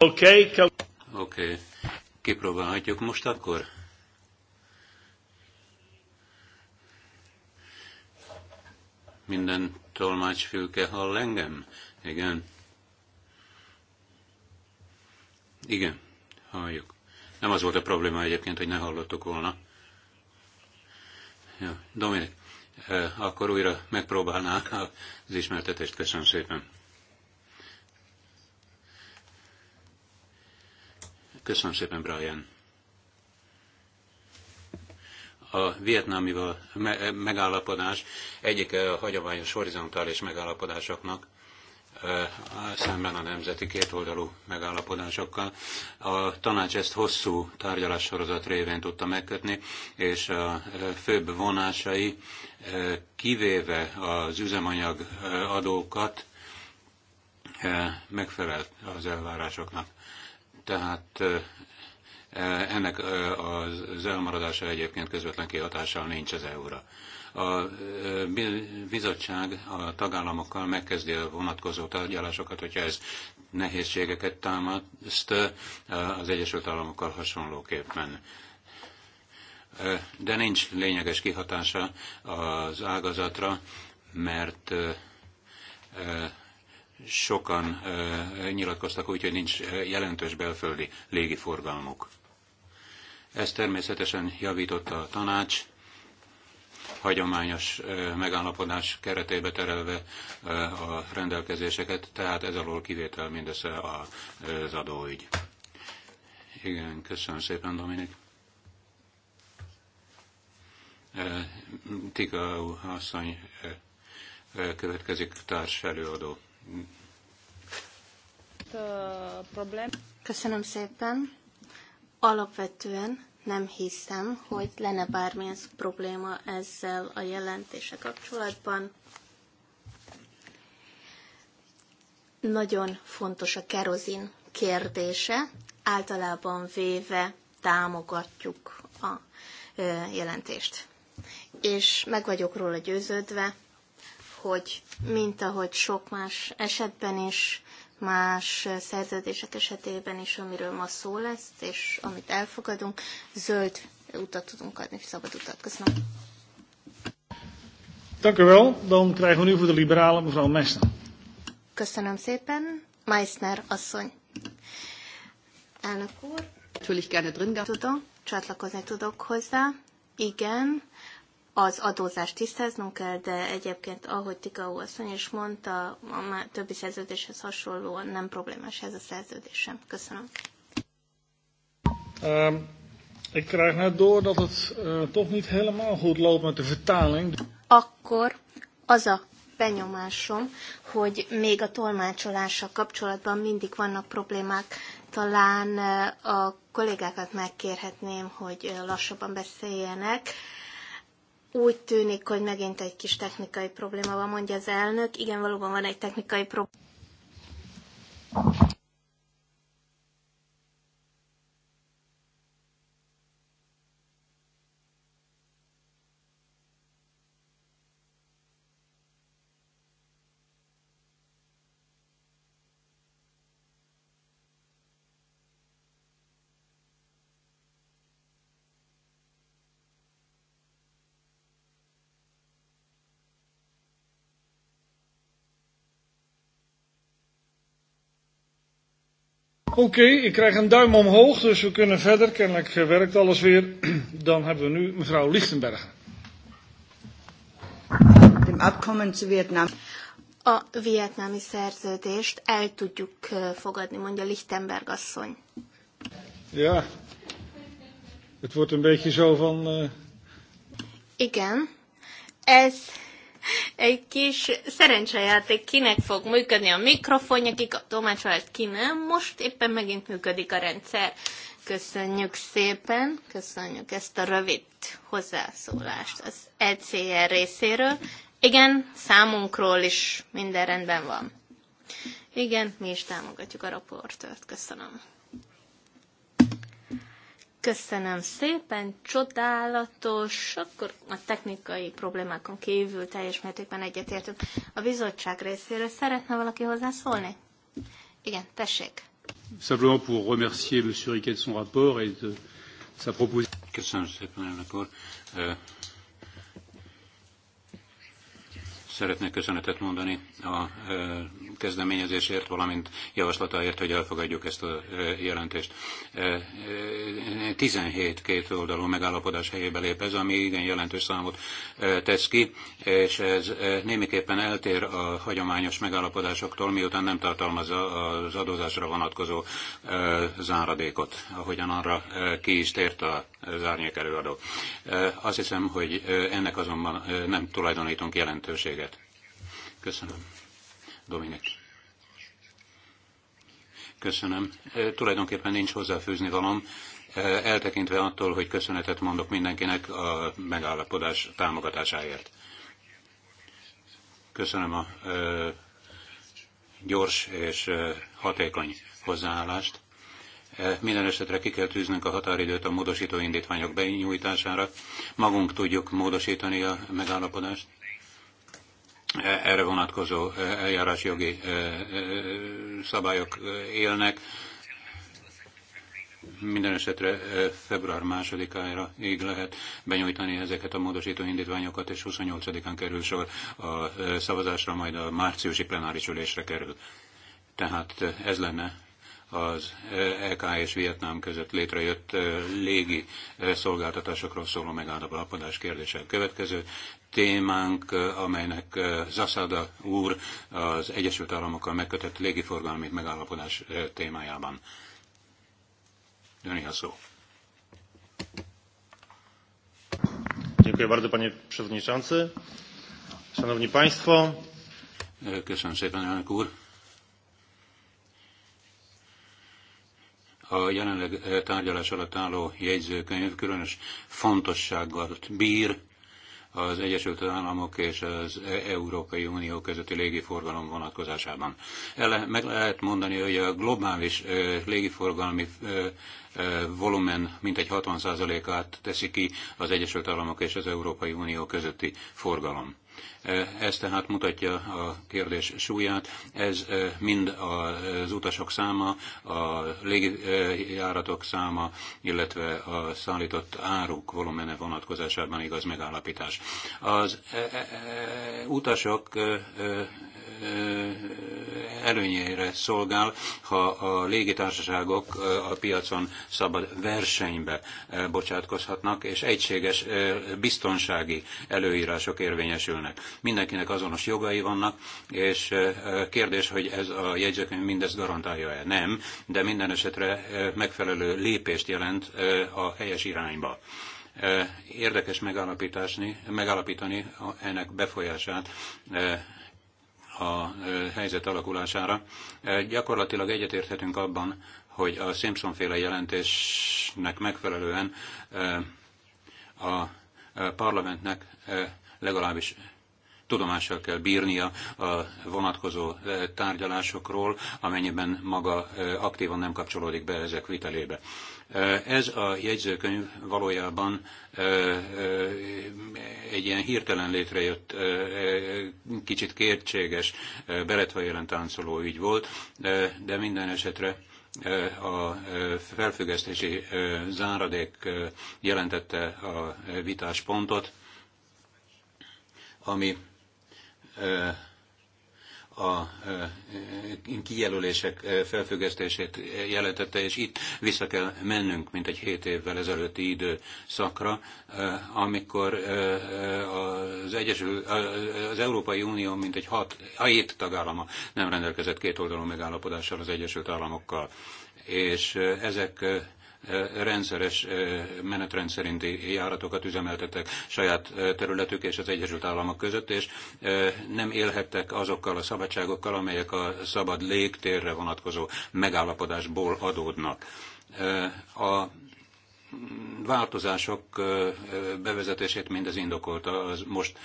Oké, okay, Oké. Okay. Kipróbálhatjuk most akkor? Minden tolmácsfülke hall engem? Igen. Igen, halljuk. Nem az volt a probléma egyébként, hogy ne hallottuk volna. Ja, Dominik, eh, akkor újra megpróbálnál az ismertetést. Köszönöm szépen. Köszönöm szépen, Brian. A vietnámival megállapodás egyik a hagyományos horizontális megállapodásoknak, szemben a nemzeti kétoldalú megállapodásokkal. A tanács ezt hosszú tárgyalássorozat révén tudta megkötni, és a főbb vonásai, kivéve az üzemanyag adókat, megfelelt az elvárásoknak. Tehát e, ennek az elmaradása egyébként közvetlen kihatással nincs az EU-ra. A bizottság a tagállamokkal megkezdi a vonatkozó tárgyalásokat, hogyha ez nehézségeket támaszt az Egyesült Államokkal hasonlóképpen de nincs lényeges kihatása az ágazatra, mert sokan nyilatkoztak úgy, hogy nincs jelentős belföldi légiforgalmuk. Ez természetesen javította a tanács, hagyományos megállapodás keretébe terelve a rendelkezéseket, tehát ez alól kivétel mindössze az adóügy. Igen, köszönöm szépen, Dominik. Tika asszony következik társ előadó. Köszönöm szépen. Alapvetően nem hiszem, hogy lenne bármilyen probléma ezzel a jelentése kapcsolatban. Nagyon fontos a kerozin kérdése. Általában véve támogatjuk a jelentést. És meg vagyok róla győződve, hogy mint ahogy sok más esetben is, más szerződések esetében is, amiről ma szó lesz, és amit elfogadunk, zöld utat tudunk adni, szabad utat. Köszönöm. Dank u wel. Dan krijgen we nu voor de liberalen mevrouw Meissner. Köszönöm szépen. Meissner asszony. Elnök úr. Natürlich gerne drin. Tudom, csatlakozni tudok hozzá. Igen, az adózást tisztáznunk kell, de egyébként, ahogy Tikaó asszony is mondta, a már többi szerződéshez hasonlóan nem problémás ez a szerződés sem. Köszönöm. Um, ik krijg net door dat het uh, toch niet helemaal goed loopt met de vertaling. Akkor az a benyomásom, hogy még a tolmácsolással kapcsolatban mindig vannak problémák. Talán eh, a kollégákat megkérhetném, hogy eh, lassabban beszéljenek úgy tűnik, hogy megint egy kis technikai probléma van, mondja az elnök. Igen, valóban van egy technikai probléma. Oké, okay, ik krijg een duim omhoog, dus we kunnen verder. Kennelijk werkt alles weer. Dan hebben we nu mevrouw Lichtenberger. Dem Abkommen zu Vietnam. A vietnámi szerződést el tudjuk fogadni, mondja Lichtenberg asszony. Ja, het wordt een beetje zo van... Uh... Igen, ez egy kis szerencsejáték, kinek fog működni a mikrofonja, kik a tolmácsolást, ki nem. Most éppen megint működik a rendszer. Köszönjük szépen, köszönjük ezt a rövid hozzászólást az ECR részéről. Igen, számunkról is minden rendben van. Igen, mi is támogatjuk a raportot. Köszönöm. Köszönöm szépen, csodálatos, akkor a technikai problémákon kívül teljes mértékben egyetértünk. A bizottság részéről szeretne valaki hozzászólni? Igen, tessék. Simplement pour remercier M. Riquet de son rapport et de sa proposition. Köszönöm szépen, elnök úr. Szeretnék köszönetet mondani a kezdeményezésért, valamint javaslataért, hogy elfogadjuk ezt a jelentést. 17 két oldalú megállapodás helyébe lép ez, ami igen jelentős számot tesz ki, és ez némiképpen eltér a hagyományos megállapodásoktól, miután nem tartalmazza az adózásra vonatkozó záradékot, ahogyan arra ki is tért az árnyék előadó. Azt hiszem, hogy ennek azonban nem tulajdonítunk jelentőséget Köszönöm. Dominik. Köszönöm. Tulajdonképpen nincs hozzáfűzni valam, eltekintve attól, hogy köszönetet mondok mindenkinek a megállapodás támogatásáért. Köszönöm a gyors és hatékony hozzáállást. Minden esetre ki kell tűznünk a határidőt a módosító indítványok benyújtására. Magunk tudjuk módosítani a megállapodást erre vonatkozó eh, eljárásjogi eh, eh, szabályok élnek. Minden esetre február másodikára így lehet benyújtani ezeket a módosító indítványokat, és 28-án kerül sor a szavazásra, majd a márciusi plenáris ülésre kerül. Tehát ez lenne az EK e és Vietnám között létrejött légi szolgáltatásokról szóló megállapodás kérdése. Következő témánk, amelynek eh, Zasada úr az Egyesült Államokkal megkötött légiforgalmi megállapodás eh, témájában. Jönni a szó. Dziękuję bardzo, panie przewodniczący. Szanowni państwo. Eh, köszönöm szépen, elnök úr. a jelenleg tárgyalás alatt álló jegyzőkönyv különös fontossággal bír az Egyesült Államok és az Európai Unió közötti légiforgalom vonatkozásában. Ele, meg lehet mondani, hogy a globális légiforgalmi volumen mintegy 60%-át teszi ki az Egyesült Államok és az Európai Unió közötti forgalom. Ez tehát mutatja a kérdés súlyát. Ez mind az utasok száma, a légjáratok száma, illetve a szállított áruk volumene vonatkozásában igaz megállapítás. Az e, e, e, utasok előnyére szolgál, ha a légitársaságok a piacon szabad versenybe bocsátkozhatnak, és egységes biztonsági előírások érvényesülnek. Mindenkinek azonos jogai vannak, és kérdés, hogy ez a jegyzőkönyv mindezt garantálja-e? Nem, de minden esetre megfelelő lépést jelent a helyes irányba érdekes megállapítani ennek befolyását a helyzet alakulására. Gyakorlatilag egyetérthetünk abban, hogy a Simpson-féle jelentésnek megfelelően a parlamentnek legalábbis tudomással kell bírnia a vonatkozó tárgyalásokról, amennyiben maga aktívan nem kapcsolódik be ezek vitelébe. Ez a jegyzőkönyv valójában egy ilyen hirtelen létrejött, kicsit kértséges, beletve jelen táncoló ügy volt, de minden esetre a felfüggesztési záradék jelentette a vitás pontot, ami a kijelölések felfüggesztését jelentette, és itt vissza kell mennünk, mint egy hét évvel ezelőtti időszakra, amikor az, Egyesül, az Európai Unió mint egy hat, a hét tagállama nem rendelkezett kétoldalú megállapodással az Egyesült Államokkal. És ezek rendszeres menetrend szerinti járatokat üzemeltettek saját területük és az Egyesült Államok között, és nem élhettek azokkal a szabadságokkal, amelyek a szabad légtérre vonatkozó megállapodásból adódnak. A változások bevezetését mindez indokolta az most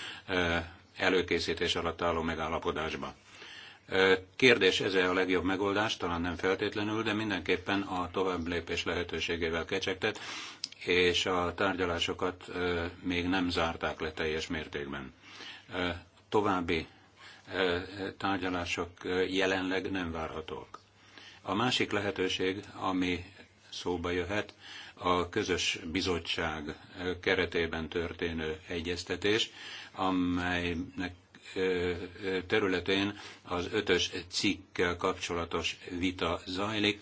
előkészítés alatt álló megállapodásba. Kérdés, ez a legjobb megoldás, talán nem feltétlenül, de mindenképpen a tovább lépés lehetőségével kecsegtet, és a tárgyalásokat még nem zárták le teljes mértékben. További tárgyalások jelenleg nem várhatók. A másik lehetőség, ami szóba jöhet, a közös bizottság keretében történő egyeztetés, amelynek területén az ötös cikkkel kapcsolatos vita zajlik,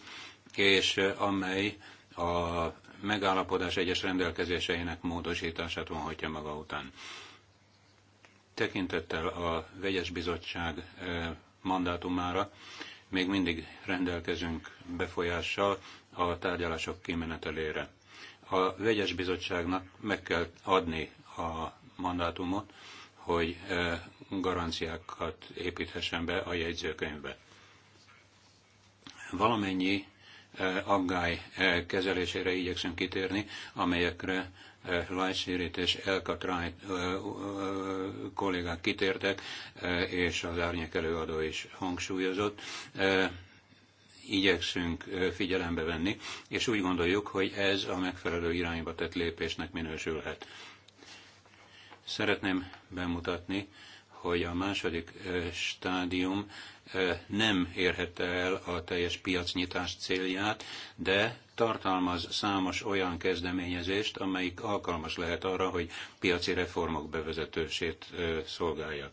és amely a megállapodás egyes rendelkezéseinek módosítását vonhatja maga után. Tekintettel a vegyes bizottság eh, mandátumára még mindig rendelkezünk befolyással a tárgyalások kimenetelére. A vegyes bizottságnak meg kell adni a mandátumot, hogy eh, garanciákat építhessen be a jegyzőkönyvbe. Valamennyi eh, aggály eh, kezelésére igyekszünk kitérni, amelyekre eh, Lajszírit és Elkatrájt kollégák kitértek, és az árnyék előadó is hangsúlyozott. Igyekszünk figyelembe venni, és úgy gondoljuk, hogy ez a megfelelő irányba tett lépésnek minősülhet. Szeretném bemutatni hogy a második stádium nem érhette el a teljes piacnyitás célját, de tartalmaz számos olyan kezdeményezést, amelyik alkalmas lehet arra, hogy piaci reformok bevezetősét szolgálja.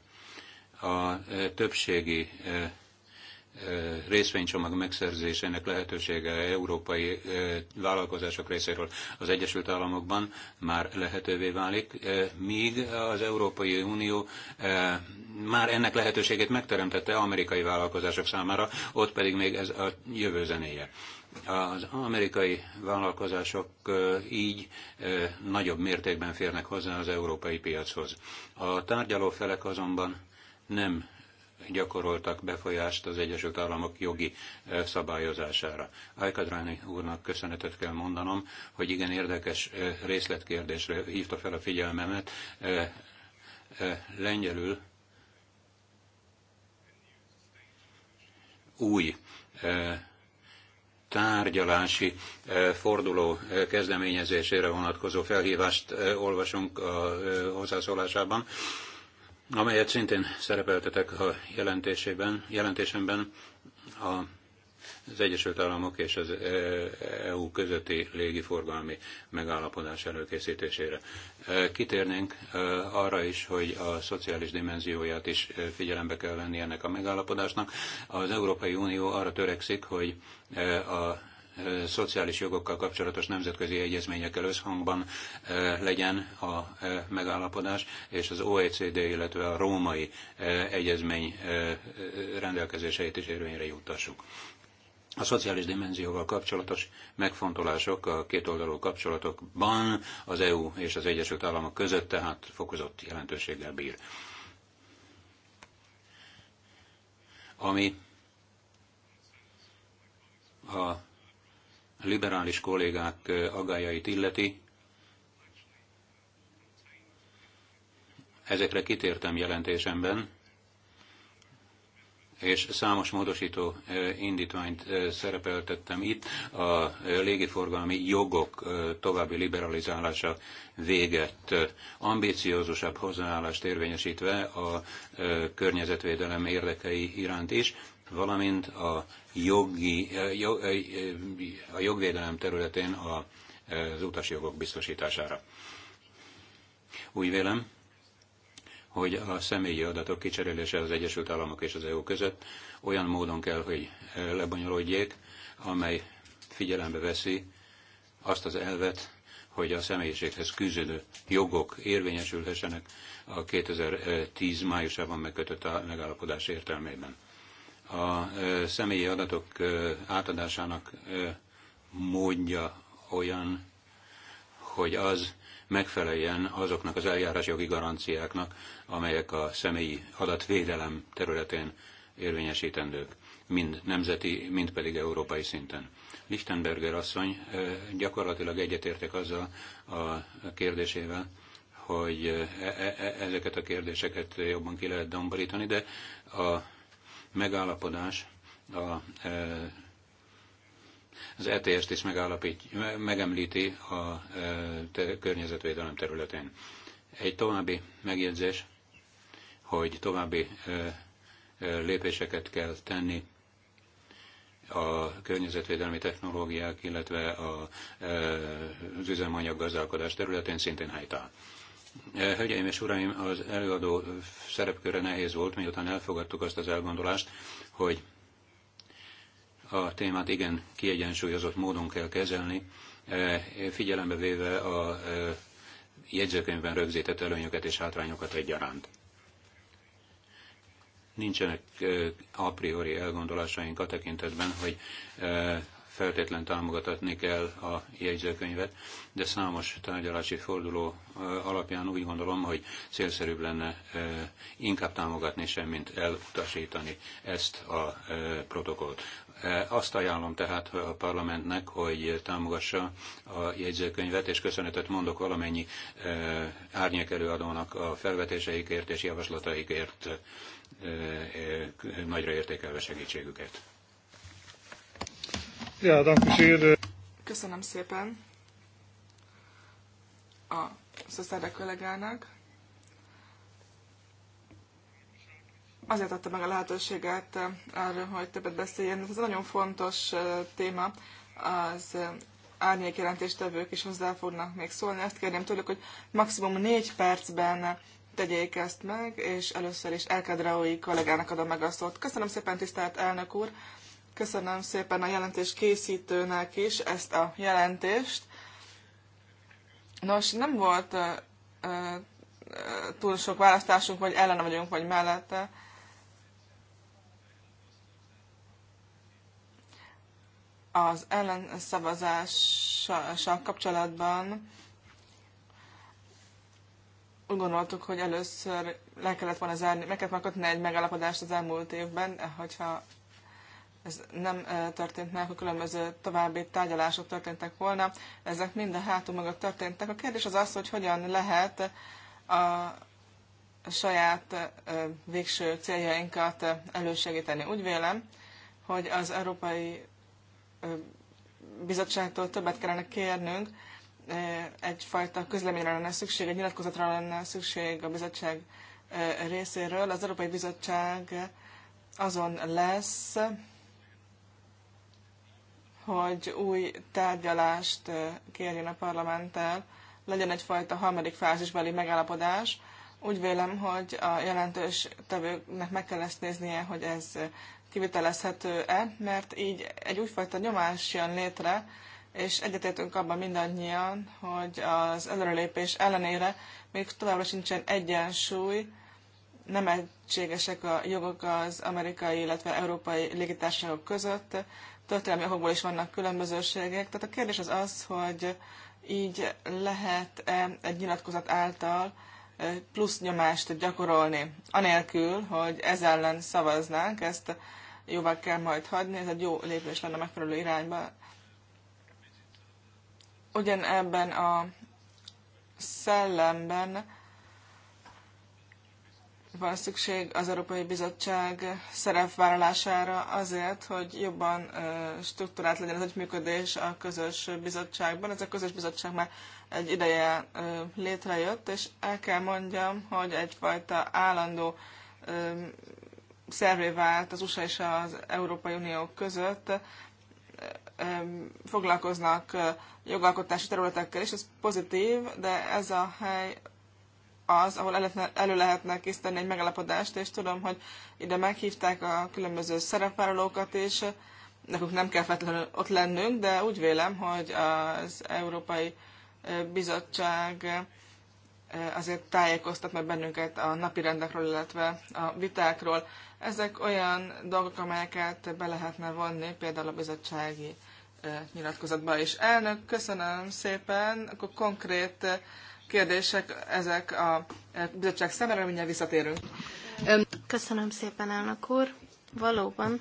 A többségi részvénycsomag megszerzésének lehetősége európai vállalkozások részéről az Egyesült Államokban már lehetővé válik, míg az Európai Unió már ennek lehetőségét megteremtette amerikai vállalkozások számára, ott pedig még ez a jövő zenéje. Az amerikai vállalkozások így nagyobb mértékben férnek hozzá az európai piachoz. A tárgyalófelek azonban nem gyakoroltak befolyást az Egyesült Államok jogi szabályozására. Ajkadráni úrnak köszönetet kell mondanom, hogy igen érdekes részletkérdésre hívta fel a figyelmemet. Lengyelül új tárgyalási forduló kezdeményezésére vonatkozó felhívást olvasunk a hozzászólásában amelyet szintén szerepeltetek a jelentésében, jelentésemben a az Egyesült Államok és az EU e közötti légiforgalmi megállapodás előkészítésére. E, kitérnénk e, arra is, hogy a szociális dimenzióját is figyelembe kell venni ennek a megállapodásnak. Az Európai Unió arra törekszik, hogy a szociális jogokkal kapcsolatos nemzetközi egyezményekkel összhangban legyen a megállapodás, és az OECD, illetve a római egyezmény rendelkezéseit is érvényre juttassuk. A szociális dimenzióval kapcsolatos megfontolások a kétoldalú kapcsolatokban az EU és az Egyesült Államok között tehát fokozott jelentőséggel bír. Ami a liberális kollégák agájait illeti, ezekre kitértem jelentésemben, és számos módosító indítványt szerepeltettem itt a légiforgalmi jogok további liberalizálása véget, ambíciózusabb hozzáállást érvényesítve a környezetvédelem érdekei iránt is, valamint a, jogi, eh, eh, eh, a jogvédelem területén az jogok biztosítására. Úgy vélem, hogy a személyi adatok kicserélése az Egyesült Államok és az EU között olyan módon kell, hogy lebonyolódjék, amely figyelembe veszi azt az elvet, hogy a személyiséghez küzdő jogok érvényesülhessenek a 2010 májusában megkötött megállapodás értelmében a személyi adatok átadásának módja olyan, hogy az megfeleljen azoknak az eljárásjogi garanciáknak, amelyek a személyi adatvédelem területén érvényesítendők, mind nemzeti, mind pedig európai szinten. Lichtenberger asszony gyakorlatilag egyetértek azzal a kérdésével, hogy e, e e ezeket a kérdéseket jobban ki lehet domborítani, de a megállapodás a, e, az ETS-t is megállapít, megemlíti a e, környezetvédelem területén. Egy további megjegyzés, hogy további e, lépéseket kell tenni a környezetvédelmi technológiák, illetve a, az üzemanyag gazdálkodás területén szintén helytáll. Hölgyeim és uraim, az előadó szerepköre nehéz volt, miután elfogadtuk azt az elgondolást, hogy a témát igen kiegyensúlyozott módon kell kezelni, e, figyelembe véve a e, jegyzőkönyvben rögzített előnyöket és hátrányokat egyaránt. Nincsenek e, a priori elgondolásaink a tekintetben, hogy feltétlen támogatatni kell a jegyzőkönyvet, de számos tárgyalási forduló alapján úgy gondolom, hogy szélszerűbb lenne inkább támogatni sem, mint elutasítani ezt a protokollt. Azt ajánlom tehát a parlamentnek, hogy támogassa a jegyzőkönyvet, és köszönetet mondok valamennyi árnyék előadónak a felvetéseikért és javaslataikért nagyra értékelve segítségüket. Ja, eh. Köszönöm szépen a Szoszáda kollégának. Azért adta meg a lehetőséget eh, arra, hogy többet beszéljen. Ez egy nagyon fontos eh, téma. Az árnyék jelentéstevők is hozzá fognak még szólni. Ezt kérném tőlük, hogy maximum négy percben tegyék ezt meg, és először is Elkadraui kollégának adom meg a szót. Köszönöm szépen, tisztelt elnök úr! Köszönöm szépen a jelentés készítőnek is ezt a jelentést. Nos, nem volt uh, uh, túl sok választásunk, vagy ellene vagyunk, vagy mellette. Az ellenszavazással kapcsolatban úgy gondoltuk, hogy először le kellett volna zárni, meg kellett megkötni egy megállapodást az elmúlt évben, hogyha ez nem történt meg, a különböző további tárgyalások történtek volna, ezek mind a hátul mögött történtek. A kérdés az az, hogy hogyan lehet a saját végső céljainkat elősegíteni. Úgy vélem, hogy az Európai Bizottságtól többet kellene kérnünk, egyfajta közleményre lenne szükség, egy nyilatkozatra lenne szükség a bizottság részéről. Az Európai Bizottság azon lesz, hogy új tárgyalást kérjen a parlamenttel, legyen egyfajta harmadik fázisbeli megállapodás. Úgy vélem, hogy a jelentős tevőknek meg kell ezt néznie, hogy ez kivitelezhető-e, mert így egy újfajta nyomás jön létre, és egyetértünk abban mindannyian, hogy az előrelépés ellenére még továbbra sincsen egyensúly, nem egységesek a jogok az amerikai, illetve európai légitársaságok között, történelmi okokból is vannak különbözőségek. Tehát a kérdés az az, hogy így lehet -e egy nyilatkozat által plusz nyomást gyakorolni, anélkül, hogy ez ellen szavaznánk, ezt jóvá kell majd hagyni, ez egy jó lépés lenne a megfelelő irányba. ebben a szellemben van szükség az Európai Bizottság szerepvállalására azért, hogy jobban struktúrált legyen az együttműködés a közös bizottságban. Ez a közös bizottság már egy ideje létrejött, és el kell mondjam, hogy egyfajta állandó szervé vált az USA és az Európai Unió között, foglalkoznak jogalkotási területekkel, és ez pozitív, de ez a hely az, ahol elő lehetne készíteni egy megalapodást, és tudom, hogy ide meghívták a különböző szerepvállalókat, és eh, nekünk nem kell feltétlenül ott lennünk, de úgy vélem, hogy az Európai eh, Bizottság eh, azért tájékoztat meg bennünket a napi rendekről, illetve a vitákról. Ezek olyan dolgok, amelyeket be lehetne vonni, például a bizottsági nyilatkozatba is. Elnök, köszönöm szépen, akkor konkrét kérdések ezek a bizottság szemére, mindjárt visszatérünk. Köszönöm szépen, elnök úr. Valóban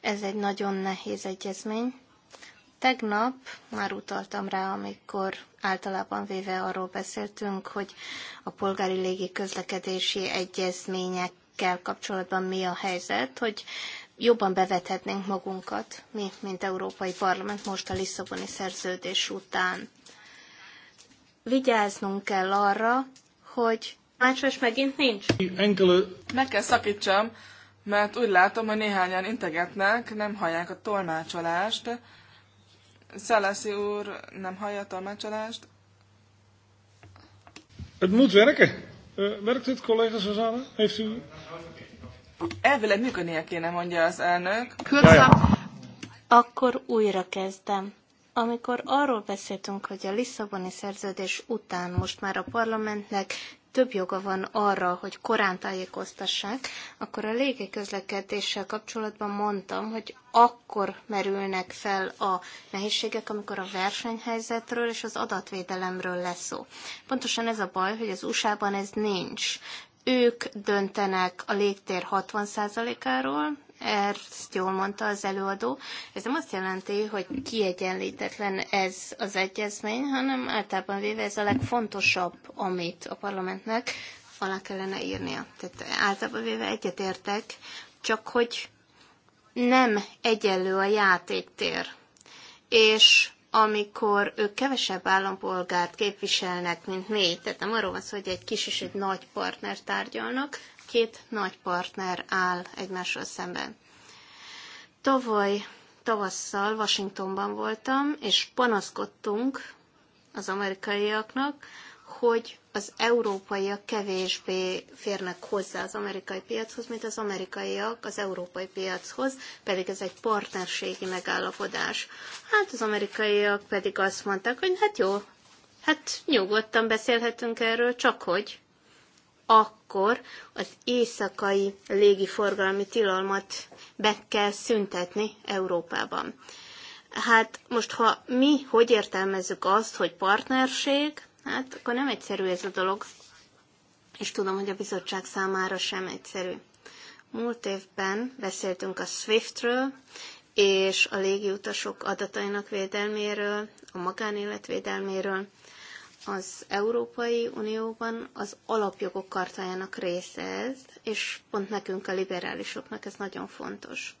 ez egy nagyon nehéz egyezmény. Tegnap már utaltam rá, amikor általában véve arról beszéltünk, hogy a polgári légi közlekedési egyezményekkel kapcsolatban mi a helyzet, hogy jobban bevethetnénk magunkat, mi, mint Európai Parlament most a Lisszaboni szerződés után vigyáznunk kell arra, hogy Mácsos megint nincs. Enkele. Meg kell szakítsam, mert úgy látom, hogy néhányan integetnek, nem hallják a tolmácsolást. Szeleszi úr nem hallja a tolmácsolást. Ez moet werken. Uh, werkt dit, collega Susanne? Heeft u... Elvileg működnie kéne, mondja az elnök. Köszönöm. Akkor újra kezdem. Amikor arról beszéltünk, hogy a Lisszaboni szerződés után most már a parlamentnek több joga van arra, hogy korán tájékoztassák, akkor a légiközlekedéssel kapcsolatban mondtam, hogy akkor merülnek fel a nehézségek, amikor a versenyhelyzetről és az adatvédelemről lesz szó. Pontosan ez a baj, hogy az USA-ban ez nincs. Ők döntenek a légtér 60%-áról, ezt jól mondta az előadó. Ez nem azt jelenti, hogy kiegyenlítetlen ez az egyezmény, hanem általában véve ez a legfontosabb, amit a parlamentnek alá kellene írnia. Tehát általában véve egyetértek, csak hogy nem egyenlő a játéktér. És amikor ők kevesebb állampolgárt képviselnek, mint mi, tehát nem arról van szó, hogy egy kis és egy nagy partner tárgyalnak, két nagy partner áll egymással szemben. Tavaly tavasszal Washingtonban voltam, és panaszkodtunk az amerikaiaknak, hogy az európaiak kevésbé férnek hozzá az amerikai piachoz, mint az amerikaiak az európai piachoz, pedig ez egy partnerségi megállapodás. Hát az amerikaiak pedig azt mondták, hogy hát jó, hát nyugodtan beszélhetünk erről, csak hogy a akkor az éjszakai légiforgalmi tilalmat be kell szüntetni Európában. Hát most, ha mi hogy értelmezzük azt, hogy partnerség, hát akkor nem egyszerű ez a dolog, és tudom, hogy a bizottság számára sem egyszerű. Múlt évben beszéltünk a SWIFT-ről, és a légiutasok adatainak védelméről, a magánélet védelméről, az Európai Unióban az alapjogok kartájának része ez, és pont nekünk a liberálisoknak ez nagyon fontos.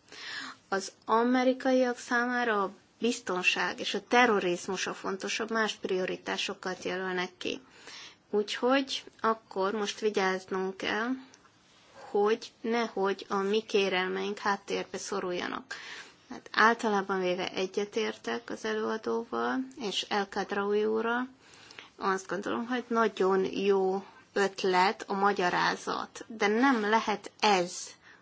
Az amerikaiak számára a biztonság és a terrorizmus a fontosabb, más prioritásokat jelölnek ki. Úgyhogy akkor most vigyáznunk kell, hogy nehogy a mi kérelmeink háttérbe szoruljanak. Hát általában véve egyetértek az előadóval és El Kadraui úrral, azt gondolom, hogy nagyon jó ötlet a magyarázat, de nem lehet ez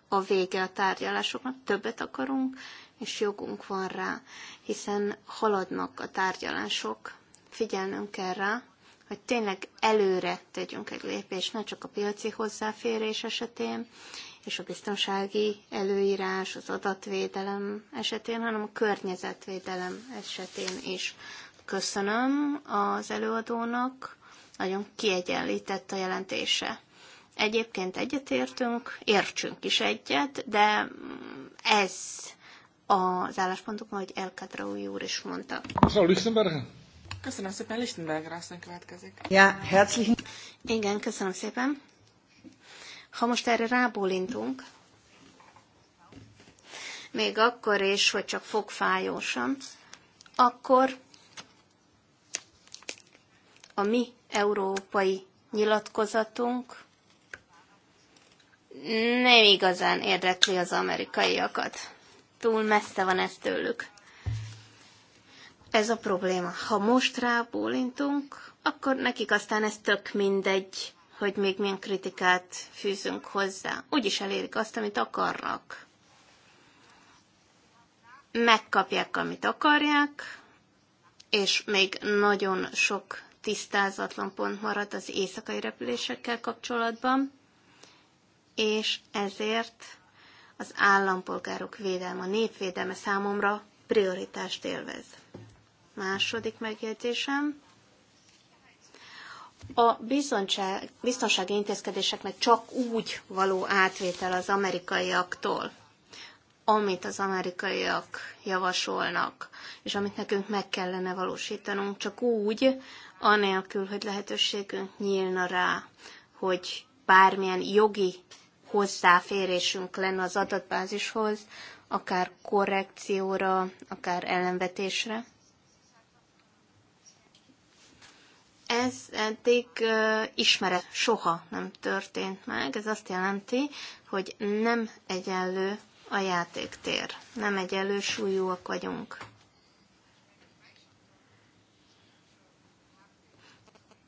a vége a tárgyalásoknak, többet akarunk, és jogunk van rá, hiszen haladnak a tárgyalások, figyelnünk kell rá, hogy tényleg előre tegyünk egy lépést, ne csak a piaci hozzáférés esetén, és a biztonsági előírás, az adatvédelem esetén, hanem a környezetvédelem esetén is köszönöm az előadónak, nagyon kiegyenlített a jelentése. Egyébként egyetértünk, értsünk is egyet, de ez az álláspontok, ahogy El Kadraui úr is mondta. Köszönöm, Lichtenberg. Köszönöm szépen, Lichtenberg aztán következik. Ja, herzlichen. Igen, köszönöm szépen. Ha most erre rábólintunk, még akkor is, hogy csak fogfájósan, akkor a mi európai nyilatkozatunk nem igazán érdekli az amerikaiakat. Túl messze van ez tőlük. Ez a probléma. Ha most rábólintunk, akkor nekik aztán ez tök mindegy, hogy még milyen kritikát fűzünk hozzá. Úgyis elérik azt, amit akarnak. Megkapják, amit akarják, és még nagyon sok tisztázatlan pont maradt az éjszakai repülésekkel kapcsolatban, és ezért az állampolgárok védelme, a népvédelme számomra prioritást élvez. Második megjegyzésem. A biztonsági intézkedéseknek csak úgy való átvétel az amerikaiaktól, amit az amerikaiak javasolnak, és amit nekünk meg kellene valósítanunk, csak úgy, anélkül, hogy lehetőségünk nyílna rá, hogy bármilyen jogi hozzáférésünk lenne az adatbázishoz, akár korrekcióra, akár ellenvetésre. Ez eddig uh, ismeret soha nem történt meg. Ez azt jelenti, hogy nem egyenlő a játéktér, nem egyenlő súlyúak vagyunk.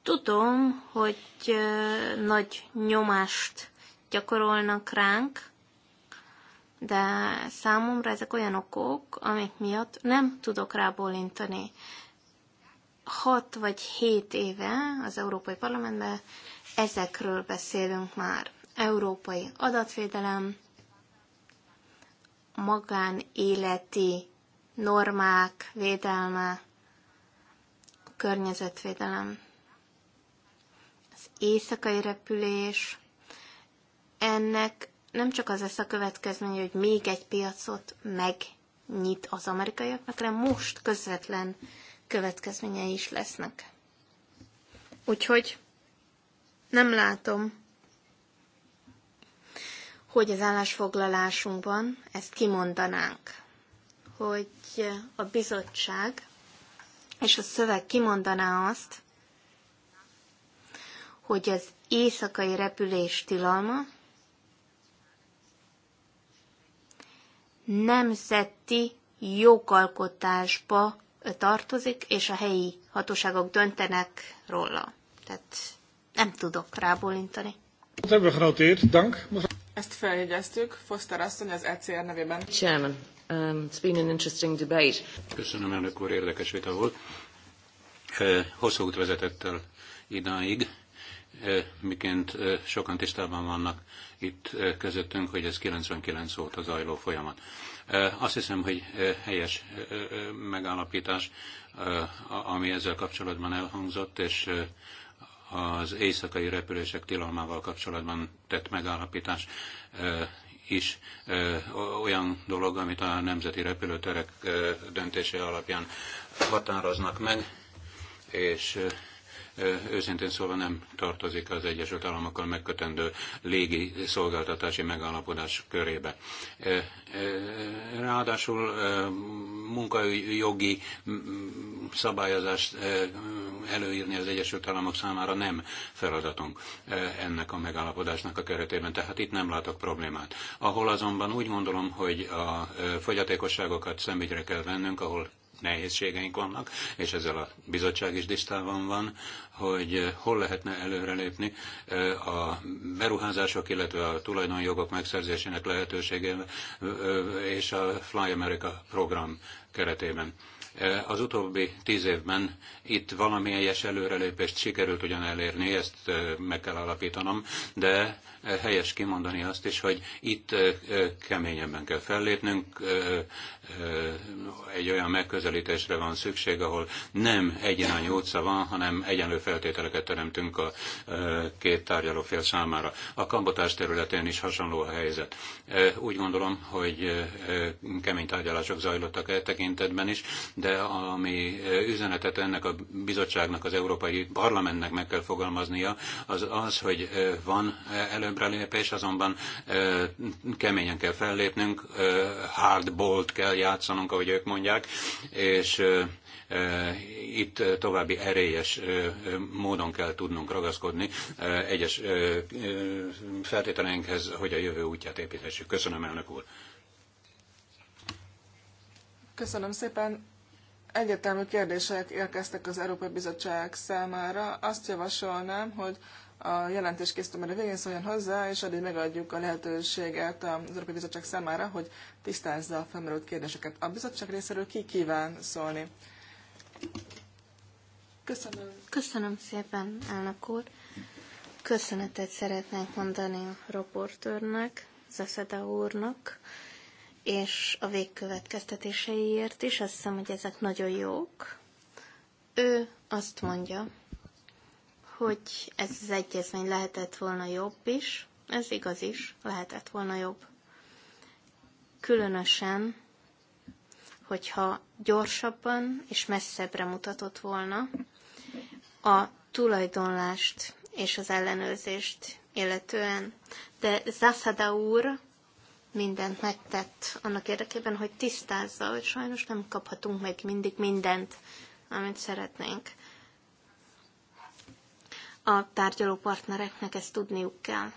Tudom, hogy nagy nyomást gyakorolnak ránk, de számomra ezek olyan okok, amik miatt nem tudok rábólintani. Hat vagy hét éve az Európai Parlamentben ezekről beszélünk már. Európai adatvédelem, magánéleti normák védelme, környezetvédelem éjszakai repülés. Ennek nem csak az lesz a következménye, hogy még egy piacot megnyit az amerikaiaknak, hanem most közvetlen következményei is lesznek. Úgyhogy nem látom, hogy az állásfoglalásunkban ezt kimondanánk, hogy a bizottság és a szöveg kimondaná azt, hogy az éjszakai repülés tilalma nemzeti jogalkotásba tartozik, és a helyi hatóságok döntenek róla. Tehát nem tudok rábólintani. Ezt feljegyeztük, Foster asszony az ECR nevében. Chairman, um, it's been an interesting debate. Köszönöm, elnök úr, érdekes vita volt. Eh, hosszú út vezetett el idáig miként sokan tisztában vannak itt közöttünk, hogy ez 99 óta zajló folyamat. Azt hiszem, hogy helyes megállapítás, ami ezzel kapcsolatban elhangzott, és az éjszakai repülések tilalmával kapcsolatban tett megállapítás is olyan dolog, amit a nemzeti repülőterek döntése alapján határoznak meg, és őszintén szólva nem tartozik az Egyesült Államokkal megkötendő légi szolgáltatási megállapodás körébe. Ráadásul munkajogi szabályozást előírni az Egyesült Államok számára nem feladatunk ennek a megállapodásnak a keretében, tehát itt nem látok problémát. Ahol azonban úgy gondolom, hogy a fogyatékosságokat szemügyre kell vennünk, ahol nehézségeink vannak, és ezzel a bizottság is tisztában van, hogy eh, hol lehetne előrelépni eh, a beruházások, illetve a tulajdonjogok megszerzésének lehetőségével eh, és a Fly America program keretében. Az utóbbi tíz évben itt valamelyes előrelépést sikerült ugyan elérni, ezt meg kell alapítanom, de helyes kimondani azt is, hogy itt keményebben kell fellépnünk, egy olyan megközelítésre van szükség, ahol nem egyenlő utca van, hanem egyenlő feltételeket teremtünk a két tárgyalófél számára. A kambotás területén is hasonló a helyzet. Úgy gondolom, hogy kemény tárgyalások zajlottak e tekintetben is, de ami üzenetet ennek a bizottságnak, az Európai Parlamentnek meg kell fogalmaznia, az az, hogy van előbb előbrelépés, azonban keményen kell fellépnünk, hard bolt kell játszanunk, ahogy ők mondják, és itt további erélyes módon kell tudnunk ragaszkodni egyes feltételeinkhez, hogy a jövő útját építhessük. Köszönöm, elnök úr. Köszönöm szépen. Egyértelmű kérdések érkeztek az Európai Bizottság számára. Azt javasolnám, hogy a jelentés a végén szóljon hozzá, és addig megadjuk a lehetőséget az Európai Bizottság számára, hogy tisztázza a felmerült kérdéseket. A bizottság részéről ki kíván szólni? Köszönöm. Köszönöm szépen, elnök úr. Köszönetet szeretnék mondani a raportőrnek, Zaszeda úrnak, és a végkövetkeztetéseiért is. Azt hiszem, hogy ezek nagyon jók. Ő azt mondja, hogy ez az egyezmény lehetett volna jobb is, ez igaz is, lehetett volna jobb. Különösen, hogyha gyorsabban és messzebbre mutatott volna a tulajdonlást és az ellenőrzést illetően. De Zászada úr mindent megtett annak érdekében, hogy tisztázza, hogy sajnos nem kaphatunk meg mindig mindent, amit szeretnénk a tárgyaló partnereknek ezt tudniuk kell.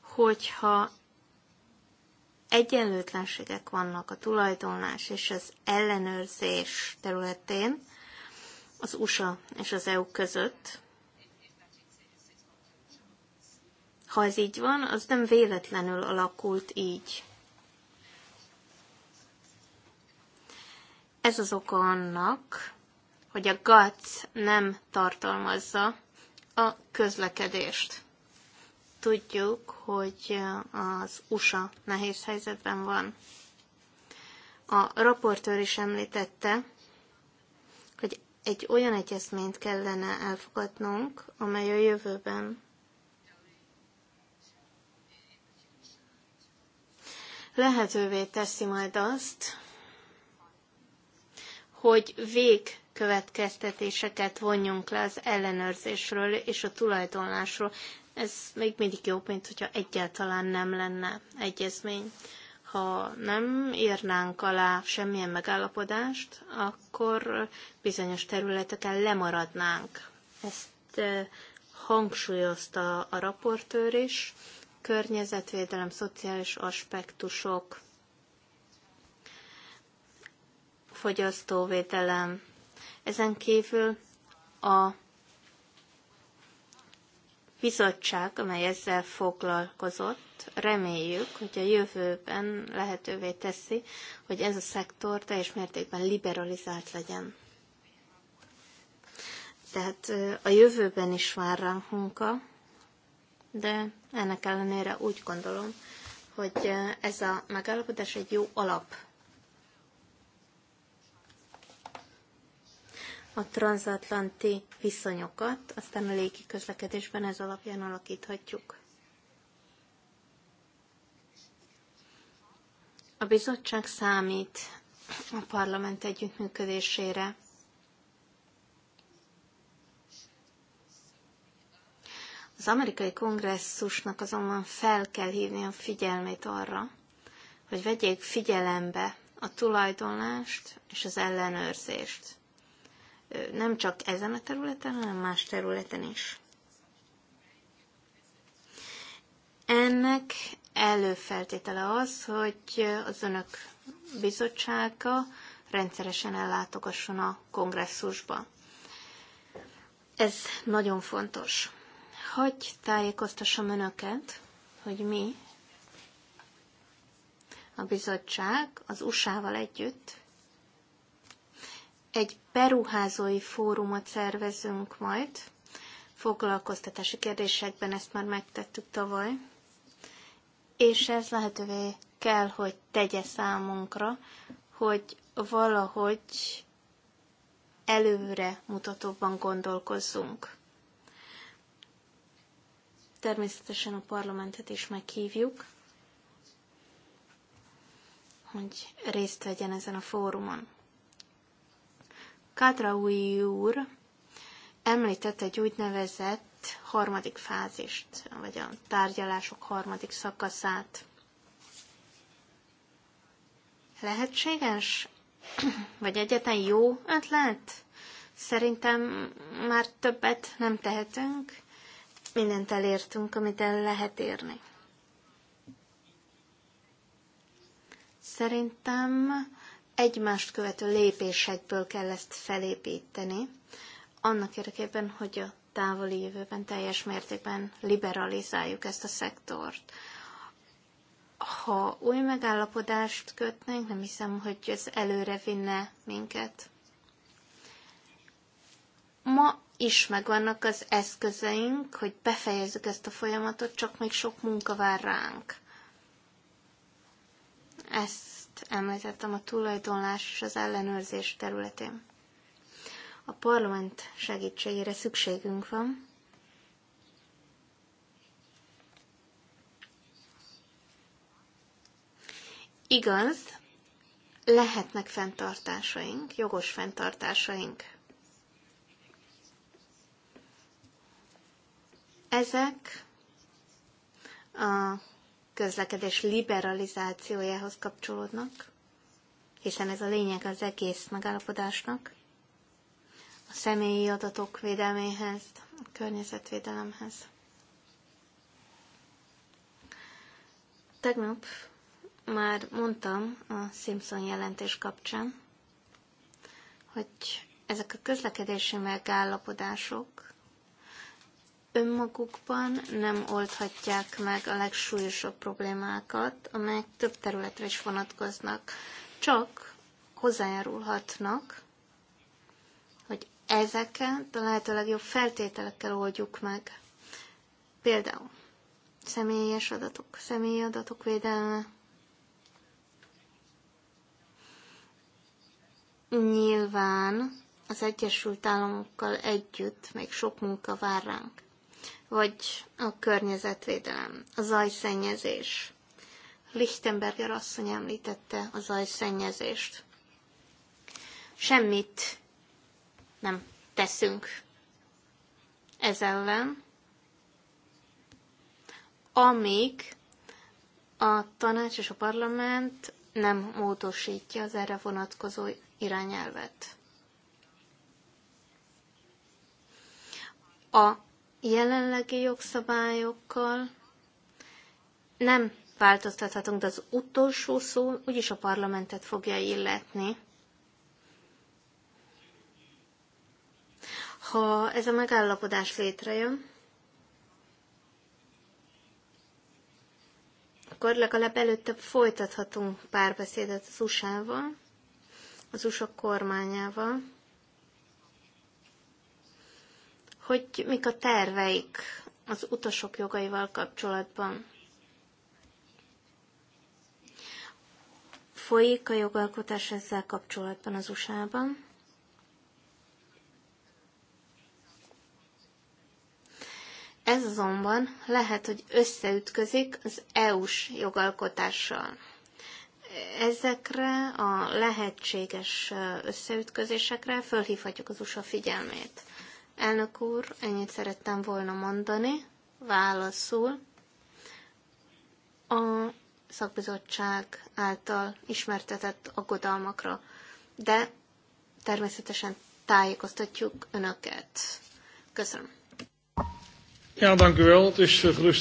Hogyha egyenlőtlenségek vannak a tulajdonlás és az ellenőrzés területén az USA és az EU között, ha ez így van, az nem véletlenül alakult így. Ez az oka annak, hogy a GATS nem tartalmazza a közlekedést. Tudjuk, hogy az USA nehéz helyzetben van. A raportőr is említette, hogy egy olyan egyezményt kellene elfogadnunk, amely a jövőben lehetővé teszi majd azt, hogy vég következtetéseket vonjunk le az ellenőrzésről és a tulajdonlásról. Ez még mindig jobb, mint hogyha egyáltalán nem lenne egyezmény. Ha nem írnánk alá semmilyen megállapodást, akkor bizonyos területeken lemaradnánk. Ezt hangsúlyozta a raportőr is, környezetvédelem, szociális aspektusok, fogyasztóvédelem, ezen kívül a bizottság, amely ezzel foglalkozott, reméljük, hogy a jövőben lehetővé teszi, hogy ez a szektor teljes mértékben liberalizált legyen. Tehát a jövőben is vár ránk munka, de ennek ellenére úgy gondolom, hogy ez a megállapodás egy jó alap a transatlanti viszonyokat, aztán a légi közlekedésben ez alapján alakíthatjuk. A bizottság számít a parlament együttműködésére. Az amerikai kongresszusnak azonban fel kell hívni a figyelmét arra, hogy vegyék figyelembe a tulajdonlást és az ellenőrzést nem csak ezen a területen, hanem más területen is. Ennek előfeltétele az, hogy az önök bizottsága rendszeresen ellátogasson a kongresszusba. Ez nagyon fontos. Hogy tájékoztassam önöket, hogy mi, a bizottság az USA-val együtt egy beruházói fórumot szervezünk majd. Foglalkoztatási kérdésekben ezt már megtettük tavaly. És ez lehetővé kell, hogy tegye számunkra, hogy valahogy előre mutatóban gondolkozzunk. Természetesen a parlamentet is meghívjuk, hogy részt vegyen ezen a fórumon. Kadraui úr említett egy úgynevezett harmadik fázist, vagy a tárgyalások harmadik szakaszát. Lehetséges? Vagy egyetlen jó ötlet? Szerintem már többet nem tehetünk. Mindent elértünk, amit el lehet érni. Szerintem egymást követő lépésekből kell ezt felépíteni, annak érdekében, hogy a távoli jövőben teljes mértékben liberalizáljuk ezt a szektort. Ha új megállapodást kötnénk, nem hiszem, hogy ez előre vinne minket. Ma is megvannak az eszközeink, hogy befejezzük ezt a folyamatot, csak még sok munka vár ránk. Ezt említettem a tulajdonlás és az ellenőrzés területén. A parlament segítségére szükségünk van, Igaz, lehetnek fenntartásaink, jogos fenntartásaink. Ezek a közlekedés liberalizációjához kapcsolódnak, hiszen ez a lényeg az egész megállapodásnak, a személyi adatok védelméhez, a környezetvédelemhez. Tegnap már mondtam a Simpson jelentés kapcsán, hogy ezek a közlekedési megállapodások önmagukban nem oldhatják meg a legsúlyosabb problémákat, amelyek több területre is vonatkoznak, csak hozzájárulhatnak, hogy ezeket a lehető legjobb feltételekkel oldjuk meg. Például személyes adatok, személyi adatok védelme, Nyilván az Egyesült Államokkal együtt még sok munka vár ránk vagy a környezetvédelem, a zajszennyezés. Lichtenberger asszony említette a zajszennyezést. Semmit nem teszünk ez ellen, amíg a tanács és a parlament nem módosítja az erre vonatkozó irányelvet. A jelenlegi jogszabályokkal nem változtathatunk, de az utolsó szó úgyis a parlamentet fogja illetni. Ha ez a megállapodás létrejön, akkor legalább előtte folytathatunk párbeszédet az USA-val, az USA kormányával, hogy mik a terveik az utasok jogaival kapcsolatban. Folyik a jogalkotás ezzel kapcsolatban az USA-ban. Ez azonban lehet, hogy összeütközik az EU-s jogalkotással. Ezekre a lehetséges összeütközésekre fölhívhatjuk az USA figyelmét. Elnök úr, ennyit szerettem volna mondani. Válaszul. A szakbizottság által ismertetett aggodalmakra, de természetesen tájékoztatjuk Önöket. Köszönöm. Ja, dank u wel. Het eh,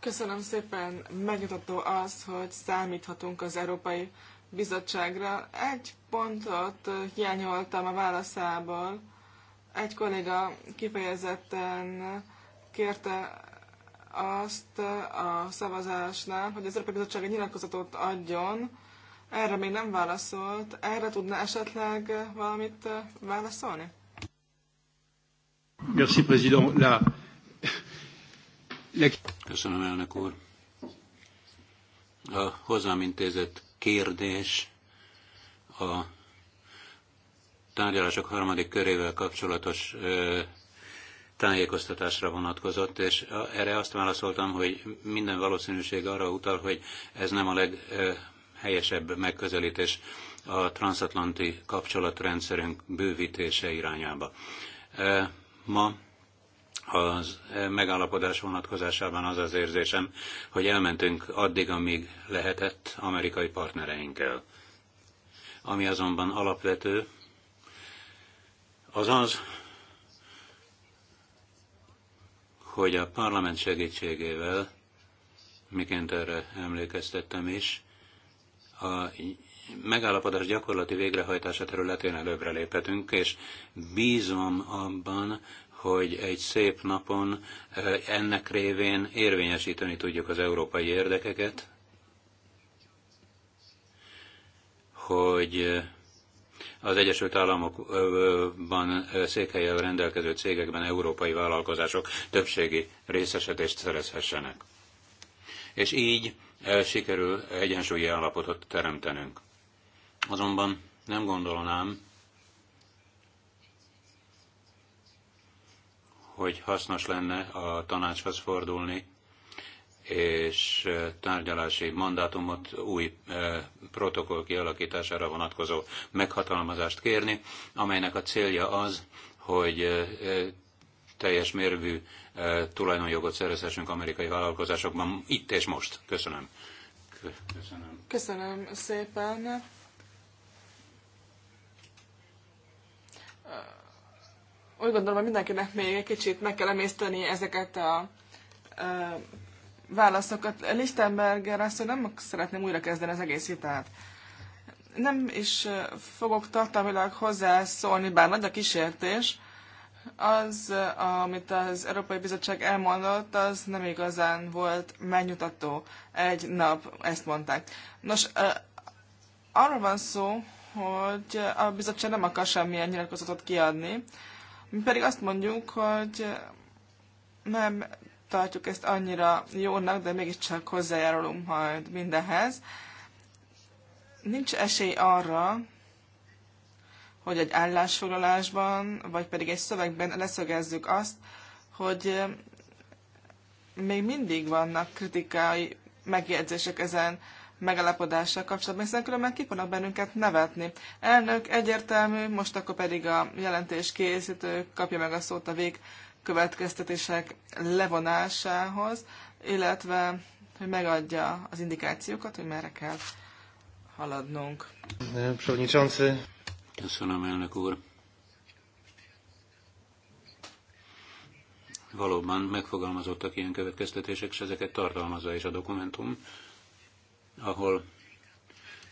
Köszönöm szépen. Megnyugtató az, hogy számíthatunk az Európai Bizottságra. Egy pontot eh, hiányoltam a válaszából egy kolléga kifejezetten kérte azt a szavazásnál, hogy az Európai Bizottság egy nyilatkozatot adjon. Erre még nem válaszolt. Erre tudna esetleg valamit válaszolni? Merci, président. La... La... Köszönöm, elnök úr. A hozzám intézett kérdés a tárgyalások harmadik körével kapcsolatos tájékoztatásra vonatkozott, és erre azt válaszoltam, hogy minden valószínűség arra utal, hogy ez nem a leghelyesebb megközelítés a transatlanti kapcsolatrendszerünk bővítése irányába. Ma az megállapodás vonatkozásában az az érzésem, hogy elmentünk addig, amíg lehetett amerikai partnereinkkel. Ami azonban alapvető, az az, hogy a parlament segítségével, miként erre emlékeztettem is, a megállapodás gyakorlati végrehajtása területén előbbre léphetünk, és bízom abban, hogy egy szép napon ennek révén érvényesíteni tudjuk az európai érdekeket, hogy az Egyesült Államokban székhelyel rendelkező cégekben európai vállalkozások többségi részesedést szerezhessenek. És így sikerül egyensúlyi állapotot teremtenünk. Azonban nem gondolnám, hogy hasznos lenne a tanácshoz fordulni és tárgyalási mandátumot új protokoll kialakítására vonatkozó meghatalmazást kérni, amelynek a célja az, hogy teljes mérvű tulajdonjogot szerezhessünk amerikai vállalkozásokban itt és most. Köszönöm. Köszönöm. Köszönöm szépen. Úgy gondolom, hogy mindenkinek még egy kicsit meg kell emészteni ezeket a válaszokat. Lichtenberger azt, hogy nem szeretném újra kezdeni az egész hitát. Nem is fogok tartalmilag hozzászólni, bár nagy a kísértés. Az, amit az Európai Bizottság elmondott, az nem igazán volt megnyugtató. Egy nap ezt mondták. Nos, arról van szó, hogy a bizottság nem akar semmilyen nyilatkozatot kiadni. Mi pedig azt mondjuk, hogy nem tartjuk ezt annyira jónak, de mégiscsak hozzájárulunk majd mindehez. Nincs esély arra, hogy egy állásfoglalásban, vagy pedig egy szövegben leszögezzük azt, hogy eh, még mindig vannak kritikai megjegyzések ezen megalapodással kapcsolatban, hiszen különben ki fognak bennünket nevetni. Elnök egyértelmű, most akkor pedig a jelentés készítő kapja meg a szót a vég következtetések levonásához, illetve hogy megadja az indikációkat, hogy merre kell haladnunk. Köszönöm, elnök úr. Valóban megfogalmazottak ilyen következtetések, és ezeket tartalmazza is a dokumentum, ahol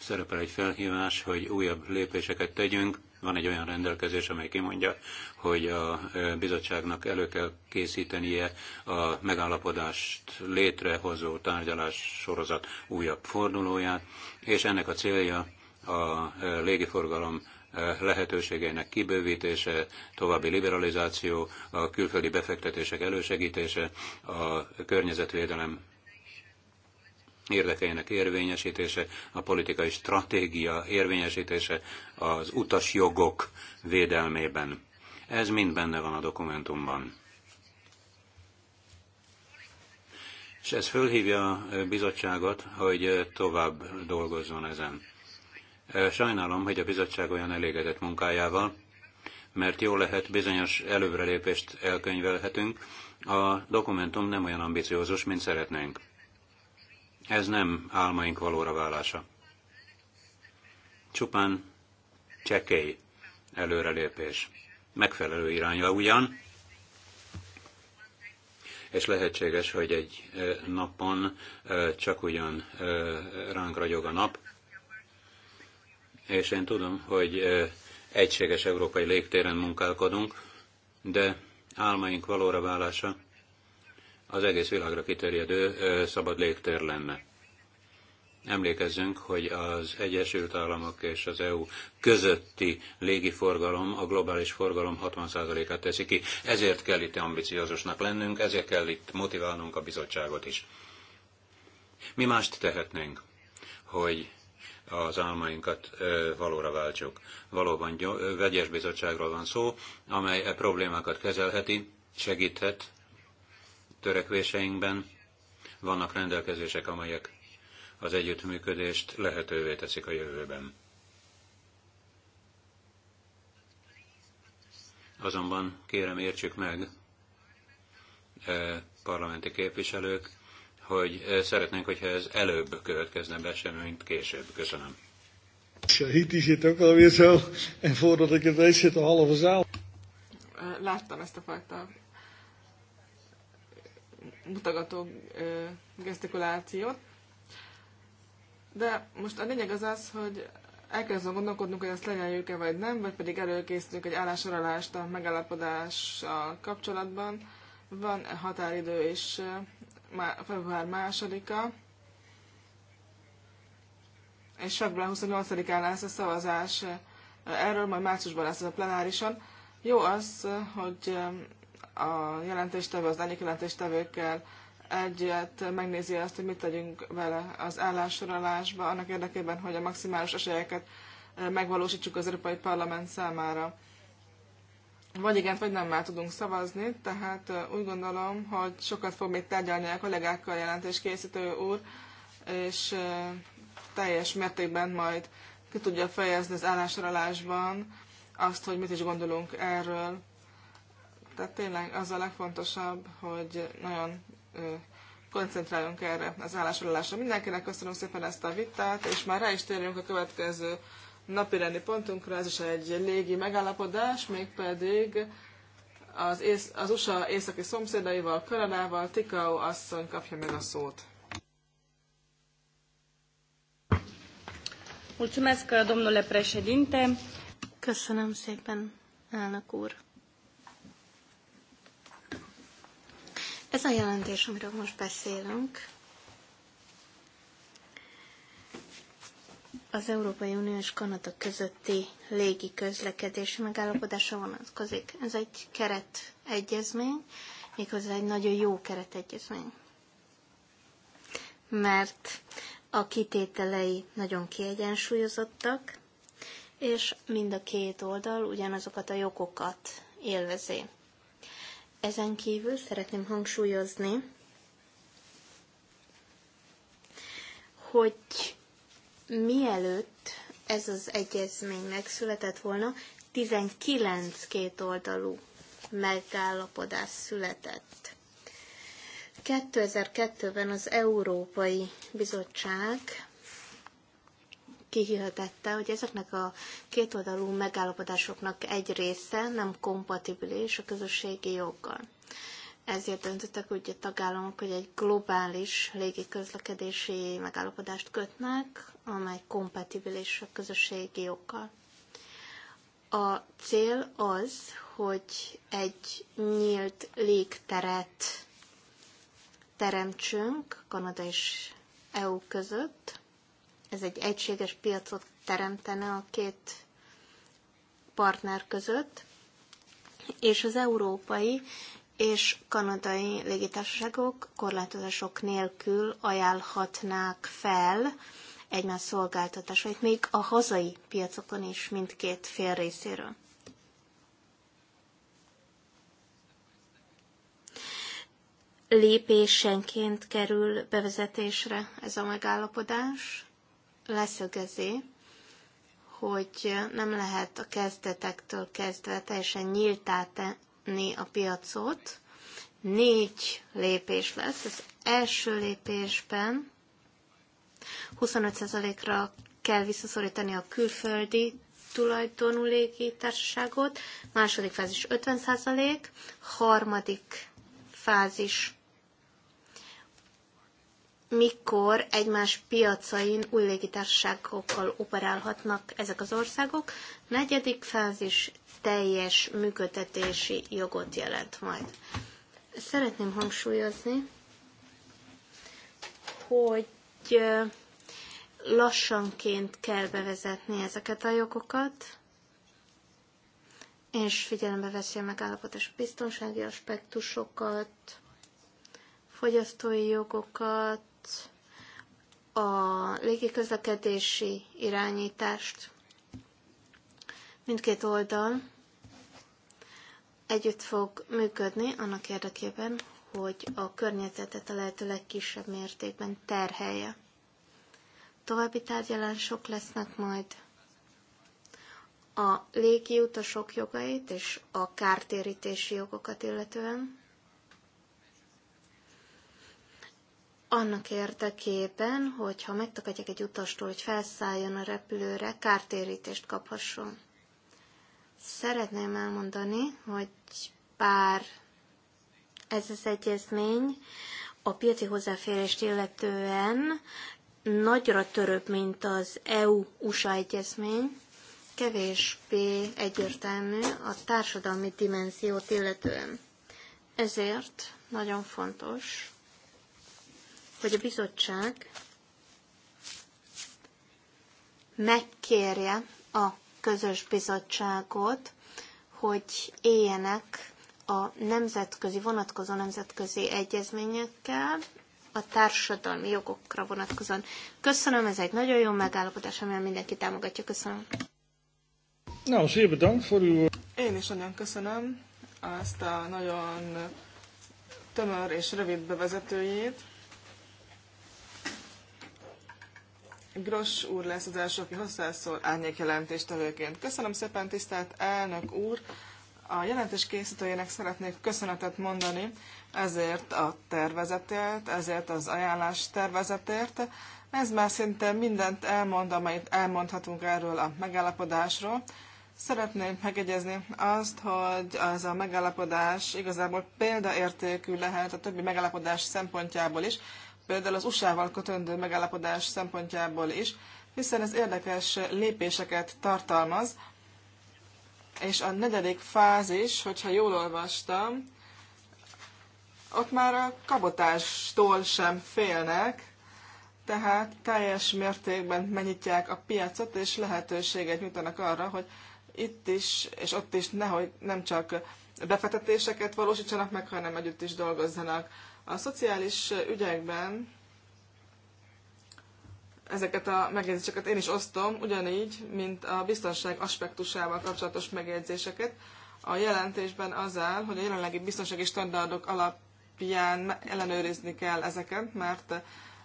szerepel egy felhívás, hogy újabb lépéseket tegyünk van egy olyan rendelkezés, amely kimondja, hogy a bizottságnak elő kell készítenie a megállapodást létrehozó tárgyalás sorozat újabb fordulóját, és ennek a célja a légiforgalom lehetőségeinek kibővítése, további liberalizáció, a külföldi befektetések elősegítése, a környezetvédelem érdekeinek érvényesítése, a politikai stratégia érvényesítése az utasjogok védelmében. Ez mind benne van a dokumentumban. És ez fölhívja a bizottságot, hogy tovább dolgozzon ezen. Sajnálom, hogy a bizottság olyan elégedett munkájával, mert jó lehet, bizonyos előrelépést elkönyvelhetünk, a dokumentum nem olyan ambiciózus, mint szeretnénk. Ez nem álmaink valóra válása. Csupán csekély előrelépés. Megfelelő irányba ugyan, és lehetséges, hogy egy napon csak ugyan ránk ragyog a nap, és én tudom, hogy egységes európai légtéren munkálkodunk, de álmaink valóra válása az egész világra kiterjedő szabad légtér lenne. Emlékezzünk, hogy az Egyesült Államok és az EU közötti légiforgalom a globális forgalom 60%-át teszi ki. Ezért kell itt ambiciózusnak lennünk, ezért kell itt motiválnunk a bizottságot is. Mi mást tehetnénk, hogy az álmainkat valóra váltsuk. Valóban vegyes bizottságról van szó, amely e problémákat kezelheti, segíthet, törekvéseinkben vannak rendelkezések, amelyek az együttműködést lehetővé teszik a jövőben. Azonban kérem értsük meg, e, parlamenti képviselők, hogy e, szeretnénk, hogyha ez előbb következne be, sem, mint később. Köszönöm. Hiti Láttam ezt a fajta mutogató gesztikulációt. De most a lényeg az az, hogy azon gondolkodnunk, hogy ezt lenyeljük-e vagy nem, vagy pedig előkészítünk egy állásoralást a megállapodással kapcsolatban. Van határidő is február másodika, és február 28-án lesz a szavazás, erről majd márciusban lesz a plenárison. Jó az, hogy a jelentéstevő, az egyik jelentéstevőkkel egyet megnézi azt, hogy mit tegyünk vele az állásorolásba, annak érdekében, hogy a maximális esélyeket eh, megvalósítsuk az Európai Parlament számára. Vagy igen, vagy nem már tudunk szavazni, tehát eh, úgy gondolom, hogy sokat fog még tárgyalni a kollégákkal jelentés készítő úr, és eh, teljes mértékben majd ki tudja fejezni az állásoralásban azt, hogy mit is gondolunk erről tehát tényleg az a legfontosabb, hogy nagyon koncentráljunk erre az állásolásra. Mindenkinek köszönöm szépen ezt a vitát, és már rá is térjünk a következő napirendi pontunkra, ez is egy légi megállapodás, mégpedig az, ész, az USA északi szomszédaival, Kanadával, Tikau asszony kapja meg a szót. Mulțumesc, domnule președinte. Köszönöm szépen, elnök úr. Ez a jelentés, amiről most beszélünk, az Európai Unió és Kanada közötti légi közlekedési megállapodása vonatkozik. Ez egy keretegyezmény, méghozzá egy nagyon jó keretegyezmény. Mert a kitételei nagyon kiegyensúlyozottak, és mind a két oldal ugyanazokat a jogokat élvezi. Ezen kívül szeretném hangsúlyozni, hogy mielőtt ez az egyezmény megszületett volna, 19 kétoldalú megállapodás született. 2002-ben az Európai Bizottság kihirdette, hogy ezeknek a kétoldalú megállapodásoknak egy része nem kompatibilis a közösségi joggal. Ezért döntöttek úgy a tagállamok, hogy egy globális légiközlekedési megállapodást kötnek, amely kompatibilis a közösségi joggal. A cél az, hogy egy nyílt légteret teremtsünk Kanada és EU között, ez egy egységes piacot teremtene a két partner között, és az európai és kanadai légitársaságok korlátozások nélkül ajánlhatnák fel egymás szolgáltatásait, még a hazai piacokon is mindkét fél részéről. Lépésenként kerül bevezetésre ez a megállapodás, leszögezi, hogy nem lehet a kezdetektől kezdve teljesen nyíltá tenni a piacot. Négy lépés lesz. Az első lépésben 25%-ra kell visszaszorítani a külföldi tulajdonú légitársaságot, második fázis 50%, harmadik fázis mikor egymás piacain új légitársaságokkal operálhatnak ezek az országok. Negyedik fázis teljes működtetési jogot jelent majd. Szeretném hangsúlyozni, hogy lassanként kell bevezetni ezeket a jogokat, és figyelembe veszi a megállapodás biztonsági aspektusokat, fogyasztói jogokat, a légiközlekedési irányítást. Mindkét oldal együtt fog működni annak érdekében, hogy a környezetet a lehető legkisebb mértékben terhelje. További tárgyalások lesznek majd a légi utasok jogait és a kártérítési jogokat illetően, annak érdekében, hogyha megtakadják egy utastól, hogy felszálljon a repülőre, kártérítést kaphasson. Szeretném elmondani, hogy bár ez az egyezmény a piaci hozzáférést illetően nagyra törőbb, mint az EU-USA egyezmény, kevésbé egyértelmű a társadalmi dimenziót illetően. Ezért nagyon fontos, hogy a bizottság megkérje a közös bizottságot, hogy éljenek a nemzetközi, vonatkozó nemzetközi egyezményekkel, a társadalmi jogokra vonatkozóan. Köszönöm, ez egy nagyon jó megállapodás, amivel mindenki támogatja. Köszönöm. Na, szép dank Én is nagyon köszönöm azt a nagyon tömör és rövid bevezetőjét. Gross úr lesz az első, aki hozzászól árnyék jelentéstevőként. Köszönöm szépen, tisztelt elnök úr! A jelentés készítőjének szeretnék köszönetet mondani ezért a tervezetért, ezért az ajánlás tervezetért. Ez már szinte mindent elmond, amelyet elmondhatunk erről a megállapodásról. Szeretném megegyezni azt, hogy az a megállapodás igazából példaértékű lehet a többi megállapodás szempontjából is, például az USA-val kötöndő megállapodás szempontjából is, hiszen ez érdekes lépéseket tartalmaz, és a negyedik fázis, hogyha jól olvastam, ott már a kabotástól sem félnek, tehát teljes mértékben megnyitják a piacot, és lehetőséget nyújtanak arra, hogy itt is és ott is nehogy nem csak befektetéseket valósítsanak meg, hanem együtt is dolgozzanak. A szociális ügyekben ezeket a megjegyzéseket én is osztom, ugyanígy, mint a biztonság aspektusával kapcsolatos megjegyzéseket. A jelentésben az áll, hogy a jelenlegi biztonsági standardok alapján ellenőrizni kell ezeket, mert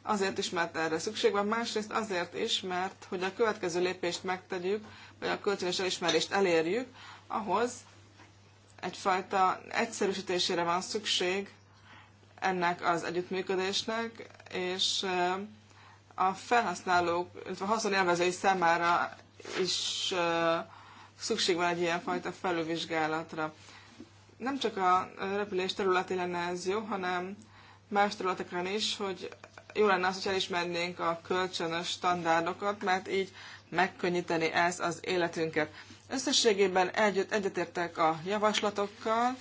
azért is, mert erre szükség van, másrészt azért is, mert hogy a következő lépést megtegyük, vagy a kölcsönös elismerést elérjük, ahhoz egyfajta egyszerűsítésére van szükség ennek az együttműködésnek, és a felhasználók, illetve a haszonélvezői számára is szükség van egy ilyenfajta felülvizsgálatra. Nem csak a repülés területi lenne ez jó, hanem más területeken is, hogy jó lenne az, hogy elismernénk a kölcsönös standardokat, mert így megkönnyíteni ez az életünket. Összességében együtt egyetértek a javaslatokkal,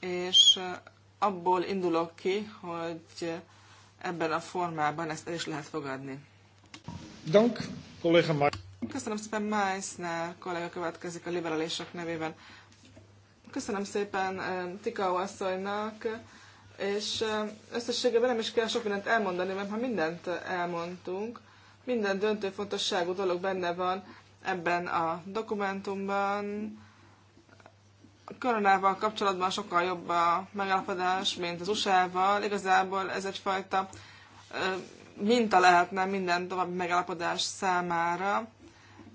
és abból indulok ki, hogy ebben a formában ezt el is lehet fogadni. Dank, kollega Mar- Köszönöm szépen Meissner kollega következik a liberálisok nevében. Köszönöm szépen eh, Tikau asszonynak, és eh, összességében nem is kell sok mindent elmondani, mert ha mindent elmondtunk, minden döntő fontosságú dolog benne van ebben a dokumentumban, koronával kapcsolatban sokkal jobb a megállapodás, mint az USA-val. Igazából ez egyfajta minta lehetne minden további megállapodás számára.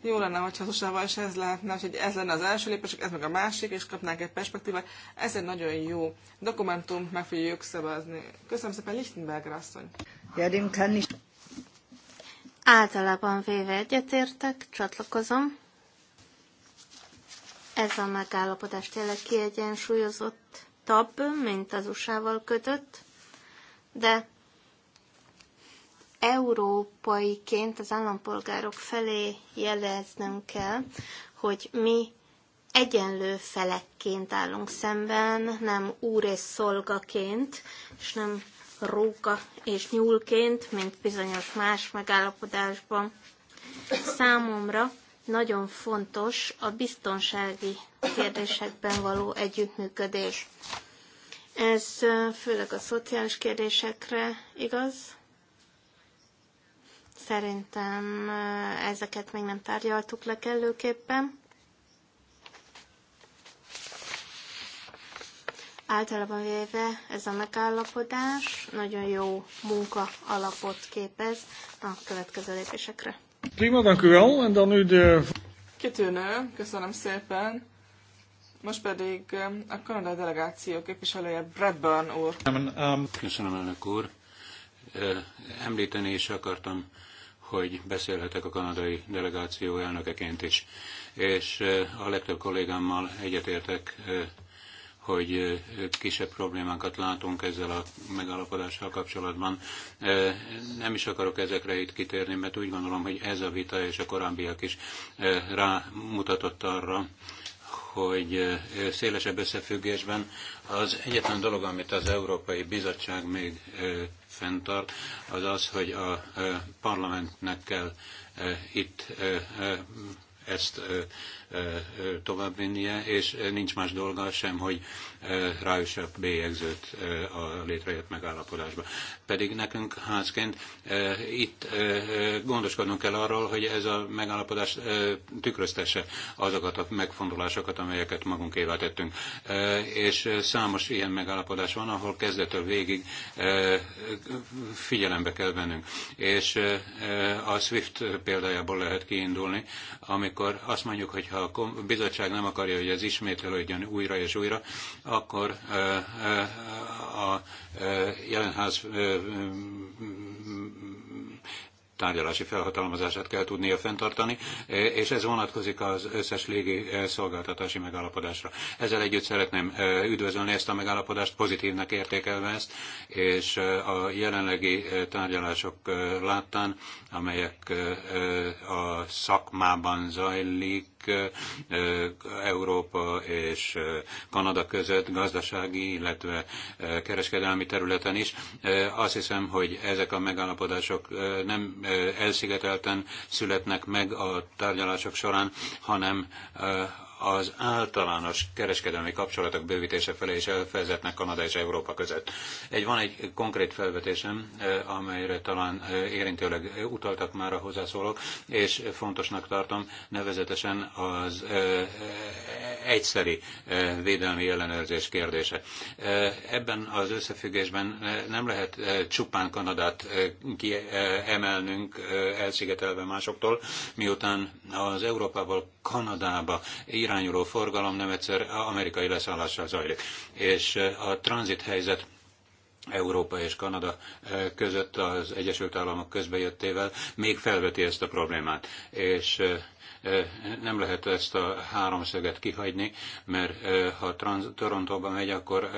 Jó lenne, hogyha az USA-val is ez lehetne, hogy ez lenne az első lépés, ez meg a másik, és kapnánk egy perspektívát. Ez egy nagyon jó dokumentum, meg fogjuk szavazni. Köszönöm szépen, Lichtenberg asszony. Általában véve egyetértek, csatlakozom ez a megállapodás tényleg kiegyensúlyozott tabb, mint az USA-val kötött, de európaiként az állampolgárok felé jeleznünk kell, hogy mi egyenlő felekként állunk szemben, nem úr és szolgaként, és nem róka és nyúlként, mint bizonyos más megállapodásban. Számomra nagyon fontos a biztonsági kérdésekben való együttműködés. Ez főleg a szociális kérdésekre igaz. Szerintem ezeket még nem tárgyaltuk le kellőképpen. Általában véve ez a megállapodás nagyon jó munka alapot képez a következő lépésekre. Prima, dank u wel. En dan nu de... Kitűnő, köszönöm szépen. Most pedig um, a Kanada delegáció képviselője Bradburn úr. Um, köszönöm, elnök úr. Említeni is akartam, hogy beszélhetek a kanadai delegáció elnökeként is, és a legtöbb kollégámmal egyetértek hogy kisebb problémákat látunk ezzel a megállapodással kapcsolatban. Nem is akarok ezekre itt kitérni, mert úgy gondolom, hogy ez a vita és a korábbiak is rámutatott arra, hogy szélesebb összefüggésben az egyetlen dolog, amit az Európai Bizottság még fenntart, az az, hogy a parlamentnek kell itt ezt továbbvinnie, és nincs más dolga sem, hogy ráüsse a bélyegzőt a létrejött megállapodásba. Pedig nekünk házként itt gondoskodnunk kell arról, hogy ez a megállapodás tükröztesse azokat a megfontolásokat, amelyeket magunk tettünk. És számos ilyen megállapodás van, ahol kezdetől végig figyelembe kell vennünk. És a SWIFT példájából lehet kiindulni, amikor azt mondjuk, hogy ha hogyha a bizottság nem akarja, hogy ez ismétlődjön újra és újra, akkor a jelenház tárgyalási felhatalmazását kell tudnia fenntartani, és ez vonatkozik az összes légi szolgáltatási megállapodásra. Ezzel együtt szeretném üdvözölni ezt a megállapodást, pozitívnak értékelve ezt, és a jelenlegi tárgyalások láttán, amelyek a szakmában zajlik, Európa és Kanada között gazdasági, illetve kereskedelmi területen is. Azt hiszem, hogy ezek a megállapodások nem elszigetelten születnek meg a tárgyalások során, hanem az általános kereskedelmi kapcsolatok bővítése felé is elfelezetnek Kanada és Európa között. Egy van egy konkrét felvetésem, eh, amelyre talán eh, érintőleg utaltak már a hozzászólók, és fontosnak tartom nevezetesen az eh, egyszeri védelmi ellenőrzés kérdése. Ebben az összefüggésben nem lehet csupán Kanadát kiemelnünk, elszigetelve másoktól, miután az Európával Kanadába ilyen irányuló forgalom nem egyszer amerikai leszállással zajlik. És eh, a tranzit helyzet Európa és Kanada eh, között az Egyesült Államok közbejöttével még felveti ezt a problémát. És eh, nem lehet ezt a háromszöget kihagyni, mert ha Torontóba megy, akkor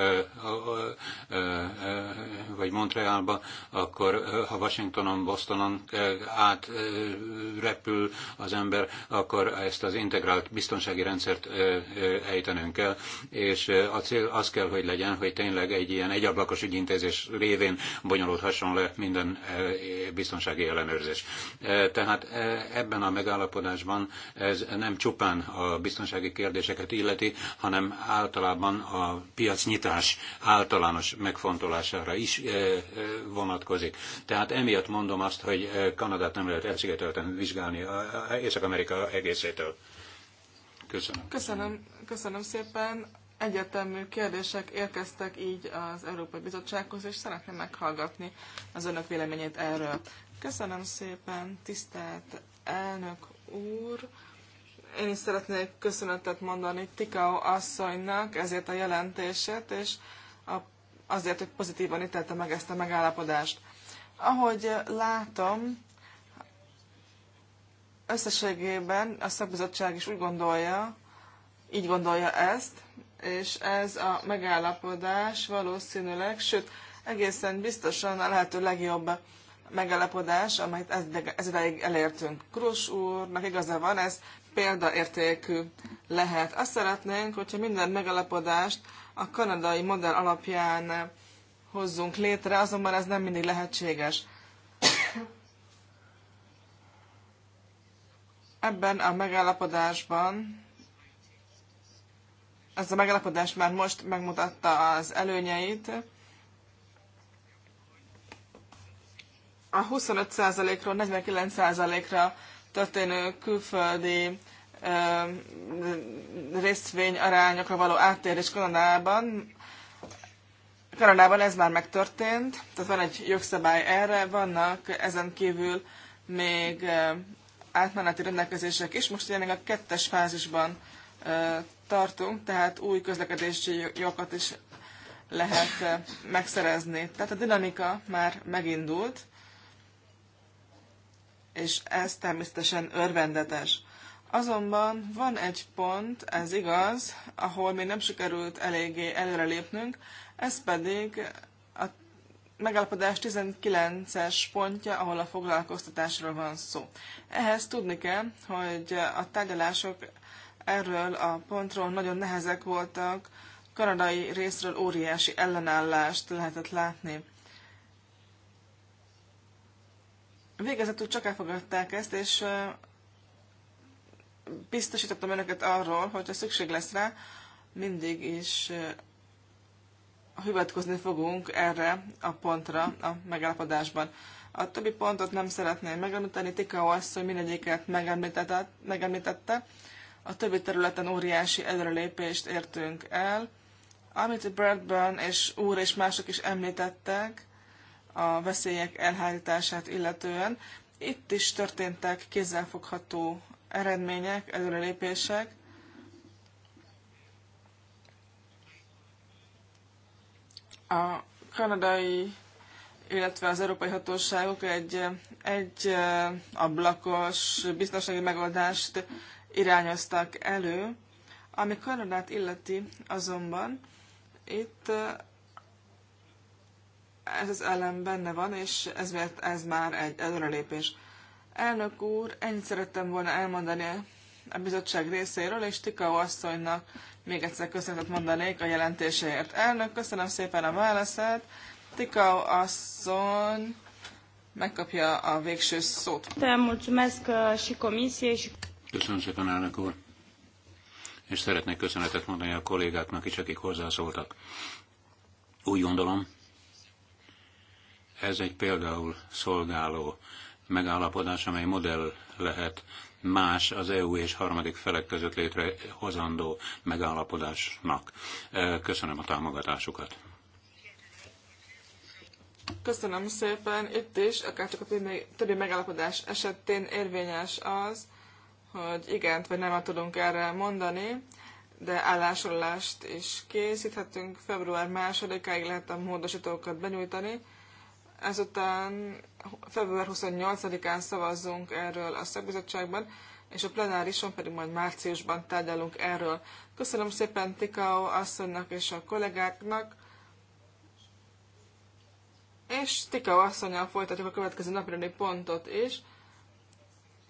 vagy Montrealba, akkor ha Washingtonon, Bostonon átrepül az ember, akkor ezt az integrált biztonsági rendszert ejtenünk kell, és a cél az kell, hogy legyen, hogy tényleg egy ilyen egyablakos ügyintézés révén bonyolódhasson le minden biztonsági ellenőrzés. Tehát ebben a megállapodásban ez nem csupán a biztonsági kérdéseket illeti, hanem általában a piacnyitás általános megfontolására is eh, eh, vonatkozik. Tehát emiatt mondom azt, hogy eh, Kanadát nem lehet elszigetelten vizsgálni Észak-Amerika egészétől. Köszönöm. Köszönöm, köszönöm szépen. Egyetemű kérdések érkeztek így az Európai Bizottsághoz, és szeretném meghallgatni az önök véleményét erről. Köszönöm szépen, tisztelt elnök úr. Én is szeretnék köszönetet mondani Tikao asszonynak ezért a jelentését, és a, azért, hogy pozitívan ítelte meg ezt a megállapodást. Ahogy látom, összességében a szakbizottság is úgy gondolja, így gondolja ezt, és ez a megállapodás valószínűleg, sőt, egészen biztosan a lehető legjobb megalapodás, amelyet ez elértünk. Krus úrnak igaza van, ez példaértékű lehet. Azt szeretnénk, hogyha minden megalapodást a kanadai modell alapján hozzunk létre, azonban ez nem mindig lehetséges. Ebben a megállapodásban ez a megállapodás már most megmutatta az előnyeit, a 25%-ról 49%-ra történő külföldi részvény arányokra való áttérés Kanadában. Kanadában ez már megtörtént, tehát van egy jogszabály erre, vannak ezen kívül még átmeneti rendelkezések is. Most jelenleg a kettes fázisban tartunk, tehát új közlekedési jogokat is lehet megszerezni. Tehát a dinamika már megindult, és ez természetesen örvendetes. Azonban van egy pont, ez igaz, ahol még nem sikerült eléggé előrelépnünk, ez pedig a megállapodás 19-es pontja, ahol a foglalkoztatásról van szó. Ehhez tudni kell, hogy a tárgyalások erről a pontról nagyon nehezek voltak, kanadai részről óriási ellenállást lehetett látni. Végezetül csak elfogadták ezt, és biztosítottam önöket arról, hogyha szükség lesz rá, mindig is hivatkozni fogunk erre a pontra a megállapodásban. A többi pontot nem szeretném megemlíteni, Tikao hogy mindegyiket megemlítette, megemlítette. A többi területen óriási előrelépést értünk el. Amit Bradburn és úr és mások is említettek, a veszélyek elhárítását illetően. Itt is történtek kézzelfogható eredmények, előrelépések. A kanadai, illetve az európai hatóságok egy, egy ablakos biztonsági megoldást irányoztak elő, ami Kanadát illeti azonban, itt ez az ellen benne van, és ez, ez már egy előrelépés. Elnök úr, ennyit szerettem volna elmondani a bizottság részéről, és Tikau asszonynak még egyszer köszönetet mondanék a jelentéséért. Elnök, köszönöm szépen a válaszát. Tikau asszony megkapja a végső szót. Uh, köszönöm szépen, elnök úr. És szeretnék köszönetet mondani a kollégáknak is, akik hozzászóltak. Úgy gondolom, ez egy például szolgáló megállapodás, amely modell lehet más az EU és harmadik felek között létrehozandó megállapodásnak. Köszönöm a támogatásukat. Köszönöm szépen. Itt is, akár csak a többi megállapodás esetén érvényes az, hogy igent vagy nem tudunk erre mondani, de állásolást is készíthetünk. Február másodikáig lehet a módosítókat benyújtani. Ezután február 28-án szavazzunk erről a szakbizottságban, és a plenárison pedig majd márciusban tárgyalunk erről. Köszönöm szépen Tikao asszonynak és a kollégáknak, és Tikao asszonynal folytatjuk a következő napirendi pontot is.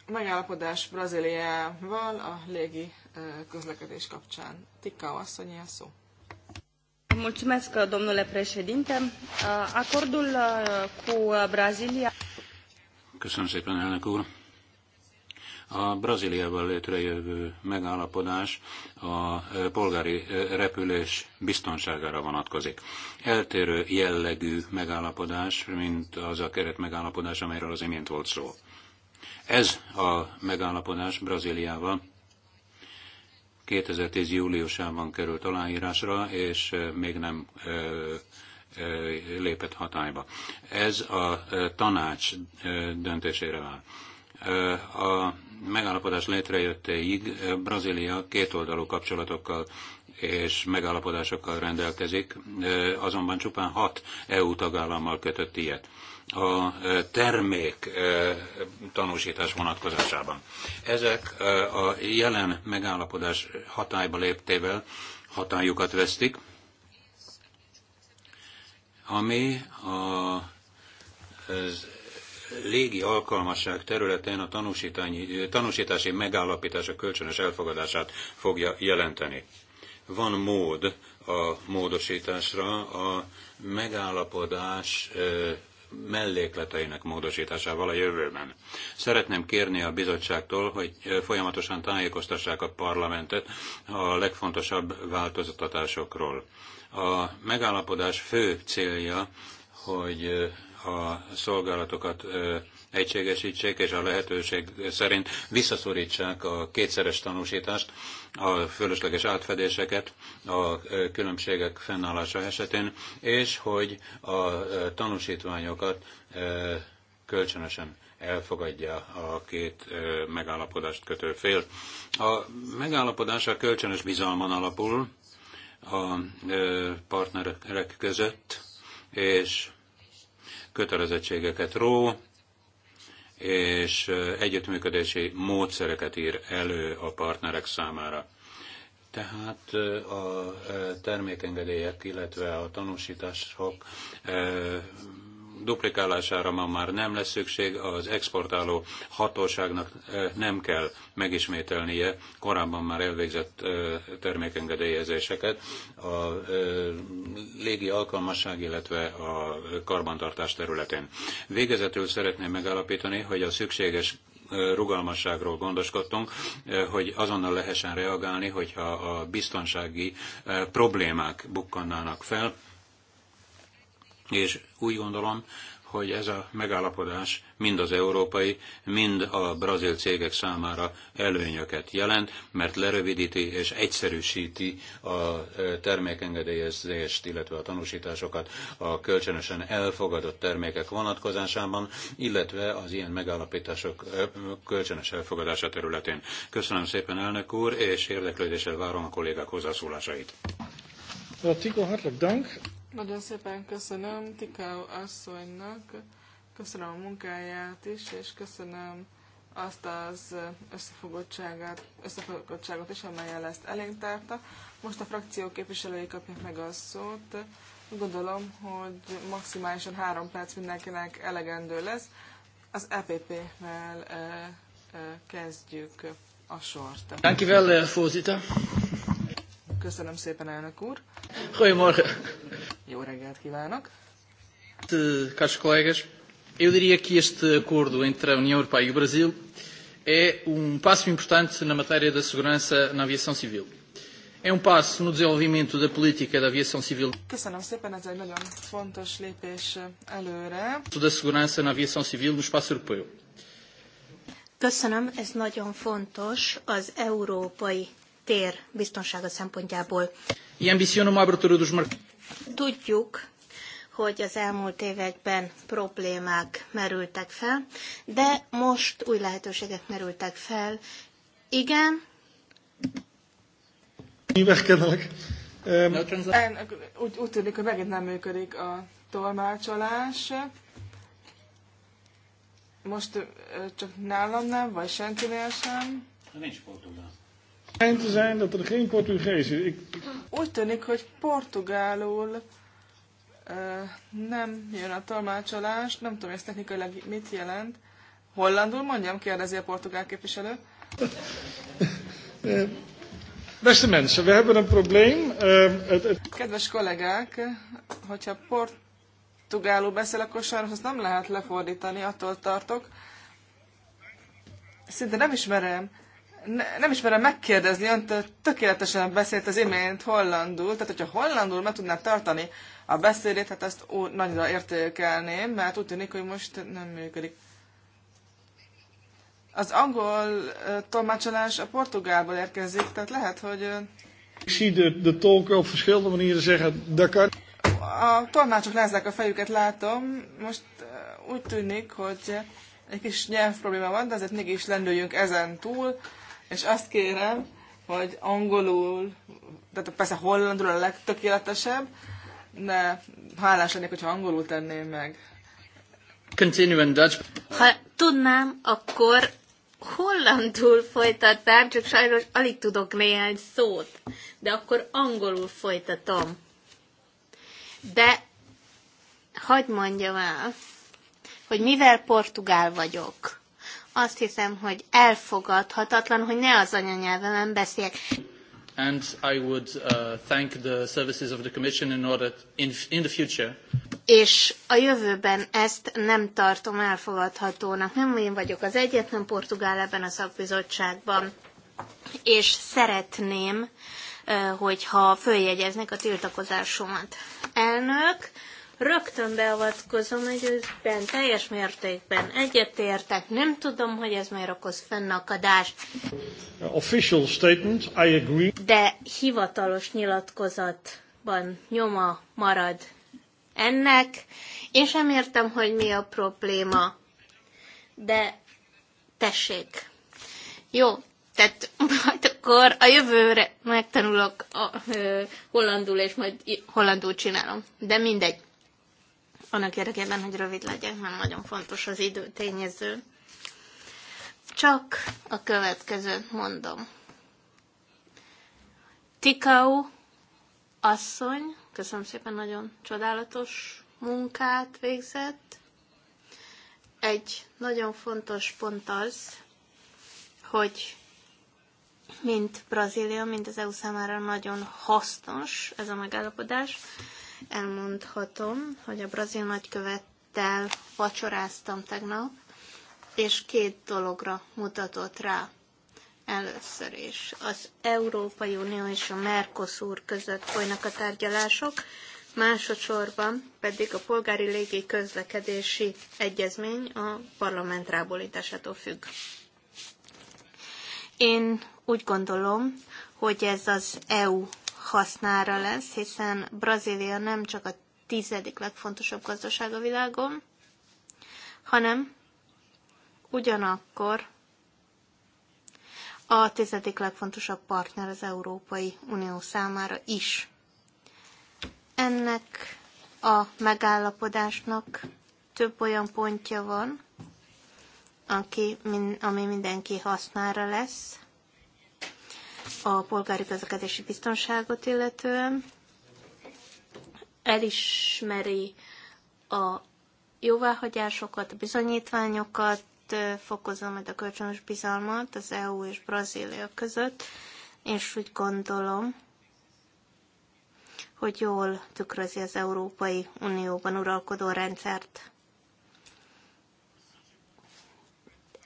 Megállapodás Brazíliával a légi közlekedés kapcsán. Tikao asszonyi a szó. Mulțumesc, domnule președinte. Acordul uh, cu uh, Brazília... Köszönöm szépen, elnök úr. A Brazíliával létrejövő megállapodás a uh, polgári repülés biztonságára vonatkozik. Eltérő jellegű megállapodás, mint az a keret megállapodás, amelyről az imént volt szó. Ez a megállapodás Brazíliával 2010. júliusában került aláírásra, és még nem lépett hatályba. Ez a tanács döntésére vár. A megállapodás létrejöttéig Brazília kétoldalú kapcsolatokkal és megállapodásokkal rendelkezik, azonban csupán hat EU tagállammal kötött ilyet a termék tanúsítás vonatkozásában. Ezek a jelen megállapodás hatályba léptével hatályukat vesztik, ami a, az légi alkalmasság területén a tanúsítási megállapítás a kölcsönös elfogadását fogja jelenteni. Van mód a módosításra, a megállapodás mellékleteinek módosításával a jövőben. Szeretném kérni a bizottságtól, hogy folyamatosan tájékoztassák a parlamentet a legfontosabb változtatásokról. A megállapodás fő célja, hogy a szolgálatokat egységesítsék, és a lehetőség szerint visszaszorítsák a kétszeres tanúsítást, a fölösleges átfedéseket a e, különbségek fennállása esetén, és hogy a e, tanúsítványokat e, kölcsönösen elfogadja a két megállapodást kötő fél. A megállapodás a kölcsönös bizalman alapul a partnerek között, és kötelezettségeket ró és együttműködési módszereket ír elő a partnerek számára. Tehát a termékengedélyek, illetve a tanúsítások duplikálására ma már nem lesz szükség, az exportáló hatóságnak nem kell megismételnie korábban már elvégzett termékengedélyezéseket. A légi alkalmasság, illetve a karbantartás területén. Végezetül szeretném megállapítani, hogy a szükséges rugalmasságról gondoskodtunk, hogy azonnal lehessen reagálni, hogyha a biztonsági problémák bukkannának fel és úgy gondolom, hogy ez a megállapodás mind az európai, mind a brazil cégek számára előnyöket jelent, mert lerövidíti és egyszerűsíti a e, termékengedélyezést, illetve a tanúsításokat a kölcsönösen elfogadott termékek vonatkozásában, illetve az ilyen megállapítások e, kölcsönös elfogadása területén. Köszönöm szépen, elnök úr, és érdeklődéssel várom a kollégák hozzászólásait. Tigo, hartelijk dank. Nagyon szépen köszönöm Tikau asszonynak, köszönöm a munkáját is, és köszönöm azt az összefogottságát, összefogottságot is, amelyel ezt elénk tárta. Most a frakció képviselői kapják meg a szót. Gondolom, hogy maximálisan három perc mindenkinek elegendő lesz. Az EPP-vel e, e, kezdjük a sort. Dankjewel, eh, voorzitter. Köszönöm szépen, elnök úr. Goedemorgen. Jó reggelt kívánok! Caros colegas, eu diria que este acordo entre a União Europeia e o Brasil é um passo importante na matéria da segurança na aviação civil. É um passo no desenvolvimento da política da aviação civil. Köszönöm szépen, ez egy nagyon fontos lépés előre. Da segurança na aviação civil no espaço europeu. Köszönöm, ez nagyon fontos az európai tér biztonsága szempontjából. E ambiciona uma abertura dos mercados Tudjuk, hogy az elmúlt években problémák merültek fel, de most új lehetőségek merültek fel. Igen. Híveskednek. Úgy, úgy tűnik, hogy megint nem működik a tolmácsolás. Most csak nálam nem, vagy senkinél sem. nincs portugál te zijn dat er geen Portugees is. Úgy tűnik, hogy portugálul uh, nem jön a tolmácsolás, nem tudom, ez technikailag mit jelent. Hollandul mondjam, kérdezi a portugál képviselő. Beste mensen, we hebben een probleem. Kedves kollégák, hogyha portugálul beszél, akkor sajnos azt nem lehet lefordítani, attól tartok. Szinte nem ismerem ne, nem is megkérdezni, ön tökéletesen beszélt az imént hollandul, tehát hogyha hollandul meg tudná tartani a beszédét, hát ezt ó, nagyra értékelném, mert úgy tűnik, hogy most nem működik. Az angol uh, tolmácsolás a portugálból érkezik, tehát lehet, hogy... Uh, Ik zie de, de tolken op verschillende manieren zeggen, dat kan. A tolmácsok lázzák a fejüket, látom. Most uh, úgy tűnik, hogy egy kis nyelv probléma van, de azért mégis lendüljünk ezen túl és azt kérem, hogy angolul, tehát persze hollandul a legtökéletesebb, de hálás lennék, hogyha angolul tenném meg. Continue in Dutch. Ha tudnám, akkor hollandul folytatnám, csak sajnos alig tudok néhány szót, de akkor angolul folytatom. De hagyd mondjam el, hogy mivel portugál vagyok, azt hiszem, hogy elfogadhatatlan, hogy ne az anyanyelvemen beszéljek. And I would uh, thank the services of the Commission in order in, in the future. És a jövőben ezt nem tartom elfogadhatónak. Nem én vagyok az egyetlen portugál ebben a szakbizottságban, és szeretném, hogyha följegyeznek a tiltakozásomat. Elnök, Rögtön beavatkozom, hogy őszben teljes mértékben egyetértek. Nem tudom, hogy ez miért okoz fennakadást. Official statement, I agree. De hivatalos nyilatkozatban nyoma marad ennek. Én sem értem, hogy mi a probléma. De tessék. Jó, tehát majd akkor a jövőre megtanulok a, ö, hollandul, és majd hollandul csinálom. De mindegy annak érdekében, hogy rövid legyek, mert nagyon fontos az idő tényező. Csak a következőt mondom. Tikau asszony, köszönöm szépen, nagyon csodálatos munkát végzett. Egy nagyon fontos pont az, hogy mint Brazília, mint az EU számára nagyon hasznos ez a megállapodás, elmondhatom, hogy a brazil nagykövettel vacsoráztam tegnap, és két dologra mutatott rá először is. Az Európai Unió és a Mercosur között folynak a tárgyalások, másodszorban pedig a polgári légi közlekedési egyezmény a parlament rábólításától függ. Én úgy gondolom, hogy ez az EU hasznára lesz, hiszen Brazília nem csak a tizedik legfontosabb gazdaság a világon, hanem ugyanakkor a tizedik legfontosabb partner az Európai Unió számára is. Ennek a megállapodásnak több olyan pontja van, aki, ami mindenki hasznára lesz, a polgári közlekedési biztonságot illetően, elismeri a jóváhagyásokat, a bizonyítványokat, fokozza majd a kölcsönös bizalmat az EU és Brazília között, és úgy gondolom, hogy jól tükrözi az Európai Unióban uralkodó rendszert.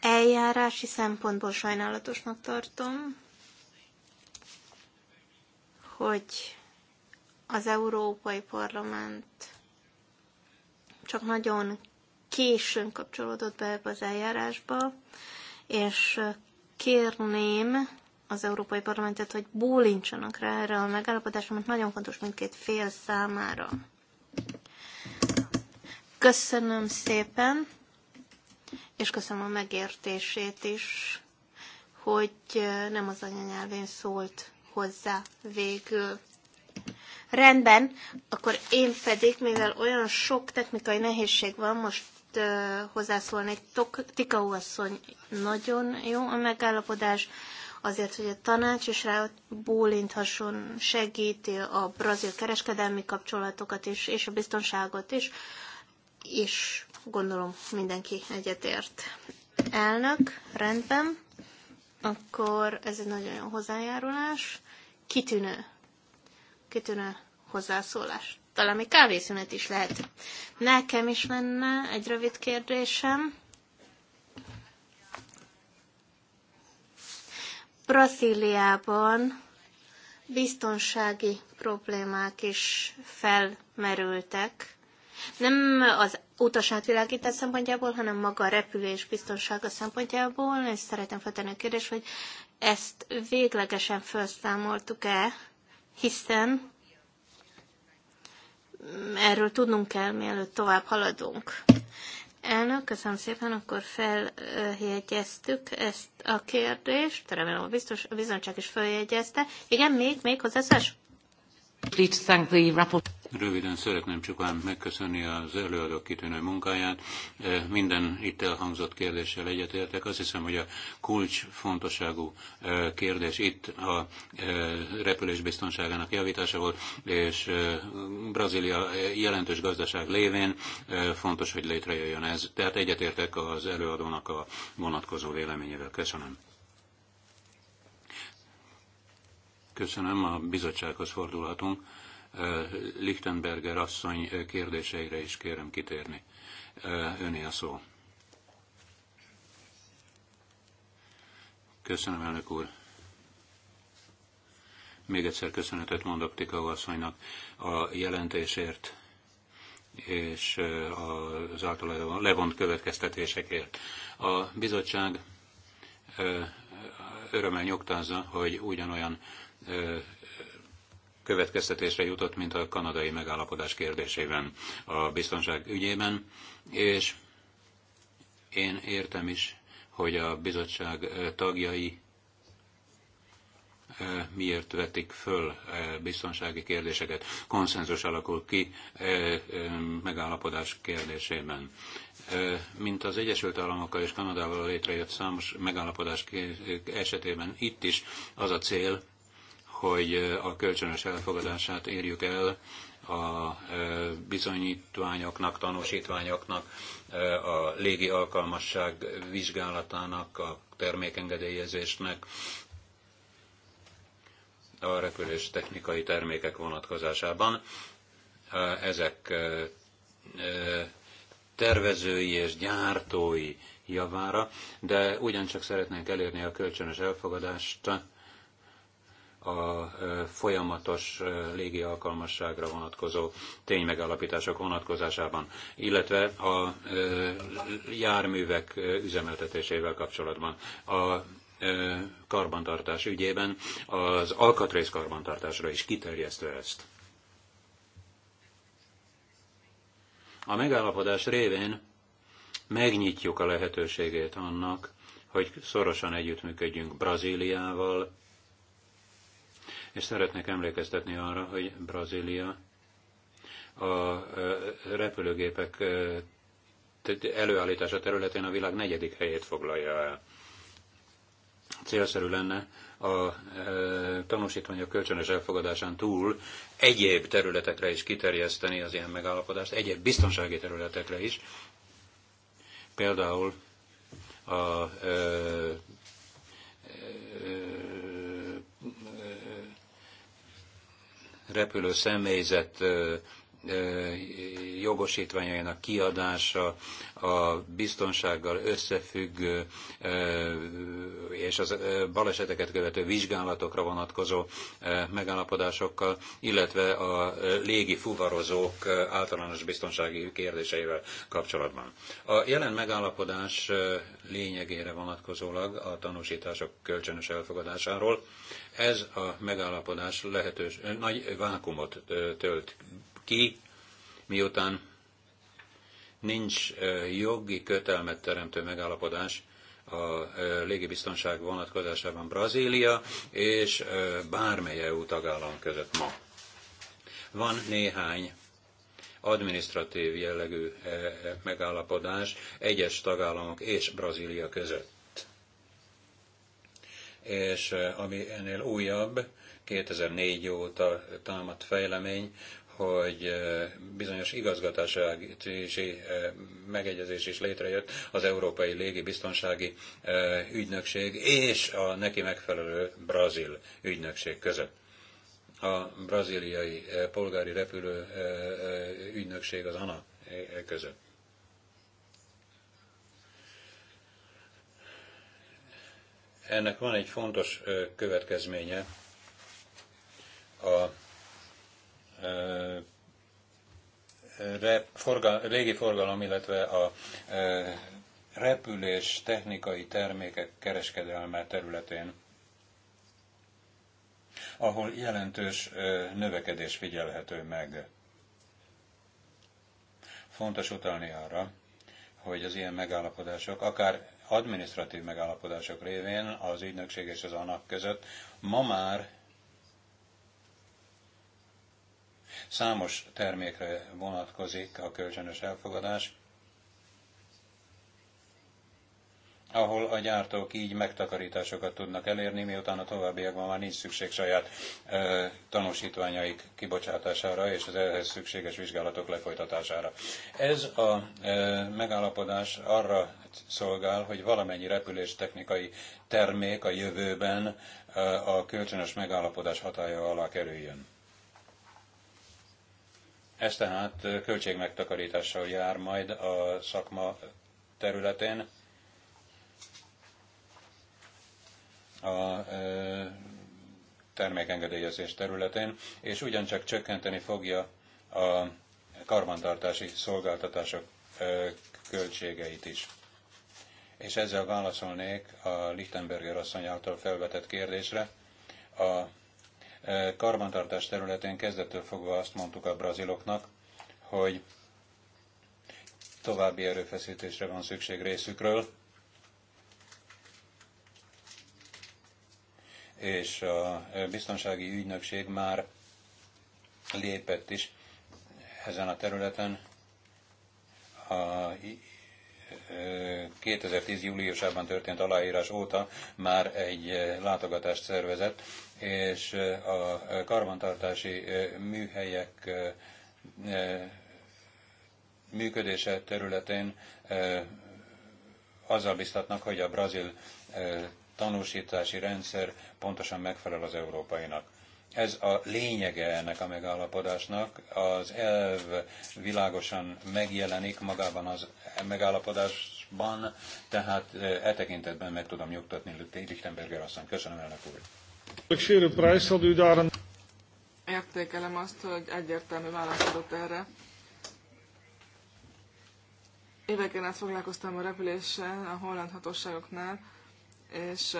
Eljárási szempontból sajnálatosnak tartom, hogy az Európai Parlament csak nagyon későn kapcsolódott be ebbe az eljárásba, és kérném az Európai Parlamentet, hogy bólincsanak rá erre a megállapodásra, mert nagyon fontos mindkét fél számára. Köszönöm szépen, és köszönöm a megértését is, hogy nem az anyanyelvén szólt hozzá végül. Rendben, akkor én pedig, mivel olyan sok technikai nehézség van, most uh, hozzászólnék. tika asszony, nagyon jó a megállapodás, azért, hogy a tanács is rá bólinthasson, segíti a brazil kereskedelmi kapcsolatokat is, és a biztonságot is, és gondolom mindenki egyetért. Elnök, rendben, akkor ez egy nagyon jó hozzájárulás kitűnő, kitűnő hozzászólás. Talán még kávészünet is lehet. Nekem is lenne egy rövid kérdésem. Brazíliában biztonsági problémák is felmerültek. Nem az utas átvilágítás szempontjából, hanem maga a repülés biztonsága szempontjából. És szeretem feltenni a kérdést, hogy ezt véglegesen felszámoltuk-e, hiszen erről tudnunk kell, mielőtt tovább haladunk. Elnök, köszönöm szépen, akkor feljegyeztük ezt a kérdést. Remélem, a, biztos, a bizonyság is feljegyezte. Igen, még, még hozzászás? Röviden szeretném csupán megköszönni az előadó kitűnő munkáját. E, minden itt elhangzott kérdéssel egyetértek. Azt hiszem, hogy a kulcs fontosságú e, kérdés itt a e, repülés biztonságának javítása volt, és Brazília jelentős gazdaság lévén fontos, hogy létrejöjjön ez. Tehát egyetértek az előadónak a vonatkozó véleményével. Köszönöm. Köszönöm, a bizottsághoz fordulhatunk. Lichtenberger asszony kérdéseire is kérem kitérni. Öné a szó. Köszönöm, elnök úr. Még egyszer köszönetet mondok Tika asszonynak a jelentésért és az által levont következtetésekért. A bizottság örömmel nyugtázza, hogy ugyanolyan következtetésre jutott, mint a kanadai megállapodás kérdésében a biztonság ügyében, és én értem is, hogy a bizottság tagjai miért vetik föl biztonsági kérdéseket. Konszenzus alakul ki megállapodás kérdésében. Mint az Egyesült Államokkal és Kanadával létrejött számos megállapodás esetében itt is az a cél, hogy a kölcsönös elfogadását érjük el a bizonyítványoknak, tanúsítványoknak, a légi alkalmasság vizsgálatának, a termékengedélyezésnek, a repülés technikai termékek vonatkozásában. Ezek tervezői és gyártói javára, de ugyancsak szeretnénk elérni a kölcsönös elfogadást a folyamatos légi alkalmasságra vonatkozó ténymegállapítások vonatkozásában, illetve a járművek üzemeltetésével kapcsolatban. A karbantartás ügyében az alkatrész karbantartásra is kiterjesztve ezt. A megállapodás révén megnyitjuk a lehetőségét annak, hogy szorosan együttműködjünk Brazíliával, és szeretnék emlékeztetni arra, hogy Brazília a repülőgépek előállítása területén a világ negyedik helyét foglalja el. Célszerű lenne a tanúsítványok kölcsönös elfogadásán túl egyéb területekre is kiterjeszteni az ilyen megállapodást, egyéb biztonsági területekre is, például a ö, repülő személyzet jogosítványainak kiadása, a biztonsággal összefüggő és az baleseteket követő vizsgálatokra vonatkozó megállapodásokkal, illetve a légi fuvarozók általános biztonsági kérdéseivel kapcsolatban. A jelen megállapodás lényegére vonatkozólag a tanúsítások kölcsönös elfogadásáról ez a megállapodás lehetős nagy vákumot tölt ki, miután nincs jogi kötelmet teremtő megállapodás a légibiztonság vonatkozásában Brazília és bármely EU tagállam között ma. Van néhány administratív jellegű megállapodás egyes tagállamok és Brazília között. És ami ennél újabb, 2004 óta támadt fejlemény, hogy bizonyos igazgatási megegyezés is létrejött az Európai Légi Biztonsági Ügynökség és a neki megfelelő brazil ügynökség között. A braziliai polgári repülő ügynökség az ANA között. Ennek van egy fontos következménye a légi forgalom illetve a repülés technikai termékek kereskedelme területén, ahol jelentős növekedés figyelhető meg. Fontos utalni arra, hogy az ilyen megállapodások, akár adminisztratív megállapodások révén az ügynökség és az ANAK között ma már Számos termékre vonatkozik a kölcsönös elfogadás, ahol a gyártók így megtakarításokat tudnak elérni, miután a továbbiakban már nincs szükség saját ö, tanúsítványaik kibocsátására és az ehhez szükséges vizsgálatok lefolytatására. Ez a ö, megállapodás arra szolgál, hogy valamennyi repüléstechnikai termék a jövőben ö, a kölcsönös megállapodás hatája alá kerüljön. Ez tehát költségmegtakarítással jár majd a szakma területén. A termékengedélyezés területén, és ugyancsak csökkenteni fogja a karbantartási szolgáltatások költségeit is. És ezzel válaszolnék a Lichtenberger asszony által felvetett kérdésre. A Eh, karbantartás területén kezdettől fogva azt mondtuk a braziloknak, hogy további erőfeszítésre van szükség részükről, és a eh, biztonsági ügynökség már lépett is ezen a területen a 2010. júliusában történt aláírás óta már egy eh, látogatást szervezett, és eh, a eh, karbantartási műhelyek működése területén azzal biztatnak, hogy a brazil tanúsítási rendszer pontosan megfelel az európainak. Ez a lényege ennek a megállapodásnak. Az elv világosan megjelenik magában az megállapodásban, tehát e tekintetben meg tudom nyugtatni Lichtenberger asszony. Köszönöm, elnök úr. Értékelem azt, hogy egyértelmű választ adott erre. Éveken át foglalkoztam a repüléssel a holland hatóságoknál, és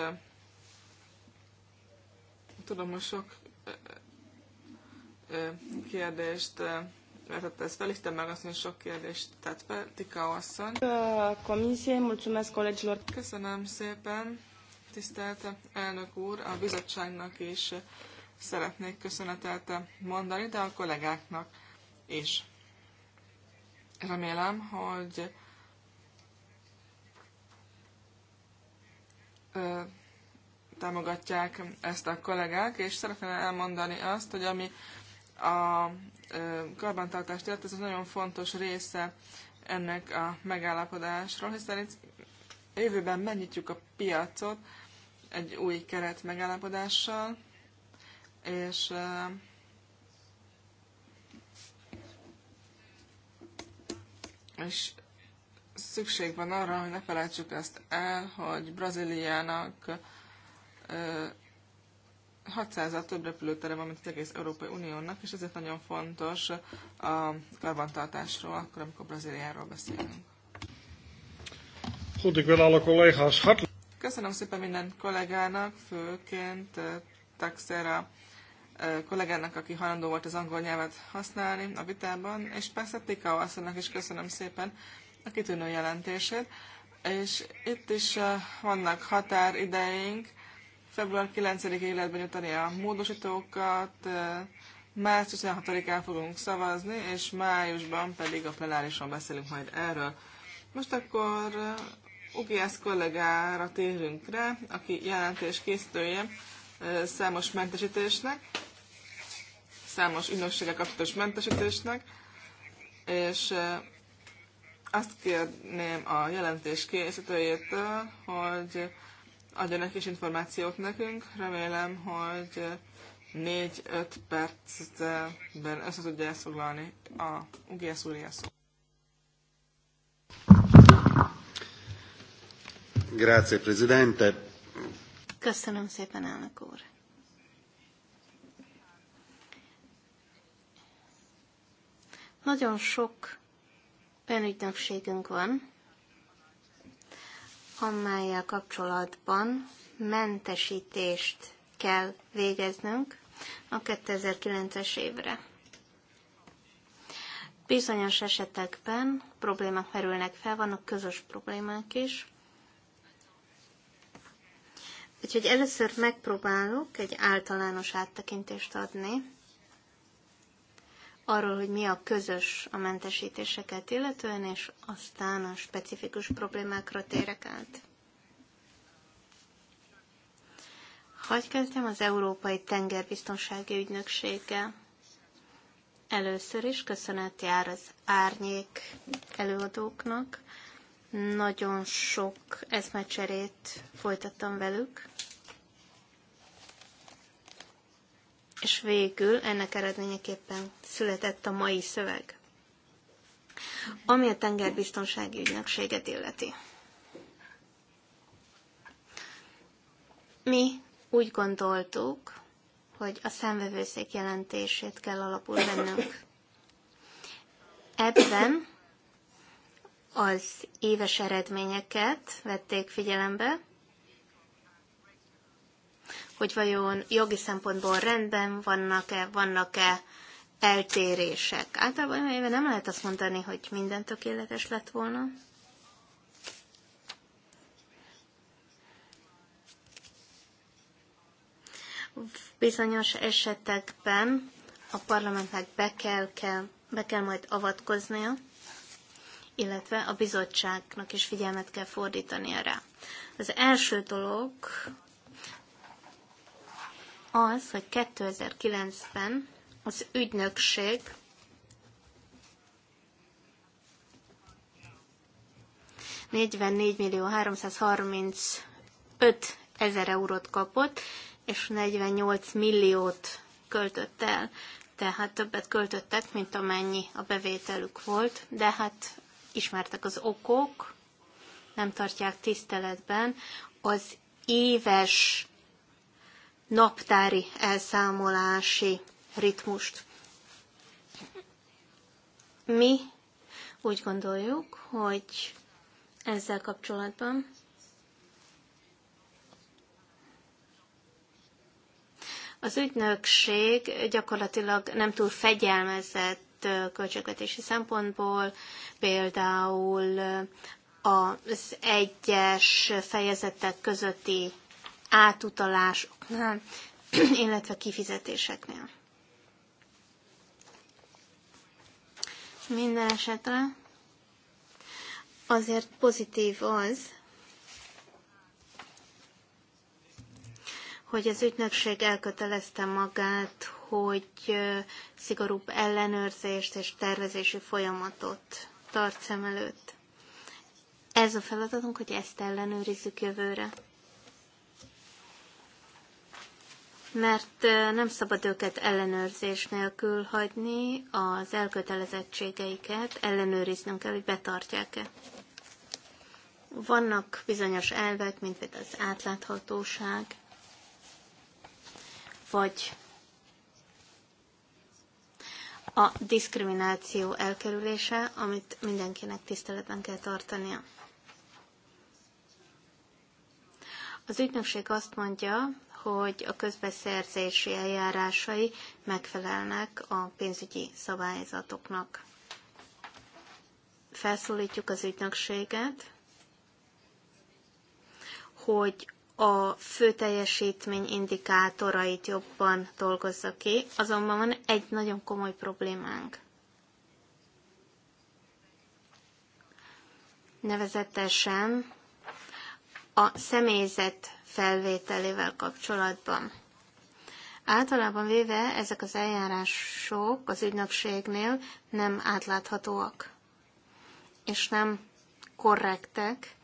tudom, hogy sok kérdést vetette ezt fel, Isten meg azt, sok kérdést tett fel, Tika asszony. Köszönöm szépen, tisztelt elnök úr, a bizottságnak is szeretnék köszönetet mondani, de a kollégáknak is. Remélem, hogy támogatják ezt a kollégák, és szeretném elmondani azt, hogy ami a karbantartást illeti, ez egy nagyon fontos része ennek a megállapodásról, hiszen itt jövőben megnyitjuk a piacot egy új keret megállapodással, és és szükség van arra, hogy ne felejtsük ezt el, hogy Brazíliának 600-al több repülőtere van, mint az egész Európai Uniónak, és ezért nagyon fontos a karbantartásról, akkor, amikor Brazíliáról beszélünk. Köszönöm szépen minden kollégának, főként Taxera kollégának, aki hajlandó volt az angol nyelvet használni a vitában, és persze Tika asszonynak is köszönöm szépen a kitűnő jelentését. És itt is vannak határideink, február 9-ig életben jutani a módosítókat, március 16-án fogunk szavazni, és májusban pedig a plenárison beszélünk majd erről. Most akkor UGS kollégára térünk rá, aki jelentés készítője számos mentesítésnek, számos ügynökséggel kapcsolatos mentesítésnek, és azt kérném a jelentés készítőjétől, hogy adjon egy kis információt nekünk. Remélem, hogy 4-5 percben össze tudja ezt a UGS úr szó. Grazie, Presidente. Köszönöm szépen, elnök úr. Nagyon sok önügynökségünk van, amelyel kapcsolatban mentesítést kell végeznünk a 2009-es évre. Bizonyos esetekben problémák merülnek fel, vannak közös problémák is. Úgyhogy először megpróbálok egy általános áttekintést adni arról, hogy mi a közös a mentesítéseket illetően, és aztán a specifikus problémákra térek át. Hogy kezdjem az Európai Tengerbiztonsági Ügynökséggel. Először is köszönet jár az árnyék előadóknak. Nagyon sok eszmecserét folytattam velük, és végül ennek eredményeképpen született a mai szöveg, ami a tengerbiztonsági ügynökséget illeti. Mi úgy gondoltuk, hogy a szemvevőszék jelentését kell alapul vennünk. Ebben az éves eredményeket vették figyelembe, hogy vajon jogi szempontból rendben vannak-e, vannak-e eltérések. Általában éve nem lehet azt mondani, hogy minden tökéletes lett volna. Bizonyos esetekben a parlamentnek be kell, kell, be kell majd avatkoznia, illetve a bizottságnak is figyelmet kell fordítania rá. Az első dolog, az, hogy 2009-ben az ügynökség millió 335 ezer eurót kapott, és 48 milliót költött el. Tehát többet költöttek, mint amennyi a bevételük volt, de hát ismertek az okok, nem tartják tiszteletben az éves naptári elszámolási ritmust. Mi úgy gondoljuk, hogy ezzel kapcsolatban az ügynökség gyakorlatilag nem túl fegyelmezett költségvetési szempontból, például az egyes fejezetek közötti átutalásoknál, illetve kifizetéseknél. Minden esetre azért pozitív az, hogy az ügynökség elkötelezte magát, hogy szigorúbb ellenőrzést és tervezési folyamatot tart szem előtt. Ez a feladatunk, hogy ezt ellenőrizzük jövőre. mert nem szabad őket ellenőrzés nélkül hagyni, az elkötelezettségeiket ellenőriznünk kell, hogy betartják-e. Vannak bizonyos elvek, mint például az átláthatóság, vagy a diszkrimináció elkerülése, amit mindenkinek tiszteletben kell tartania. Az ügynökség azt mondja, hogy a közbeszerzési eljárásai megfelelnek a pénzügyi szabályzatoknak. Felszólítjuk az ügynökséget, hogy a fő teljesítmény indikátorait jobban dolgozza ki, azonban van egy nagyon komoly problémánk. Nevezetesen a személyzet felvételével kapcsolatban. Általában véve ezek az eljárások az ügynökségnél nem átláthatóak, és nem korrektek.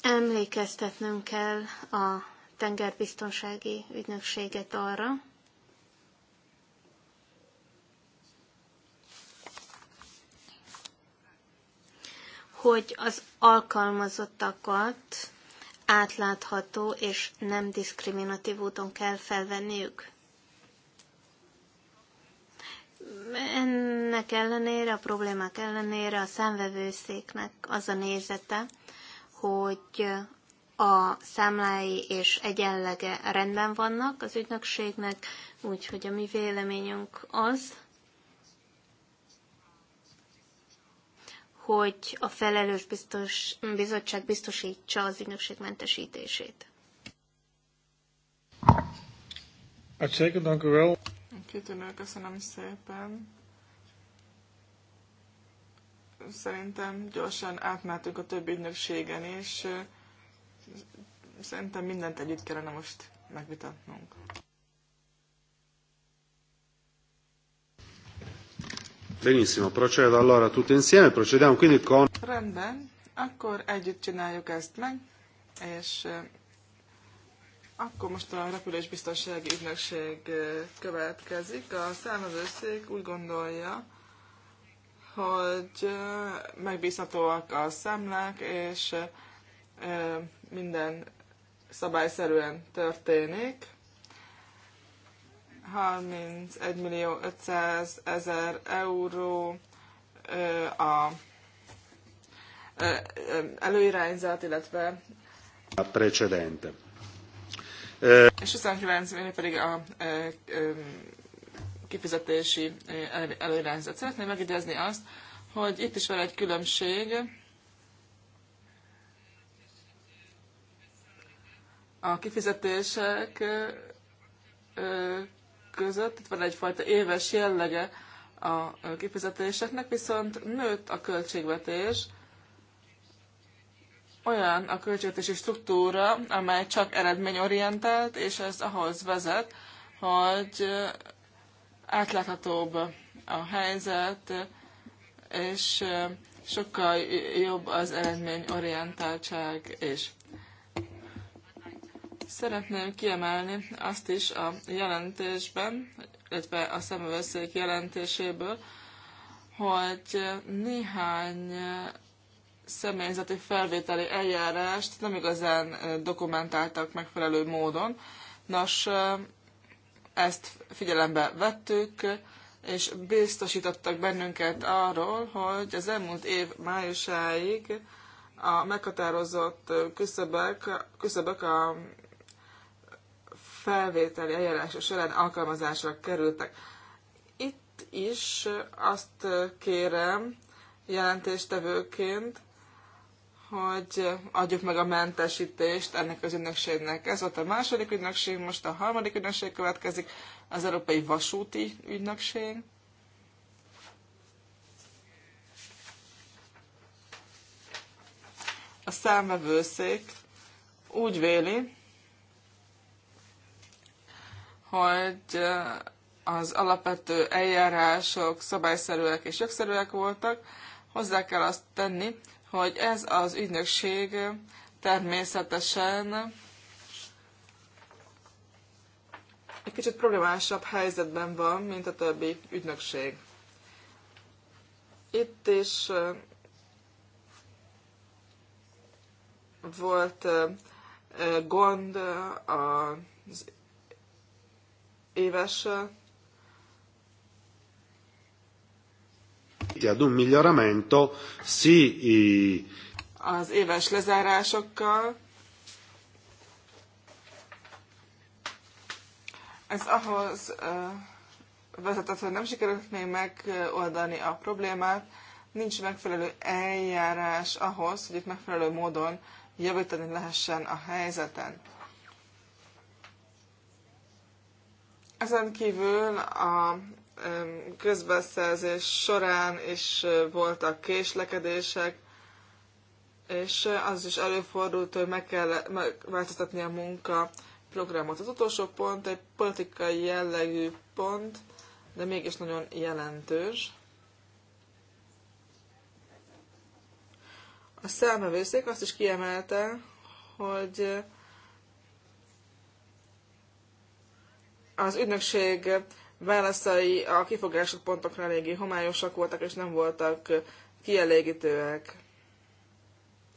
Emlékeztetnünk kell a tengerbiztonsági ügynökséget arra, hogy az alkalmazottakat átlátható és nem diszkriminatív úton kell felvenniük. Ennek ellenére, a problémák ellenére a számvevőszéknek az a nézete, hogy a számlái és egyenlege rendben vannak az ügynökségnek, úgyhogy a mi véleményünk az, hogy a felelős biztos, bizottság biztosítsa az ügynökség mentesítését. Hartstikke, köszönöm szépen. Szerintem gyorsan átmentünk a többi ügynökségen, és szerintem mindent együtt kellene most megvitatnunk. Benissimo, procedo allora insieme, procediamo quindi con... Rendben, akkor együtt csináljuk ezt meg, és eh, akkor most a repülésbiztonsági ügynökség eh, következik. A számozőszék úgy gondolja, hogy eh, megbízhatóak a számlák, és minden szabályszerűen történik. 31 millió 500 ezer euró a előirányzat, illetve a precedente. És 29 millió pedig a kifizetési előirányzat. Szeretném megidézni azt, hogy itt is van egy különbség a kifizetések között. Itt van egyfajta éves jellege a kifizetéseknek, viszont nőtt a költségvetés, olyan a költségvetési struktúra, amely csak eredményorientált, és ez ahhoz vezet, hogy átláthatóbb a helyzet, és sokkal jobb az eredményorientáltság is. Szeretném kiemelni azt is a jelentésben, illetve a szemövőszék jelentéséből, hogy néhány személyzeti felvételi eljárást nem igazán dokumentáltak megfelelő módon. Nos, ezt figyelembe vettük, és biztosítottak bennünket arról, hogy az elmúlt év májusáig a meghatározott küszöbök, küszöbök a felvételi eljárása során alkalmazásra kerültek. Itt is azt kérem jelentéstevőként, hogy adjuk meg a mentesítést ennek az ügynökségnek. Ez volt a második ügynökség, most a harmadik ügynökség következik, az Európai Vasúti Ügynökség. A számvevőszék úgy véli, hogy eh, az alapvető eljárások szabályszerűek és jogszerűek voltak. Hozzá kell azt tenni, hogy ez az ügynökség természetesen egy kicsit problémásabb helyzetben van, mint a többi ügynökség. Itt is eh, volt eh, gond az éves ad un miglioramento si az éves lezárásokkal. Ez ahhoz vezetett, hogy nem sikerült még megoldani a problémát, nincs megfelelő eljárás ahhoz, hogy itt megfelelő módon javítani lehessen a helyzeten. Ezen kívül a közbeszerzés során is voltak késlekedések, és az is előfordult, hogy meg kell változtatni a munka programot. Az utolsó pont egy politikai jellegű pont, de mégis nagyon jelentős. A számövőszék azt is kiemelte, hogy Az ügynökség válaszai a kifogások pontokra eléggé homályosak voltak, és nem voltak kielégítőek.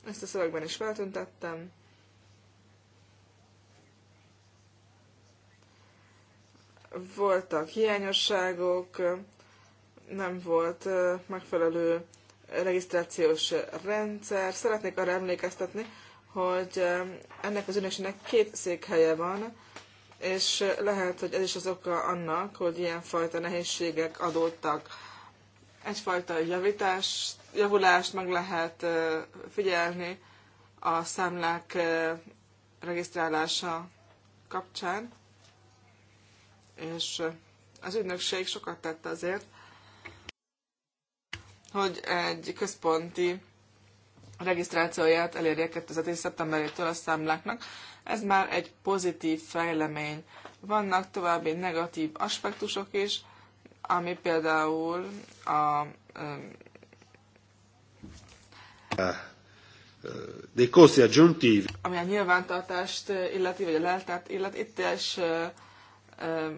Ezt a szövegben is feltüntettem. Voltak hiányosságok, nem volt megfelelő regisztrációs rendszer. Szeretnék arra emlékeztetni, hogy ennek az ünnepségnek két székhelye van, és lehet, hogy ez is az oka annak, hogy ilyenfajta nehézségek adódtak. Egyfajta javítás, javulást meg lehet figyelni a számlák regisztrálása kapcsán, és az ügynökség sokat tett azért, hogy egy központi regisztrációját elérje 2010. szeptemberétől a számláknak, ez már egy pozitív fejlemény. Vannak további negatív aspektusok is, ami például a eh, eh, dei costi aggiuntivi. Ami a nyilvántartást illeti, vagy a leltárt illet itt is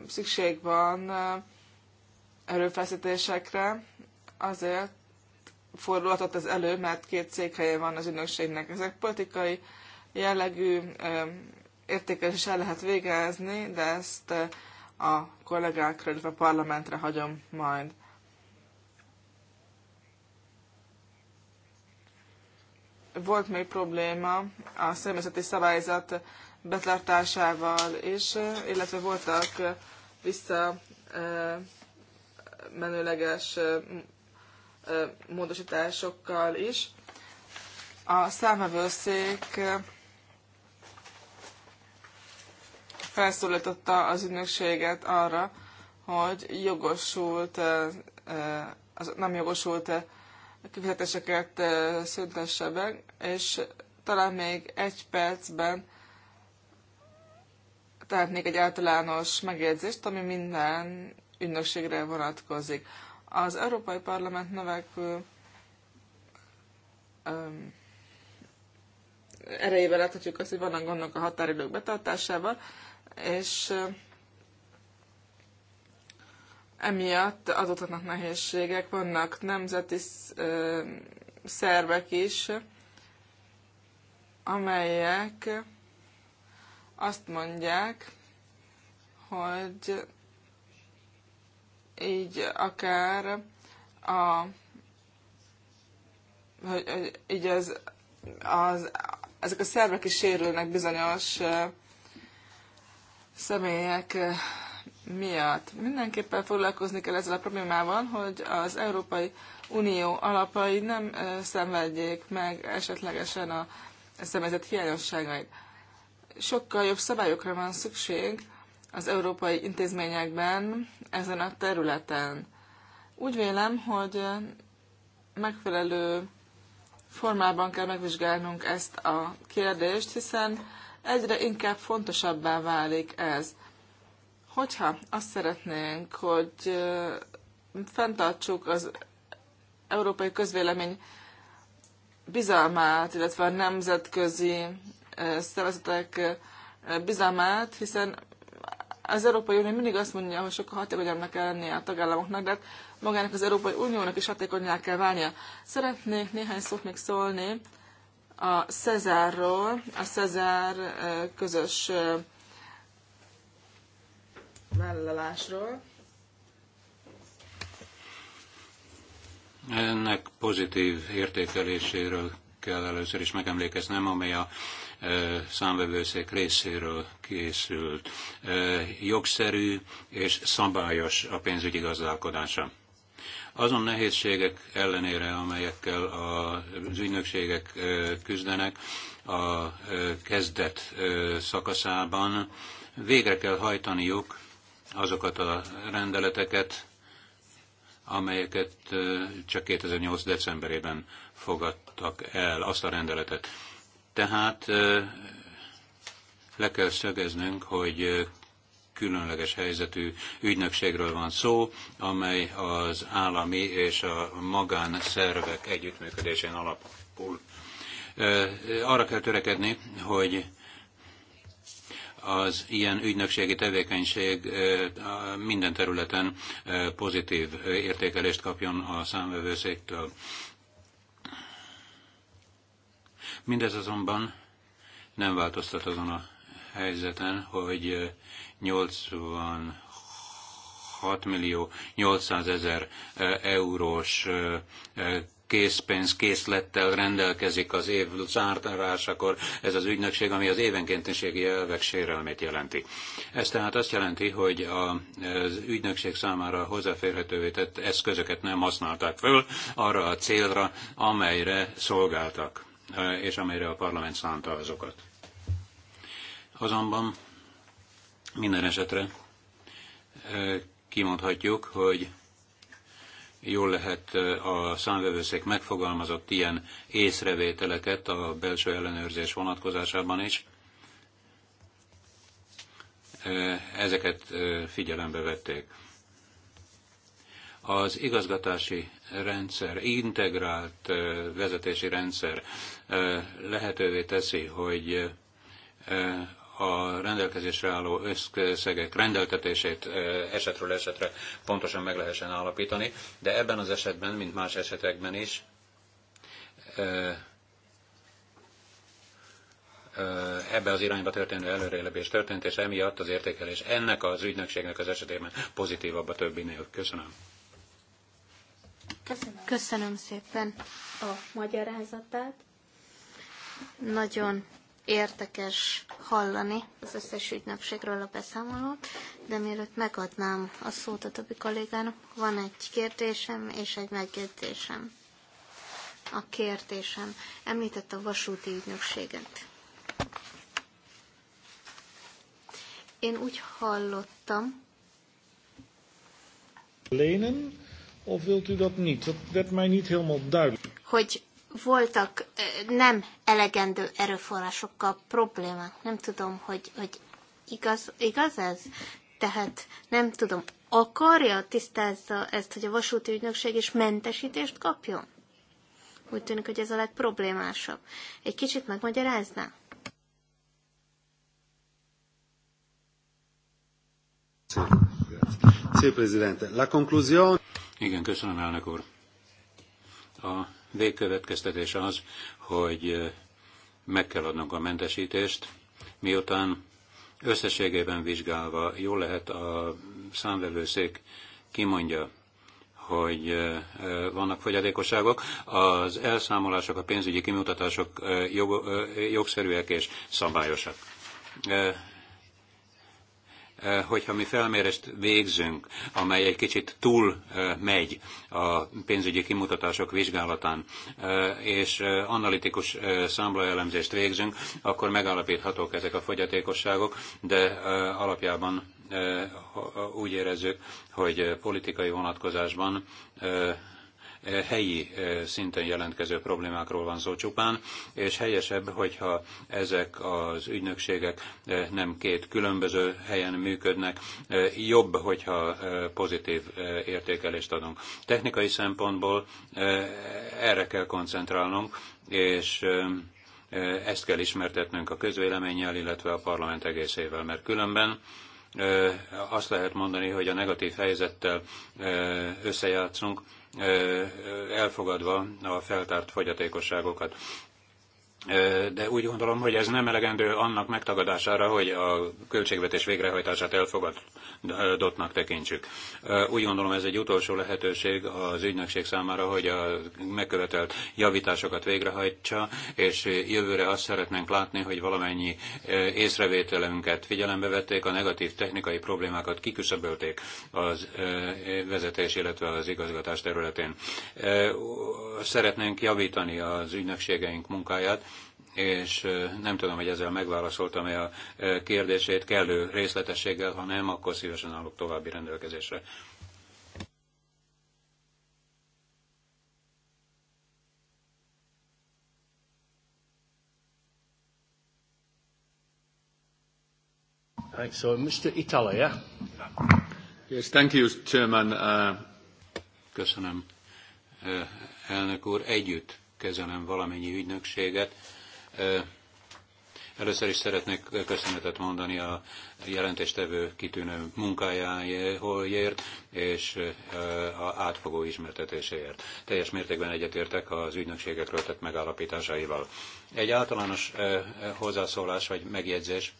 szükség van erőfeszítésekre, azért fordulhatott ez elő, mert két székhelye van az ügynökségnek. Ezek politikai jellegű értékelés el lehet végezni, de ezt a kollégákra, illetve a parlamentre hagyom majd. Volt még probléma a személyzeti szabályzat betartásával is, illetve voltak vissza menőleges módosításokkal is. A számvevőszék felszólította az ügynökséget arra, hogy jogosult, az nem jogosult kifizetéseket szüntesse meg, és talán még egy percben tehetnék egy általános megjegyzést, ami minden ügynökségre vonatkozik. Az Európai Parlament növekvő erejével láthatjuk azt, hogy vannak gondok a határidők betartásával, és emiatt adottaknak nehézségek, vannak nemzeti szervek is, amelyek azt mondják, hogy így akár a hogy, hogy így az, az, ezek a szervek is sérülnek bizonyos személyek eh, miatt. Mindenképpen foglalkozni kell ezzel a problémával, hogy az Európai Unió alapai nem eh, szenvedjék meg esetlegesen a személyzet hiányosságait. Sokkal jobb szabályokra van szükség az európai intézményekben ezen a területen. Úgy vélem, hogy eh, megfelelő formában kell megvizsgálnunk ezt a kérdést, hiszen egyre inkább fontosabbá válik ez. Hogyha azt szeretnénk, hogy fenntartsuk az európai közvélemény bizalmát, illetve a nemzetközi szervezetek bizalmát, hiszen az Európai Unió mindig azt mondja, hogy sokkal hatékonyabbnak kell lennie a tagállamoknak, de hát magának az Európai Uniónak is hatékonyá kell válnia. Szeretnék néhány szót még szólni a Cezárról, a Cezár közös vállalásról. Ennek pozitív értékeléséről kell először is megemlékeznem, amely a számvevőszék részéről készült. Jogszerű és szabályos a pénzügyi gazdálkodása. Azon nehézségek ellenére, amelyekkel az ügynökségek küzdenek a kezdet szakaszában, végre kell hajtaniuk azokat a rendeleteket, amelyeket csak 2008. decemberében fogadtak el, azt a rendeletet. Tehát le kell szögeznünk, hogy különleges helyzetű ügynökségről van szó, amely az állami és a magán szervek együttműködésén alapul. Arra kell törekedni, hogy az ilyen ügynökségi tevékenység minden területen pozitív értékelést kapjon a számvevőszéktől. Mindez azonban nem változtat azon a helyzeten, hogy 86 millió 800 ezer eurós készpénz készlettel rendelkezik az év zártárásakor ez az ügynökség, ami az évenkéntiségi elvek sérelmét jelenti. Ez tehát azt jelenti, hogy az ügynökség számára hozzáférhetővé tett eszközöket nem használták föl arra a célra, amelyre szolgáltak, és amelyre a parlament szánta azokat. Azonban minden esetre kimondhatjuk, hogy jól lehet a számvevőszék megfogalmazott ilyen észrevételeket a belső ellenőrzés vonatkozásában is. Ezeket figyelembe vették. Az igazgatási rendszer, integrált vezetési rendszer lehetővé teszi, hogy a rendelkezésre álló összegek rendeltetését esetről esetre pontosan meg lehessen állapítani, de ebben az esetben, mint más esetekben is, ebbe az irányba történő előrelépés történt, és emiatt az értékelés ennek az ügynökségnek az esetében pozitívabb a többinél. Köszönöm. Köszönöm. Köszönöm szépen a magyarázatát. Nagyon érdekes hallani az összes ügynökségről a beszámolót, de mielőtt megadnám a szót a többi kollégának, van egy kérdésem és egy megjegyzésem. A kérdésem. Említett a vasúti ügynökséget. Én úgy hallottam. Lenen, of wilt u dat niet? Dat werd mij niet helemaal duidelijk. Hogy voltak nem elegendő erőforrásokkal problémák. Nem tudom, hogy, hogy igaz, igaz ez? Tehát nem tudom, akarja tisztázza ezt, hogy a vasúti ügynökség is mentesítést kapjon? Úgy tűnik, hogy ez a legproblémásabb. Egy kicsit megmagyarázná? Szép, Presidente. La conclusione... Igen, köszönöm, elnök úr. A végkövetkeztetés az, hogy meg kell adnunk a mentesítést, miután összességében vizsgálva jó lehet a számvevőszék kimondja, hogy vannak fogyatékosságok. Az elszámolások, a pénzügyi kimutatások jog, jogszerűek és szabályosak. Eh, hogyha mi felmérést végzünk, amely egy kicsit túl eh, megy a pénzügyi kimutatások vizsgálatán, eh, és analitikus számlaelemzést végzünk, akkor megállapíthatók ezek a fogyatékosságok, de alapjában úgy érezzük, hogy politikai vonatkozásban helyi szinten jelentkező problémákról van szó csupán, és helyesebb, hogyha ezek az ügynökségek nem két különböző helyen működnek, jobb, hogyha pozitív értékelést adunk. Technikai szempontból erre kell koncentrálnunk, és ezt kell ismertetnünk a közvéleménnyel, illetve a parlament egészével, mert különben azt lehet mondani, hogy a negatív helyzettel összejátszunk, elfogadva a feltárt fogyatékosságokat. De úgy gondolom, hogy ez nem elegendő annak megtagadására, hogy a költségvetés végrehajtását elfogad, dotnak tekintsük. Úgy gondolom ez egy utolsó lehetőség az ügynökség számára, hogy a megkövetelt javításokat végrehajtsa, és jövőre azt szeretnénk látni, hogy valamennyi észrevételünket figyelembe vették, a negatív technikai problémákat kiküszöbölték az vezetés, illetve az igazgatás területén. Szeretnénk javítani az ügynökségeink munkáját, és nem tudom, hogy ezzel megválaszoltam-e a kérdését kellő részletességgel, ha nem, akkor szívesen állok további rendelkezésre. so Mr. Itala, yeah? Yes, thank you, Chairman. Uh... Köszönöm, elnök úr. Együtt kezelem valamennyi ügynökséget Először is szeretnék köszönetet mondani a jelentéstevő kitűnő munkájáért és a átfogó ismertetéséért. Teljes mértékben egyetértek az ügynökségekről tett megállapításaival. Egy általános hozzászólás vagy megjegyzés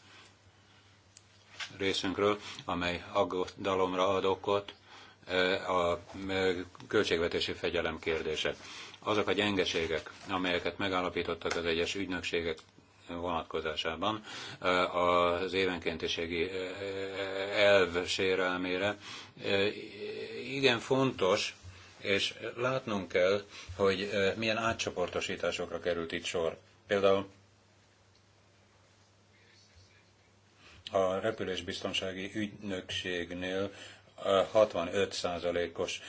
részünkről, amely aggodalomra ad okot, a költségvetési fegyelem kérdése azok a gyengeségek, amelyeket megállapítottak az egyes ügynökségek vonatkozásában az évenkéntiségi elv sérelmére. Igen fontos, és látnunk kell, hogy milyen átcsoportosításokra került itt sor. Például a repülésbiztonsági ügynökségnél 65%-os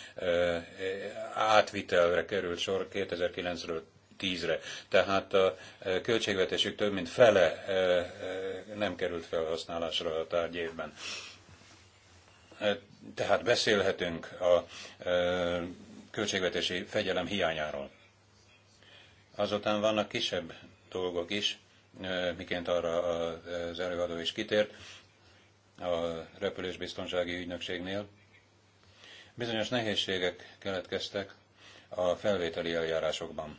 átvitelre került sor 2009-ről 10-re. Tehát a költségvetésük több mint fele nem került felhasználásra a tárgyévben. Tehát beszélhetünk a költségvetési fegyelem hiányáról. Azután vannak kisebb dolgok is, miként arra az előadó is kitért, a repülésbiztonsági ügynökségnél. Bizonyos nehézségek keletkeztek a felvételi eljárásokban.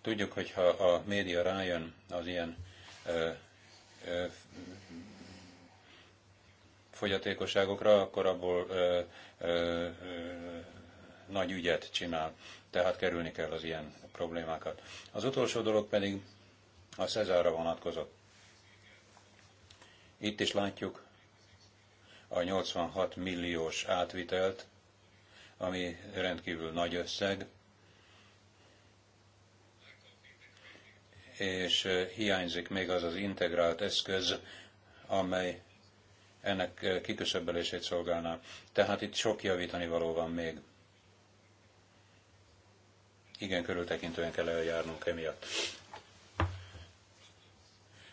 Tudjuk, hogy ha a média rájön az ilyen ö, ö, fogyatékosságokra, akkor abból ö, ö, ö, nagy ügyet csinál. Tehát kerülni kell az ilyen problémákat. Az utolsó dolog pedig a Cezára vonatkozott. Itt is látjuk a 86 milliós átvitelt, ami rendkívül nagy összeg, és hiányzik még az az integrált eszköz, amely ennek kiköszöbbelését szolgálná. Tehát itt sok javítani való van még. Igen, körültekintően kell eljárnunk emiatt.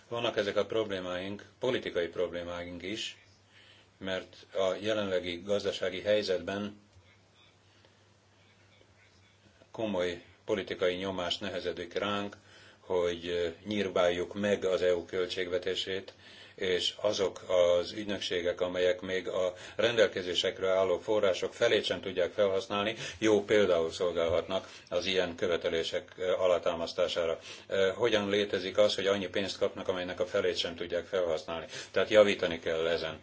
Vannak ezek a problémáink, politikai problémáink is, mert a jelenlegi gazdasági helyzetben komoly politikai nyomás nehezedik ránk, hogy nyírbáljuk meg az EU költségvetését, és azok az ügynökségek, amelyek még a rendelkezésekre álló források felét sem tudják felhasználni, jó például szolgálhatnak az ilyen követelések alatámasztására. Hogyan létezik az, hogy annyi pénzt kapnak, amelynek a felét sem tudják felhasználni? Tehát javítani kell ezen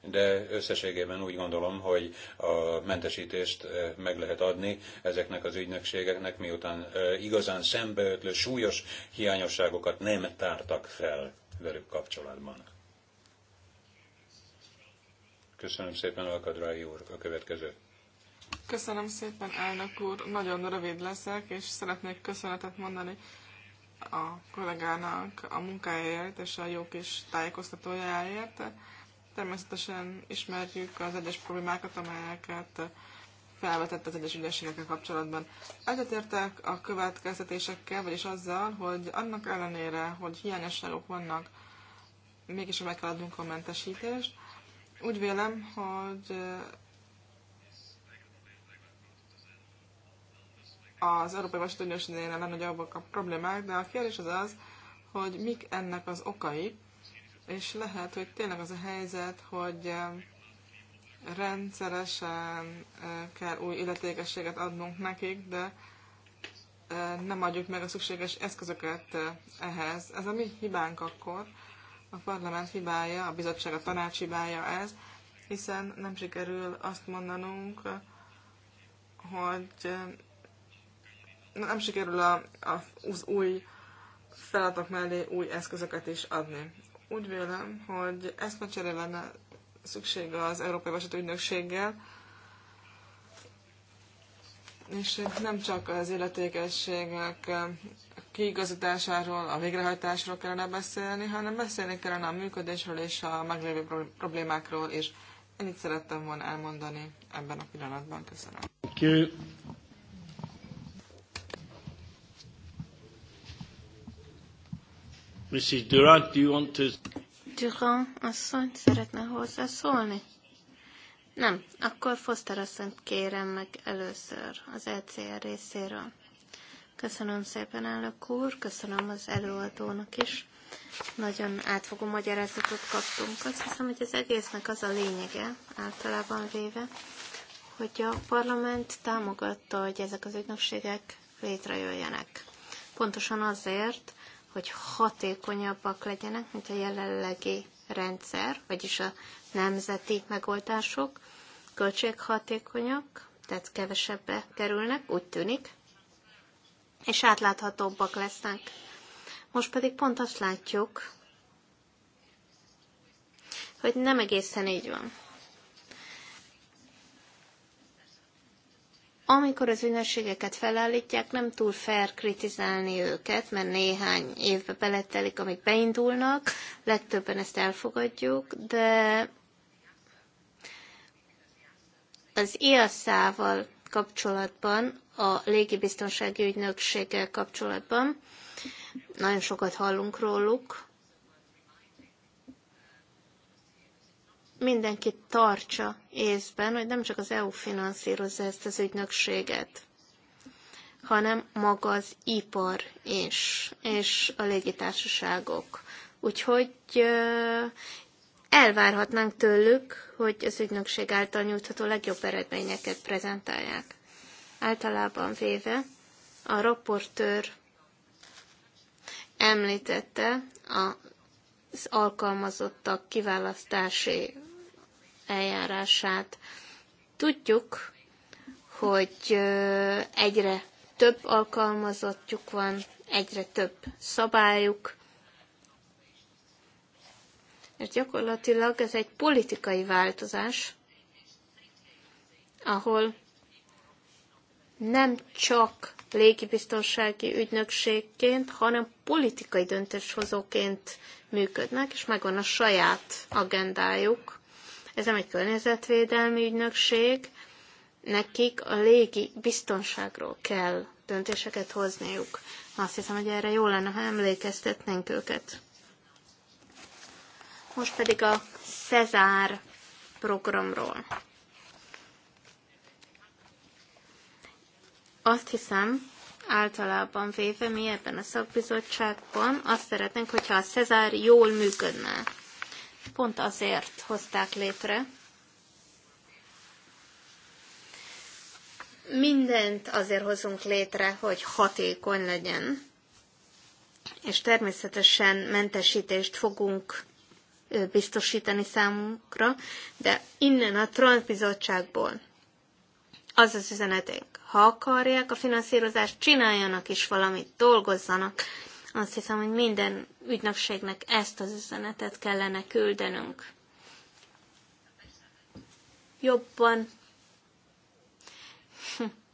de összességében úgy gondolom, hogy a mentesítést eh, meg lehet adni ezeknek az ügynökségeknek, miután eh, igazán szembeötlő súlyos hiányosságokat nem tártak fel velük kapcsolatban. Köszönöm szépen, Alkadrái úr, a következő. Köszönöm szépen, elnök úr. Nagyon rövid leszek, és szeretnék köszönetet mondani a kollégának a munkájáért és a jó kis tájékoztatójáért. Természetesen ismerjük az egyes problémákat, amelyeket felvetett az egyes ügyességekkel kapcsolatban. Egyetértek a következtetésekkel, vagyis azzal, hogy annak ellenére, hogy hiányosságok vannak, mégis meg kell adnunk a mentesítést. Úgy vélem, hogy az Európai Vasúti Uniós nem nagyobbak a problémák, de a kérdés az az, hogy mik ennek az okai, és lehet, hogy tényleg az a helyzet, hogy eh, rendszeresen eh, kell új illetékességet adnunk nekik, de eh, nem adjuk meg a szükséges eszközöket ehhez. Ez a mi hibánk akkor, a parlament hibája, a bizottság, a tanács hibája ez, hiszen nem sikerül azt mondanunk, hogy nem sikerül a, az új feladatok mellé új eszközöket is adni. Úgy vélem, hogy ezt mecsere lenne szükség az Európai Vasat Ügynökséggel, és nem csak az illetékességek kiigazításáról, a végrehajtásról kellene beszélni, hanem beszélni kellene a működésről és a meglévő problémákról és Ennyit szerettem volna elmondani ebben a pillanatban. Köszönöm. Mrs. Durant, do you want to... Durant asszony szeretne hozzászólni? Nem, akkor Foster asszonyt kérem meg először az ECR részéről. Köszönöm szépen, elnök úr, köszönöm az előadónak is. Nagyon átfogó magyarázatot kaptunk. Azt hiszem, hogy az egésznek az a lényege, általában véve, hogy a parlament támogatta, hogy ezek az ügynökségek létrejöjjenek. Pontosan azért, hogy hatékonyabbak legyenek, mint a jelenlegi rendszer, vagyis a nemzeti megoldások, költséghatékonyak, tehát kevesebbe kerülnek, úgy tűnik, és átláthatóbbak lesznek. Most pedig pont azt látjuk, hogy nem egészen így van. amikor az ünnepségeket felállítják, nem túl fair kritizálni őket, mert néhány évbe beletelik, amik beindulnak, legtöbben ezt elfogadjuk, de az IASZ-ával kapcsolatban, a légibiztonsági ügynökséggel kapcsolatban, nagyon sokat hallunk róluk, mindenki tartsa észben, hogy nem csak az EU finanszírozza ezt az ügynökséget, hanem maga az ipar is, és a légitársaságok. Úgyhogy elvárhatnánk tőlük, hogy az ügynökség által nyújtható legjobb eredményeket prezentálják. Általában véve a raportőr említette az alkalmazottak kiválasztási eljárását. Tudjuk, hogy egyre több alkalmazottjuk van, egyre több szabályuk, és gyakorlatilag ez egy politikai változás, ahol nem csak légibiztonsági ügynökségként, hanem politikai döntéshozóként működnek, és megvan a saját agendájuk, ez nem egy környezetvédelmi ügynökség, nekik a légi biztonságról kell döntéseket hozniuk. Azt hiszem, hogy erre jó lenne, ha emlékeztetnénk őket. Most pedig a Cezár programról. Azt hiszem, általában véve mi ebben a szakbizottságban azt szeretnénk, hogyha a Cezár jól működne pont azért hozták létre, mindent azért hozunk létre, hogy hatékony legyen, és természetesen mentesítést fogunk biztosítani számunkra, de innen a bizottságból az az üzeneték, ha akarják a finanszírozást, csináljanak is valamit, dolgozzanak, azt hiszem, hogy minden ügynökségnek ezt az üzenetet kellene küldenünk. Jobban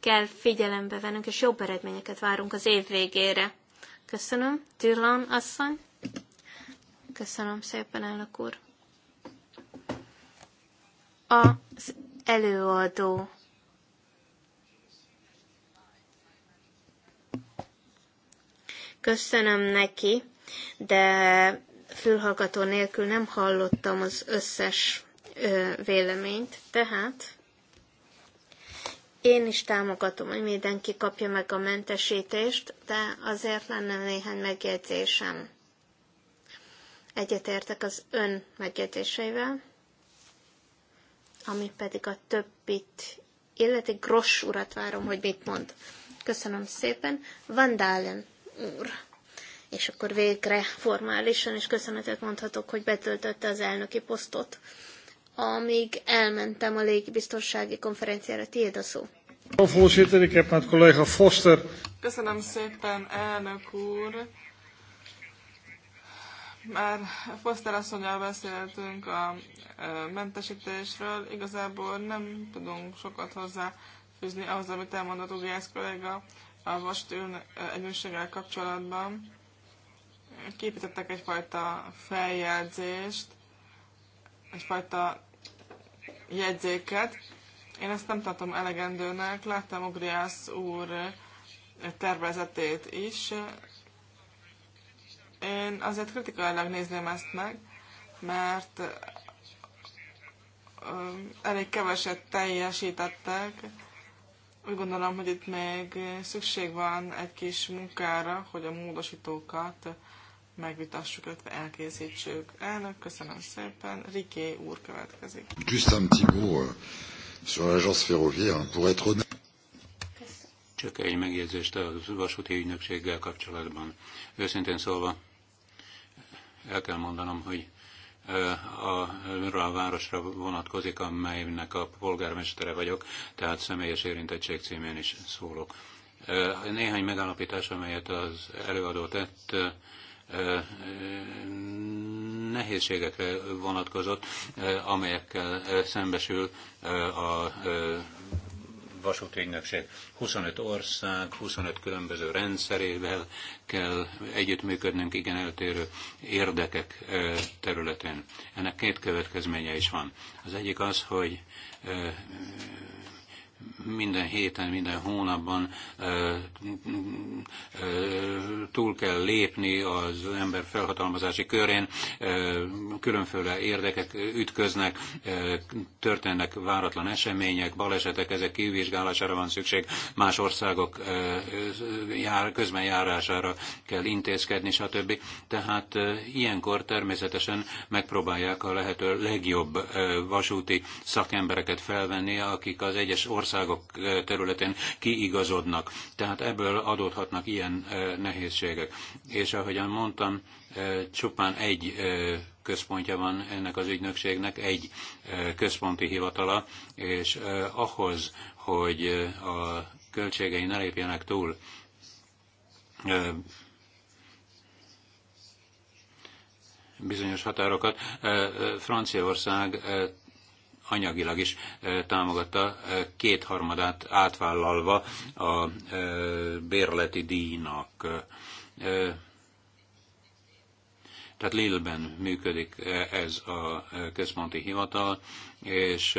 kell figyelembe vennünk, és jobb eredményeket várunk az év végére. Köszönöm, Tyrlan asszony. Köszönöm szépen, elnök úr. Az előadó köszönöm neki, de fülhallgató nélkül nem hallottam az összes véleményt, tehát én is támogatom, hogy mindenki kapja meg a mentesítést, de azért lenne néhány megjegyzésem. Egyetértek az ön megjegyzéseivel, ami pedig a többit, illeti Gross urat várom, hogy mit mond. Köszönöm szépen. Van úr. És akkor végre formálisan is köszönetet mondhatok, hogy betöltötte az elnöki posztot. Amíg elmentem a légibiztonsági konferenciára, tiéd a szó. Köszönöm szépen, elnök úr. Már Foster asszonyjal beszéltünk a mentesítésről. Igazából nem tudunk sokat hozzá fűzni ahhoz, amit elmondott Ugász kolléga a most egyenséggel kapcsolatban képítettek egyfajta feljegyzést, egyfajta jegyzéket. Én ezt nem tartom elegendőnek, láttam Ugriász úr tervezetét is. Én azért kritikailag nézném ezt meg, mert elég keveset teljesítettek, úgy gondolom, hogy itt még szükség van egy kis munkára, hogy a módosítókat megvitassuk, illetve elkészítsük. Elnök, köszönöm szépen. Riké úr következik. Just un petit mot euh, sur l'agence ferroviaire, pour être honnête. Csak egy megjegyzést a vasúti ügynökséggel kapcsolatban. Őszintén szólva, el kell mondanom, hogy a városra vonatkozik, amelynek a polgármestere vagyok, tehát személyes érintettség címén is szólok. Néhány megállapítás, amelyet az előadó tett, nehézségekre vonatkozott, amelyekkel szembesül a vasúti ügynökség. 25 ország, 25 különböző rendszerével kell együttműködnünk igen eltérő érdekek területén. Ennek két következménye is van. Az egyik az, hogy minden héten, minden hónapban túl kell lépni az ember felhatalmazási körén, különféle érdekek ütköznek, történnek váratlan események, balesetek, ezek kivizsgálására van szükség, más országok jár, járására kell intézkedni, stb. Tehát ilyenkor természetesen megpróbálják a lehető legjobb vasúti szakembereket felvenni, akik az egyes országok sok területen kiigazodnak. Tehát ebből adódhatnak ilyen nehézségek. És ahogyan mondtam, csupán egy központja van ennek az ügynökségnek, egy központi hivatala, és ahhoz, hogy a költségei ne lépjenek túl bizonyos határokat. Franciaország anyagilag is támogatta, kétharmadát átvállalva a bérleti díjnak. Tehát Lille-ben működik ez a központi hivatal, és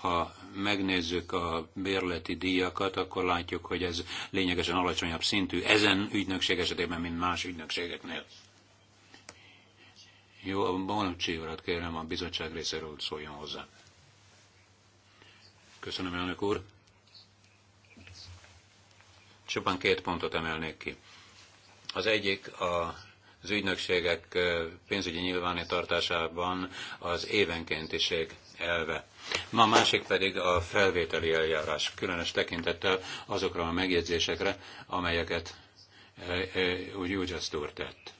ha megnézzük a bérleti díjakat, akkor látjuk, hogy ez lényegesen alacsonyabb szintű ezen ügynökség esetében, mint más ügynökségeknél. Jó, a Bonucci urat kérem a bizottság részéről szóljon hozzá. Köszönöm, elnök úr. Csupán két pontot emelnék ki. Az egyik a az ügynökségek pénzügyi nyilvántartásában az évenkéntiség elve. Ma másik pedig a felvételi eljárás, különös tekintettel azokra a megjegyzésekre, amelyeket úgy úgy tett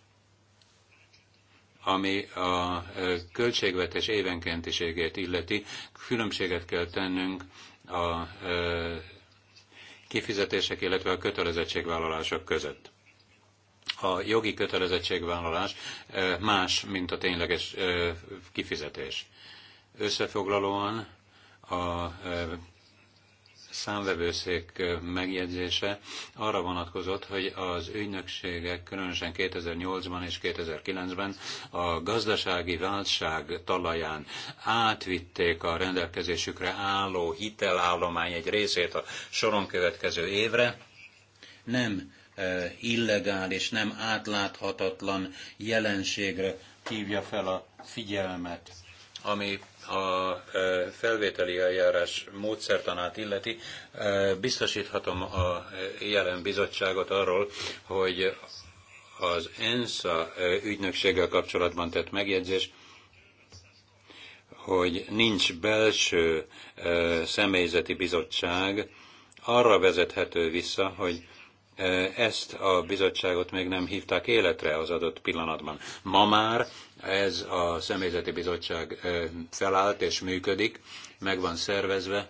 ami a költségvetés évenkéntiségét illeti, különbséget kell tennünk a kifizetések, illetve a kötelezettségvállalások között. A jogi kötelezettségvállalás más, mint a tényleges kifizetés. Összefoglalóan a számvevőszék megjegyzése arra vonatkozott, hogy az ügynökségek különösen 2008-ban és 2009-ben a gazdasági válság talaján átvitték a rendelkezésükre álló hitelállomány egy részét a soron következő évre, nem illegális, nem átláthatatlan jelenségre hívja fel a figyelmet, ami a e, felvételi eljárás módszertanát illeti, e, biztosíthatom a jelen bizottságot arról, hogy az ENSA e, ügynökséggel kapcsolatban tett megjegyzés, hogy nincs belső személyzeti bizottság, arra vezethető vissza, hogy ezt a bizottságot még nem hívták életre az adott pillanatban. Ma már ez a személyzeti bizottság felállt és működik, meg van szervezve,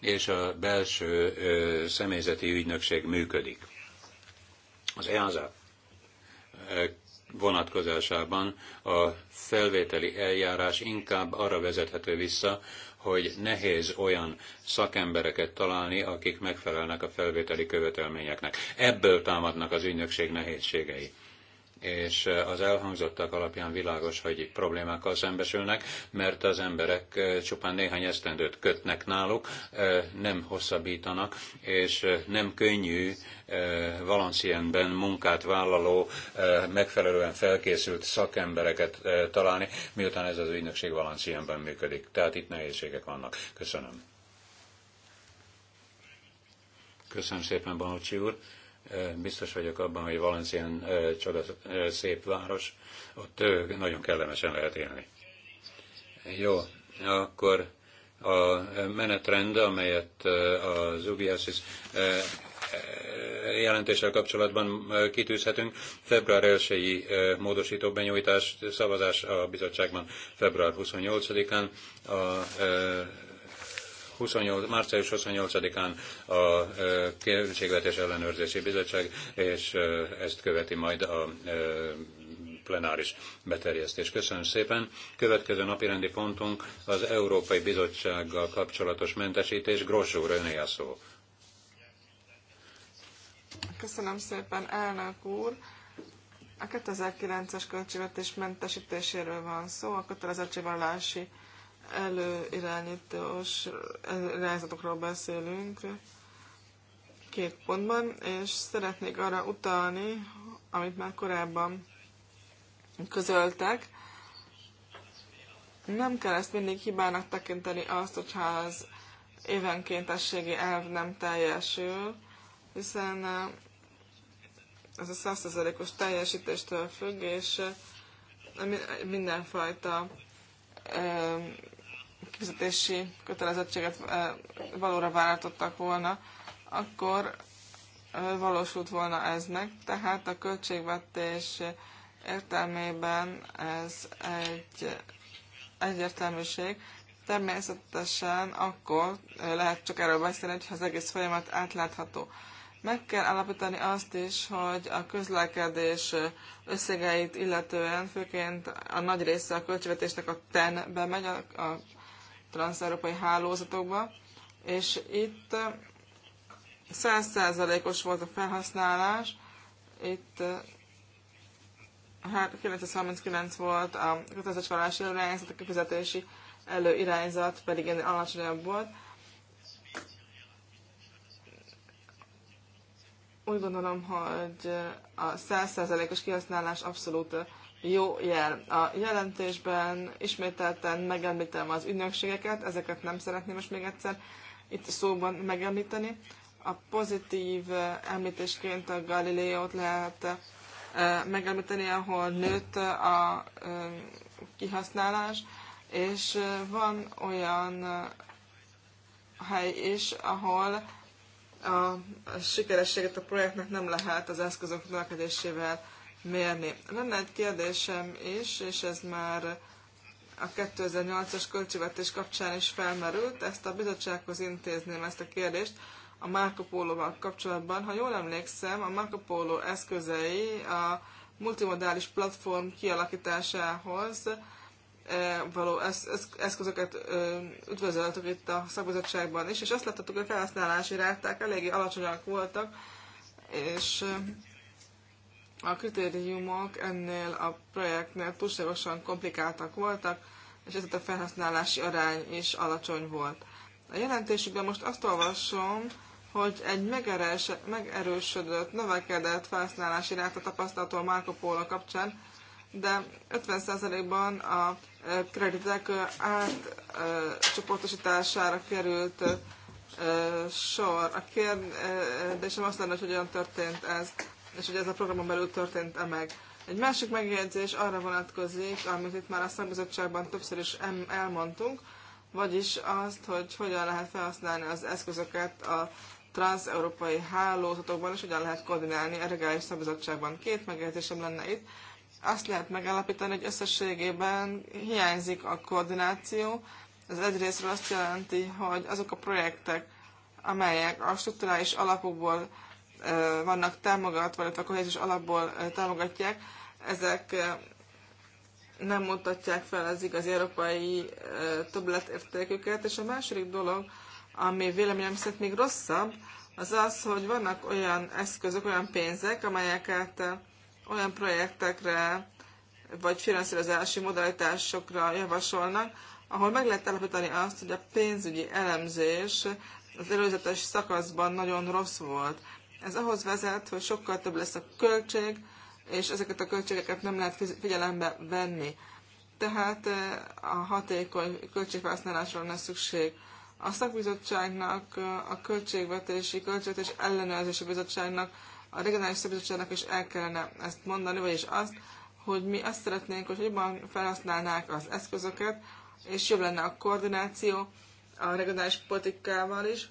és a belső személyzeti ügynökség működik. Az EASA vonatkozásában a felvételi eljárás inkább arra vezethető vissza, hogy nehéz olyan szakembereket találni, akik megfelelnek a felvételi követelményeknek. Ebből támadnak az ügynökség nehézségei és az elhangzottak alapján világos, hogy problémákkal szembesülnek, mert az emberek csupán néhány esztendőt kötnek náluk, nem hosszabbítanak, és nem könnyű Valencienben munkát vállaló, megfelelően felkészült szakembereket találni, miután ez az ügynökség Valencienben működik. Tehát itt nehézségek vannak. Köszönöm. Köszönöm szépen, Banucsi úr. Biztos vagyok abban, hogy Valencián csoda szép város, ott nagyon kellemesen lehet élni. Jó, akkor a menetrend, amelyet az UBS jelentéssel kapcsolatban kitűzhetünk. Február 1-i módosító benyújtás szavazás a bizottságban február 28-án, a 28, március 28-án a Költségvetés Ellenőrzési Bizottság, és ezt követi majd a plenáris beterjesztés. Köszönöm szépen. Következő napi rendi pontunk az Európai Bizottsággal kapcsolatos mentesítés. Gross René a szó. Köszönöm szépen, elnök úr. A 2009-es költségvetés mentesítéséről van szó, a kötelezettségvallási előirányítós irányzatokról beszélünk két pontban, és szeretnék arra utalni, amit már korábban közöltek. Nem kell ezt mindig hibának tekinteni azt, hogyha az évenkéntességi elv nem teljesül, hiszen eh, ez a százszerzelékos teljesítéstől függ, és eh, mindenfajta eh, kifizetési kötelezettséget valóra váltottak volna, akkor valósult volna ez meg, tehát a költségvetés értelmében ez egy egyértelműség. Természetesen akkor lehet csak erről beszélni, hogyha az egész folyamat átlátható. Meg kell állapítani azt is, hogy a közlekedés összegeit illetően, főként a nagy része a költségvetésnek a TEN-be megy, a, a transzeurópai hálózatokba, és itt 100%-os volt a felhasználás, itt 939 hát volt a kötelezettségvállalási előirányzat, a kifizetési előirányzat pedig ennél alacsonyabb volt. Úgy gondolom, hogy a 100%-os kihasználás abszolút jó jel. A jelentésben ismételten megemlítem az ügynökségeket, ezeket nem szeretném most még egyszer itt szóban megemlíteni. A pozitív eh, említésként a Galileót lehet eh, megemlíteni, ahol nőtt a eh, kihasználás, és van olyan hely is, ahol a sikerességet a projektnek nem lehet az eszközök növekedésével mérni. Lenne egy kérdésem is, és ez már a 2008-as költségvetés kapcsán is felmerült, ezt a bizottsághoz intézném ezt a kérdést a Marco Polo-val kapcsolatban. Ha jól emlékszem, a Marco Polo eszközei a multimodális platform kialakításához eh, való eszközöket üdvözöltük itt a szakbizottságban is, és azt láttuk, hogy a felhasználási ráták eléggé alacsonyak voltak, és a kritériumok ennél a projektnél túlságosan komplikáltak voltak, és ezért a felhasználási arány is alacsony volt. A jelentésükben most azt olvasom, hogy egy megerősödött, növekedett felhasználási ráta tapasztalható Marco Polo kapcsán, de 50%-ban a kreditek átcsoportosítására került sor. A kérdésem azt lenne, hogy hogyan történt ez és hogy ez a programon belül történt-e meg. Egy másik megjegyzés arra vonatkozik, amit itt már a szakbizottságban többször is elmondtunk, vagyis azt, hogy hogyan lehet felhasználni az eszközöket a transeurópai hálózatokban, és hogyan lehet koordinálni a regális szabizottságban. Két megjegyzésem lenne itt. Azt lehet megállapítani, hogy összességében hiányzik a koordináció. Ez egyrésztről azt jelenti, hogy azok a projektek, amelyek a strukturális alapokból vannak támogatva, illetve a kohéziós alapból támogatják, ezek nem mutatják fel az igazi európai többletértéküket. És a második dolog, ami véleményem szerint még rosszabb, az az, hogy vannak olyan eszközök, olyan pénzek, amelyeket olyan projektekre vagy finanszírozási modalitásokra javasolnak, ahol meg lehet állapítani azt, hogy a pénzügyi elemzés az előzetes szakaszban nagyon rossz volt. Ez ahhoz vezet, hogy sokkal több lesz a költség, és ezeket a költségeket nem lehet figyelembe venni. Tehát eh, a hatékony költségfelhasználásról lesz szükség. A szakbizottságnak, eh, a költségvetési, költségvetés ellenőrzési bizottságnak, a regionális szakbizottságnak is el kellene ezt mondani, vagyis azt, hogy mi azt szeretnénk, hogy jobban felhasználnák az eszközöket, és jobb lenne a koordináció a regionális politikával is,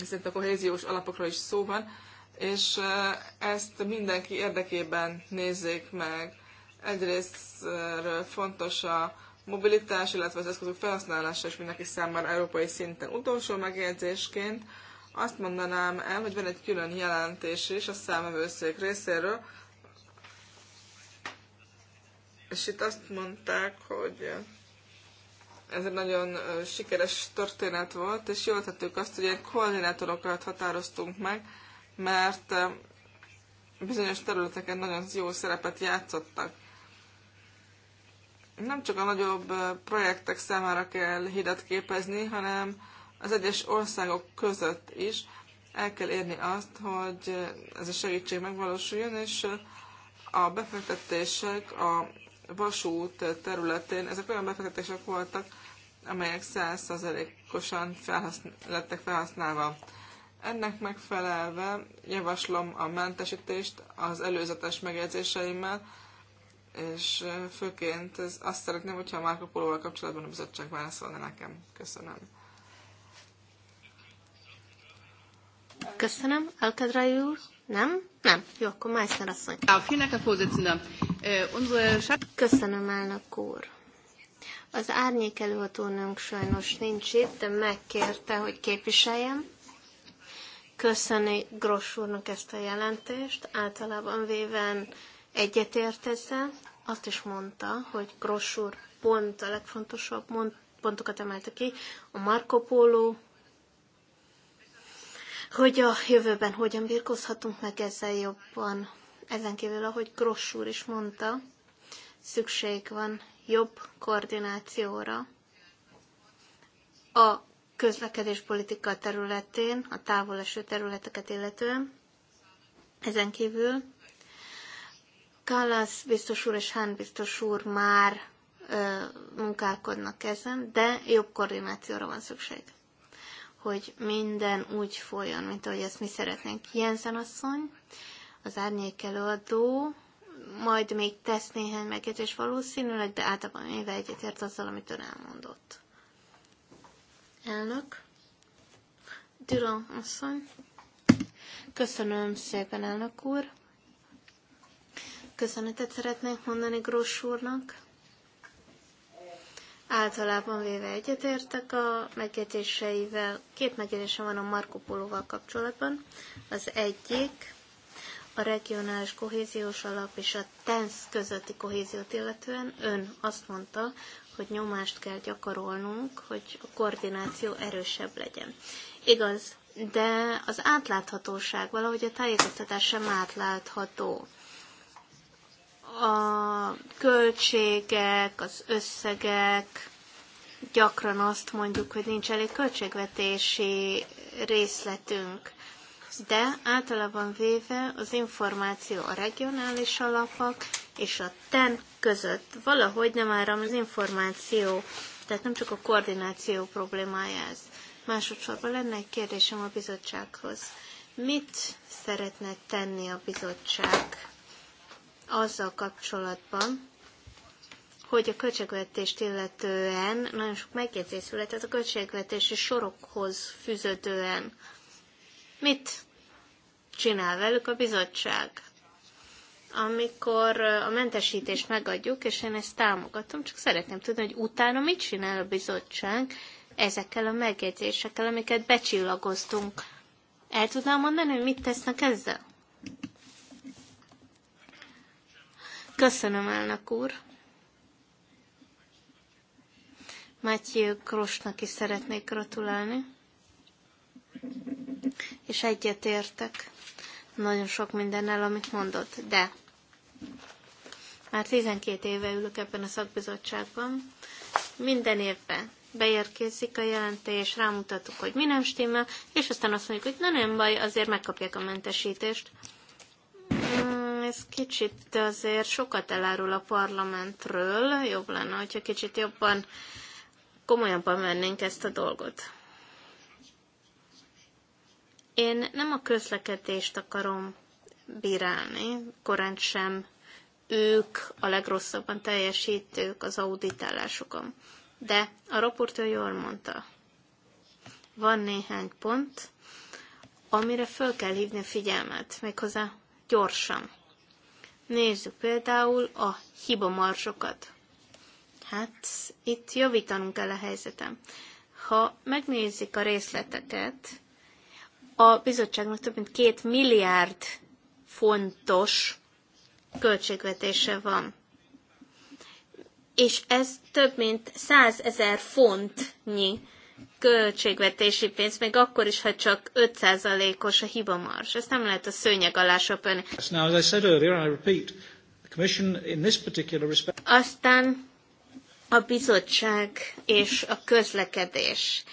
hiszen a kohéziós alapokról is szó van, és eh, ezt mindenki érdekében nézzék meg. Egyrészt fontos a mobilitás, illetve az eszközök felhasználása is mindenki számára európai szinten. Utolsó megjegyzésként azt mondanám el, hogy van egy külön jelentés is a számövőszék részéről, és itt azt mondták, hogy ez egy nagyon sikeres történet volt, és jól tettük azt, hogy egy koordinátorokat határoztunk meg, mert bizonyos területeken nagyon jó szerepet játszottak. Nem csak a nagyobb projektek számára kell hidat képezni, hanem az egyes országok között is el kell érni azt, hogy ez a segítség megvalósuljon, és a befektetések a vasút területén, ezek olyan befektetések voltak, amelyek 100%-osan felhasznál, lettek felhasználva. Ennek megfelelve javaslom a mentesítést az előzetes megjegyzéseimmel, és főként azt szeretném, hogyha a Marco polo kapcsolatban a bizottság válaszolna nekem. Köszönöm. Köszönöm. Elkedrai úr? Nem? Nem. Jó, akkor Meissner asszony. Äh, Köszönöm, elnök úr. Az árnyék előadónőnk sajnos nincs itt, de megkérte, hogy képviseljem. Köszöni Gross úrnak ezt a jelentést. Általában véven egyetért ezzel. Azt is mondta, hogy Gross úr pont a legfontosabb pontokat emelte ki, a Marco Polo, hogy a jövőben hogyan birkózhatunk meg ezzel jobban. Ezen kívül, ahogy Gross úr is mondta, szükség van jobb koordinációra a közlekedéspolitika területén, a távoleső területeket illetően. Ezen kívül Kallas biztos úr és Hán biztos úr már ö, munkálkodnak ezen, de jobb koordinációra van szükség, hogy minden úgy folyjon, mint ahogy ezt mi szeretnénk. Jensen asszony, az árnyék előadó, majd még tesz néhány megjegyzés valószínűleg, de általában éve egyetért azzal, amit ön elmondott. Elnök. Düran asszony. Köszönöm szépen, elnök úr. Köszönetet szeretnék mondani Gross úrnak. Általában véve egyetértek a megjegyzéseivel. Két megjegyzésem van a Marco Poloval kapcsolatban. Az egyik, a regionális kohéziós alap és a TENSZ közötti kohéziót illetően ön azt mondta, hogy nyomást kell gyakorolnunk, hogy a koordináció erősebb legyen. Igaz, de az átláthatóság, valahogy a tájékoztatás sem átlátható. A költségek, az összegek, gyakran azt mondjuk, hogy nincs elég költségvetési részletünk de általában véve az információ a regionális alapok és a TEN között valahogy nem áram az információ, tehát nem csak a koordináció problémája ez. Másodszorban lenne egy kérdésem a bizottsághoz. Mit szeretne tenni a bizottság azzal kapcsolatban, hogy a költségvetést illetően nagyon sok megjegyzés született a költségvetési sorokhoz fűződően. Mit csinál velük a bizottság. Amikor a mentesítést megadjuk, és én ezt támogatom, csak szeretném tudni, hogy utána mit csinál a bizottság ezekkel a megjegyzésekkel, amiket becsillagoztunk. El tudnám mondani, hogy mit tesznek ezzel? Köszönöm, elnök úr. Matthew Krosnak is szeretnék gratulálni. És egyetértek nagyon sok mindennel, amit mondott, de már 12 éve ülök ebben a szakbizottságban, minden évben beérkezik a jelentés, rámutatok, hogy mi nem stimmel, és aztán azt mondjuk, hogy na nem baj, azért megkapják a mentesítést. Mm, ez kicsit azért sokat elárul a parlamentről, jobb lenne, hogyha kicsit jobban komolyabban vennénk ezt a dolgot. Én nem a közlekedést akarom bírálni, korán sem ők a legrosszabban teljesítők az auditálásokon. De a raportőr jól mondta, van néhány pont, amire föl kell hívni a figyelmet, méghozzá gyorsan. Nézzük például a hibamarsokat. Hát itt javítanunk kell a helyzetem. Ha megnézzük a részleteket, a bizottságnak több mint két milliárd fontos költségvetése van. És ez több mint 100 ezer fontnyi költségvetési pénz, még akkor is, ha csak 5%-os a hibamars. Ezt nem lehet a szőnyeg alá söpölni. Aztán a bizottság és a közlekedés.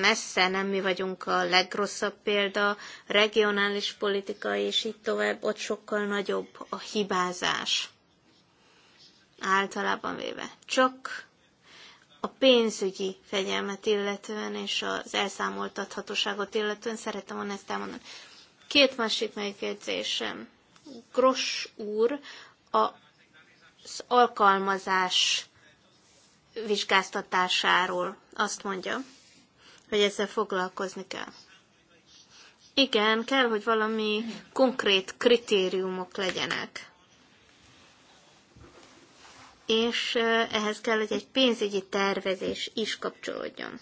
Messze nem mi vagyunk a legrosszabb példa, regionális politika és így tovább, ott sokkal nagyobb a hibázás. Általában véve. Csak a pénzügyi fegyelmet illetően és az elszámoltathatóságot illetően szeretem volna ezt elmondani. Két másik megjegyzésem. Gross úr az alkalmazás vizsgáztatásáról. Azt mondja, hogy ezzel foglalkozni kell. Igen, kell, hogy valami konkrét kritériumok legyenek. És ehhez kell, hogy egy pénzügyi tervezés is kapcsolódjon.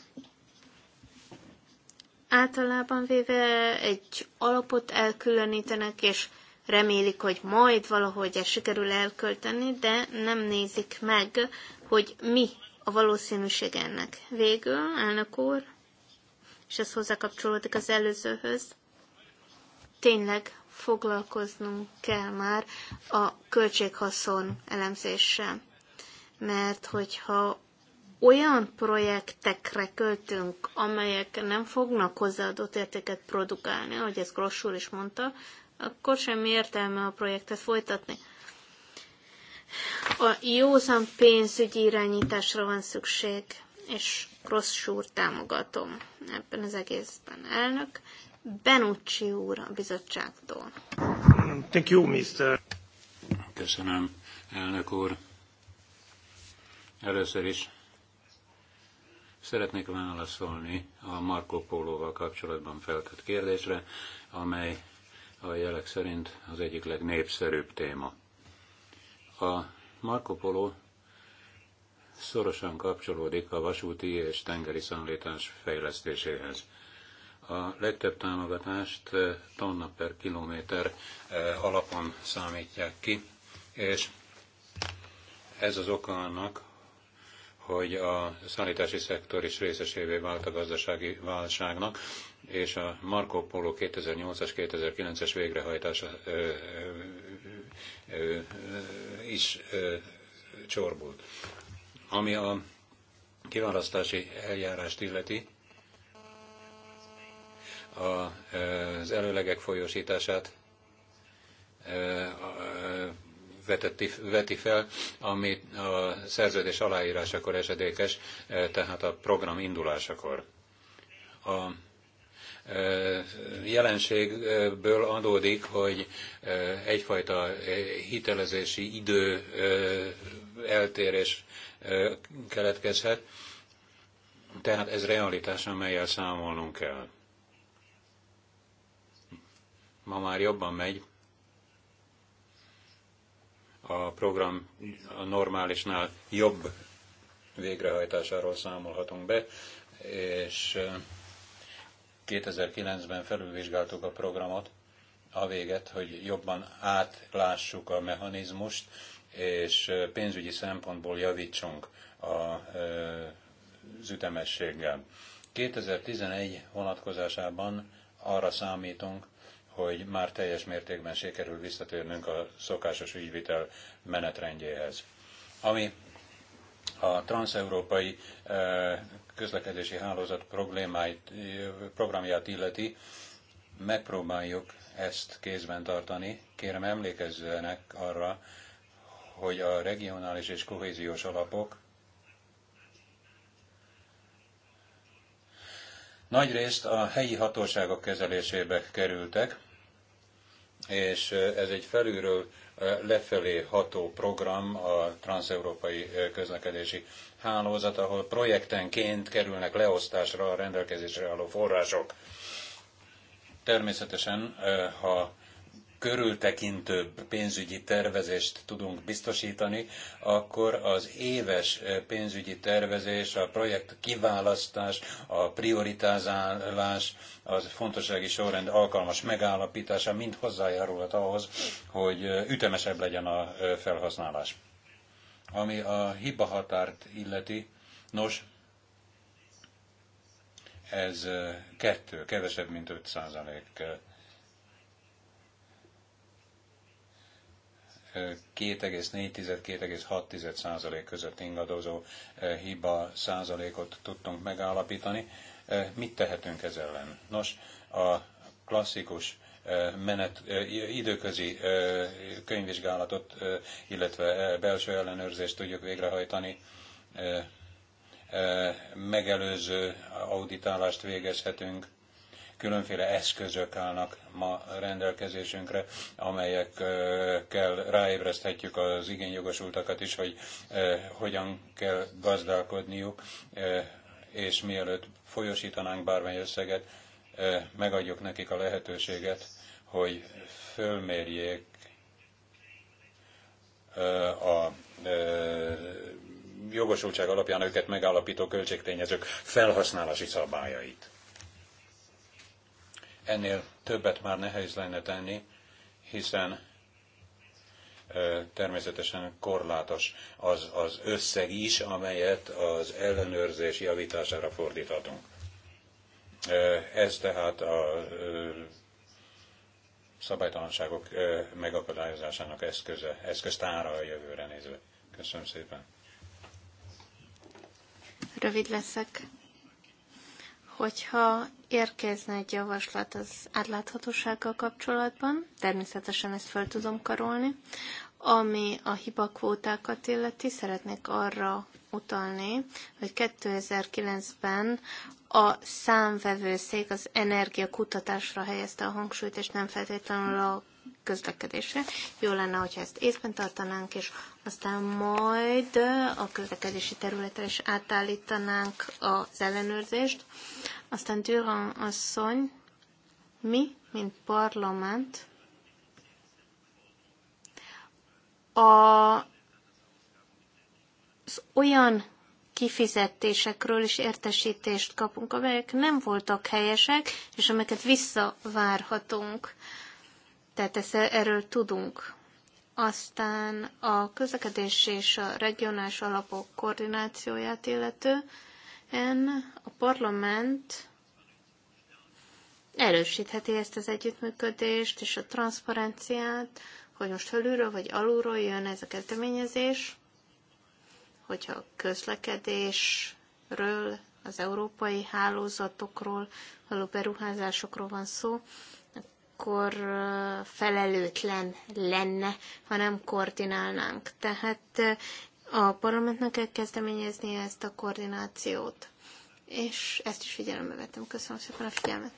Általában véve egy alapot elkülönítenek, és remélik, hogy majd valahogy ezt sikerül elkölteni, de nem nézik meg hogy mi a valószínűség ennek. Végül, elnök úr, és ez hozzákapcsolódik az előzőhöz, tényleg foglalkoznunk kell már a költséghaszon elemzéssel. Mert hogyha olyan projektekre költünk, amelyek nem fognak hozzáadott értéket produkálni, ahogy ezt Grossul is mondta, akkor semmi értelme a projektet folytatni. A józan pénzügyi irányításra van szükség, és Rossz úr támogatom ebben az egészben. Elnök Benucci úr a bizottságtól. Thank you, Mr. Köszönöm, elnök úr. Először is szeretnék válaszolni a Marco Pólóval kapcsolatban feltett kérdésre, amely a jelek szerint az egyik legnépszerűbb téma. A Marco Polo szorosan kapcsolódik a vasúti és tengeri szállítás fejlesztéséhez. A legtöbb támogatást eh, tonna per kilométer eh, alapon számítják ki, és ez az oka annak, hogy a szállítási szektor is részesévé vált a gazdasági válságnak, és a Marco Polo 2008-as, 2009-es végrehajtása eh, is csorbult. Ami a kiválasztási eljárást illeti, az előlegek folyósítását veteti, veti fel, ami a szerződés aláírásakor esedékes, tehát a program indulásakor. A jelenségből adódik, hogy egyfajta hitelezési idő eltérés keletkezhet, tehát ez realitás, amelyel számolnunk kell. Ma már jobban megy a program a normálisnál jobb végrehajtásáról számolhatunk be, és 2009-ben felülvizsgáltuk a programot a véget, hogy jobban átlássuk a mechanizmust, és pénzügyi szempontból javítsunk az ütemességgel. 2011 vonatkozásában arra számítunk, hogy már teljes mértékben sikerül visszatérnünk a szokásos ügyvitel menetrendjéhez. Ami a transeurópai közlekedési hálózat problémáit, programját illeti, megpróbáljuk ezt kézben tartani. Kérem emlékezzenek arra, hogy a regionális és kohéziós alapok nagyrészt a helyi hatóságok kezelésébe kerültek, és ez egy felülről lefelé ható program a transeurópai közlekedési hálózat, ahol projektenként kerülnek leosztásra a rendelkezésre álló források. Természetesen, ha körültekintőbb pénzügyi tervezést tudunk biztosítani, akkor az éves pénzügyi tervezés, a projekt kiválasztás, a prioritázálás, az fontossági sorrend alkalmas megállapítása mind hozzájárulhat ahhoz, hogy ütemesebb legyen a felhasználás. Ami a hiba határt illeti, nos, ez kettő, kevesebb, mint 5 százalék. 2,4-2,6 százalék között ingadozó hiba százalékot tudtunk megállapítani. Mit tehetünk ez ellen? Nos, a klasszikus menet, időközi könyvvizsgálatot, illetve belső ellenőrzést tudjuk végrehajtani, megelőző auditálást végezhetünk, különféle eszközök állnak ma rendelkezésünkre, amelyekkel ráébreszthetjük az igényjogosultakat is, hogy hogyan kell gazdálkodniuk, és mielőtt folyosítanánk bármely összeget, megadjuk nekik a lehetőséget, hogy fölmérjék a jogosultság alapján őket megállapító költségtényezők felhasználási szabályait. Ennél többet már nehéz lenne tenni, hiszen természetesen korlátos az, az összeg is, amelyet az ellenőrzés javítására fordíthatunk. Ez tehát a szabálytalanságok megakadályozásának eszköze, eszköztára a jövőre nézve. Köszönöm szépen. Rövid leszek. Hogyha érkezne egy javaslat az átláthatósággal kapcsolatban, természetesen ezt fel tudom karolni, ami a hibakvótákat illeti, szeretnék arra utalni, hogy 2009-ben a számvevőszék az energiakutatásra helyezte a hangsúlyt, és nem feltétlenül a közlekedésre. Jó lenne, hogyha ezt észben tartanánk, és aztán majd a közlekedési területre is átállítanánk az ellenőrzést. Aztán Durand asszony, mi, mint parlament, a, az olyan kifizetésekről is értesítést kapunk, amelyek nem voltak helyesek, és amelyeket visszavárhatunk. Tehát ezt, erről tudunk. Aztán a közlekedés és a regionális alapok koordinációját illetően a parlament erősítheti ezt az együttműködést és a transzparenciát, hogy most fölülről vagy alulról jön ez a kezdeményezés hogyha a közlekedésről, az európai hálózatokról, való beruházásokról van szó, akkor felelőtlen lenne, ha nem koordinálnánk. Tehát a parlamentnek kell kezdeményezni ezt a koordinációt. És ezt is figyelembe vettem. Köszönöm szépen a figyelmet.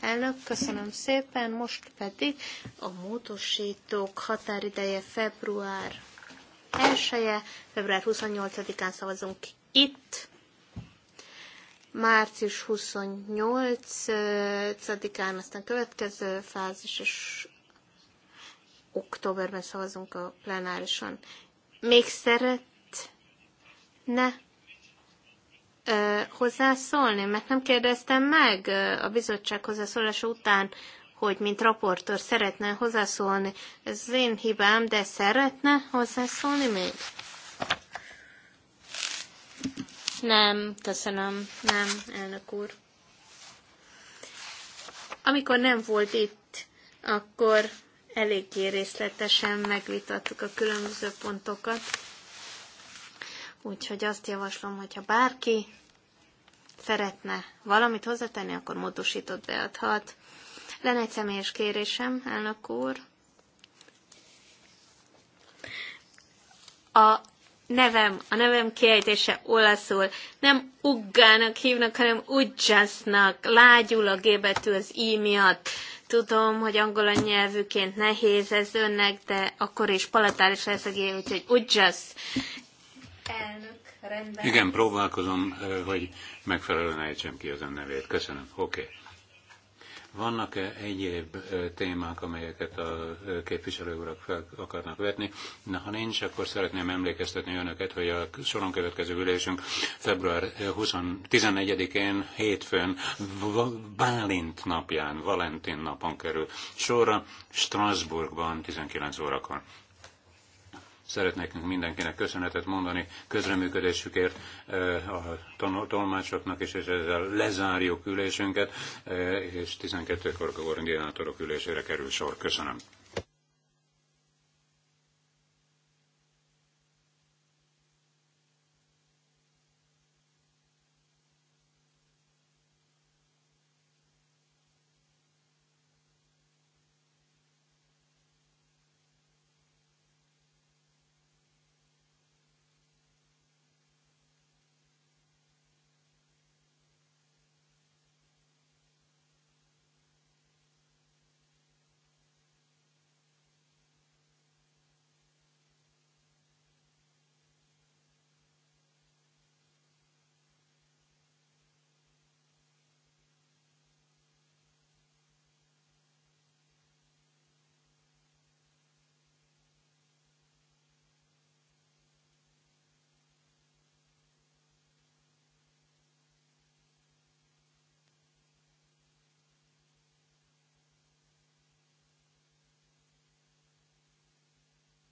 Elnök, köszönöm szépen. Most pedig a módosítók határideje február 1-e, február 28-án szavazunk itt, március 28-án aztán következő fázis, és októberben szavazunk a plenárison. Még szeretne ö, hozzászólni, mert nem kérdeztem meg a bizottság hozzászólása után hogy mint raportőr szeretne hozzászólni. Ez az én hibám, de szeretne hozzászólni még? Nem, köszönöm. Nem, elnök úr. Amikor nem volt itt, akkor eléggé részletesen megvitattuk a különböző pontokat. Úgyhogy azt javaslom, hogyha bárki szeretne valamit hozzátenni, akkor módosított beadhat. Lenne egy személyes kérésem, elnök úr. A nevem, a nevem kiejtése olaszul. Nem Uggának hívnak, hanem Ugyásznak. Lágyul a gébetű az I miatt. Tudom, hogy angol nyelvűként nehéz ez önnek, de akkor is palatális lesz a G, úgyhogy Ugyász. Elnök, rendben. Igen, próbálkozom, hogy megfelelően ejtsem ki az ön nevét. Köszönöm. Oké. Okay. Vannak-e egyéb témák, amelyeket a képviselő urak fel akarnak vetni? Na, ha nincs, akkor szeretném emlékeztetni önöket, hogy a soron következő ülésünk február 14-én, hétfőn, Bálint napján, Valentin napon kerül sorra, Strasbourgban 19 órakor. Szeretnék mindenkinek köszönetet mondani közreműködésükért eh, a tolmácsoknak, és ezzel lezárjuk ülésünket, eh, és 12-kor koordinátorok ülésére kerül sor. Köszönöm.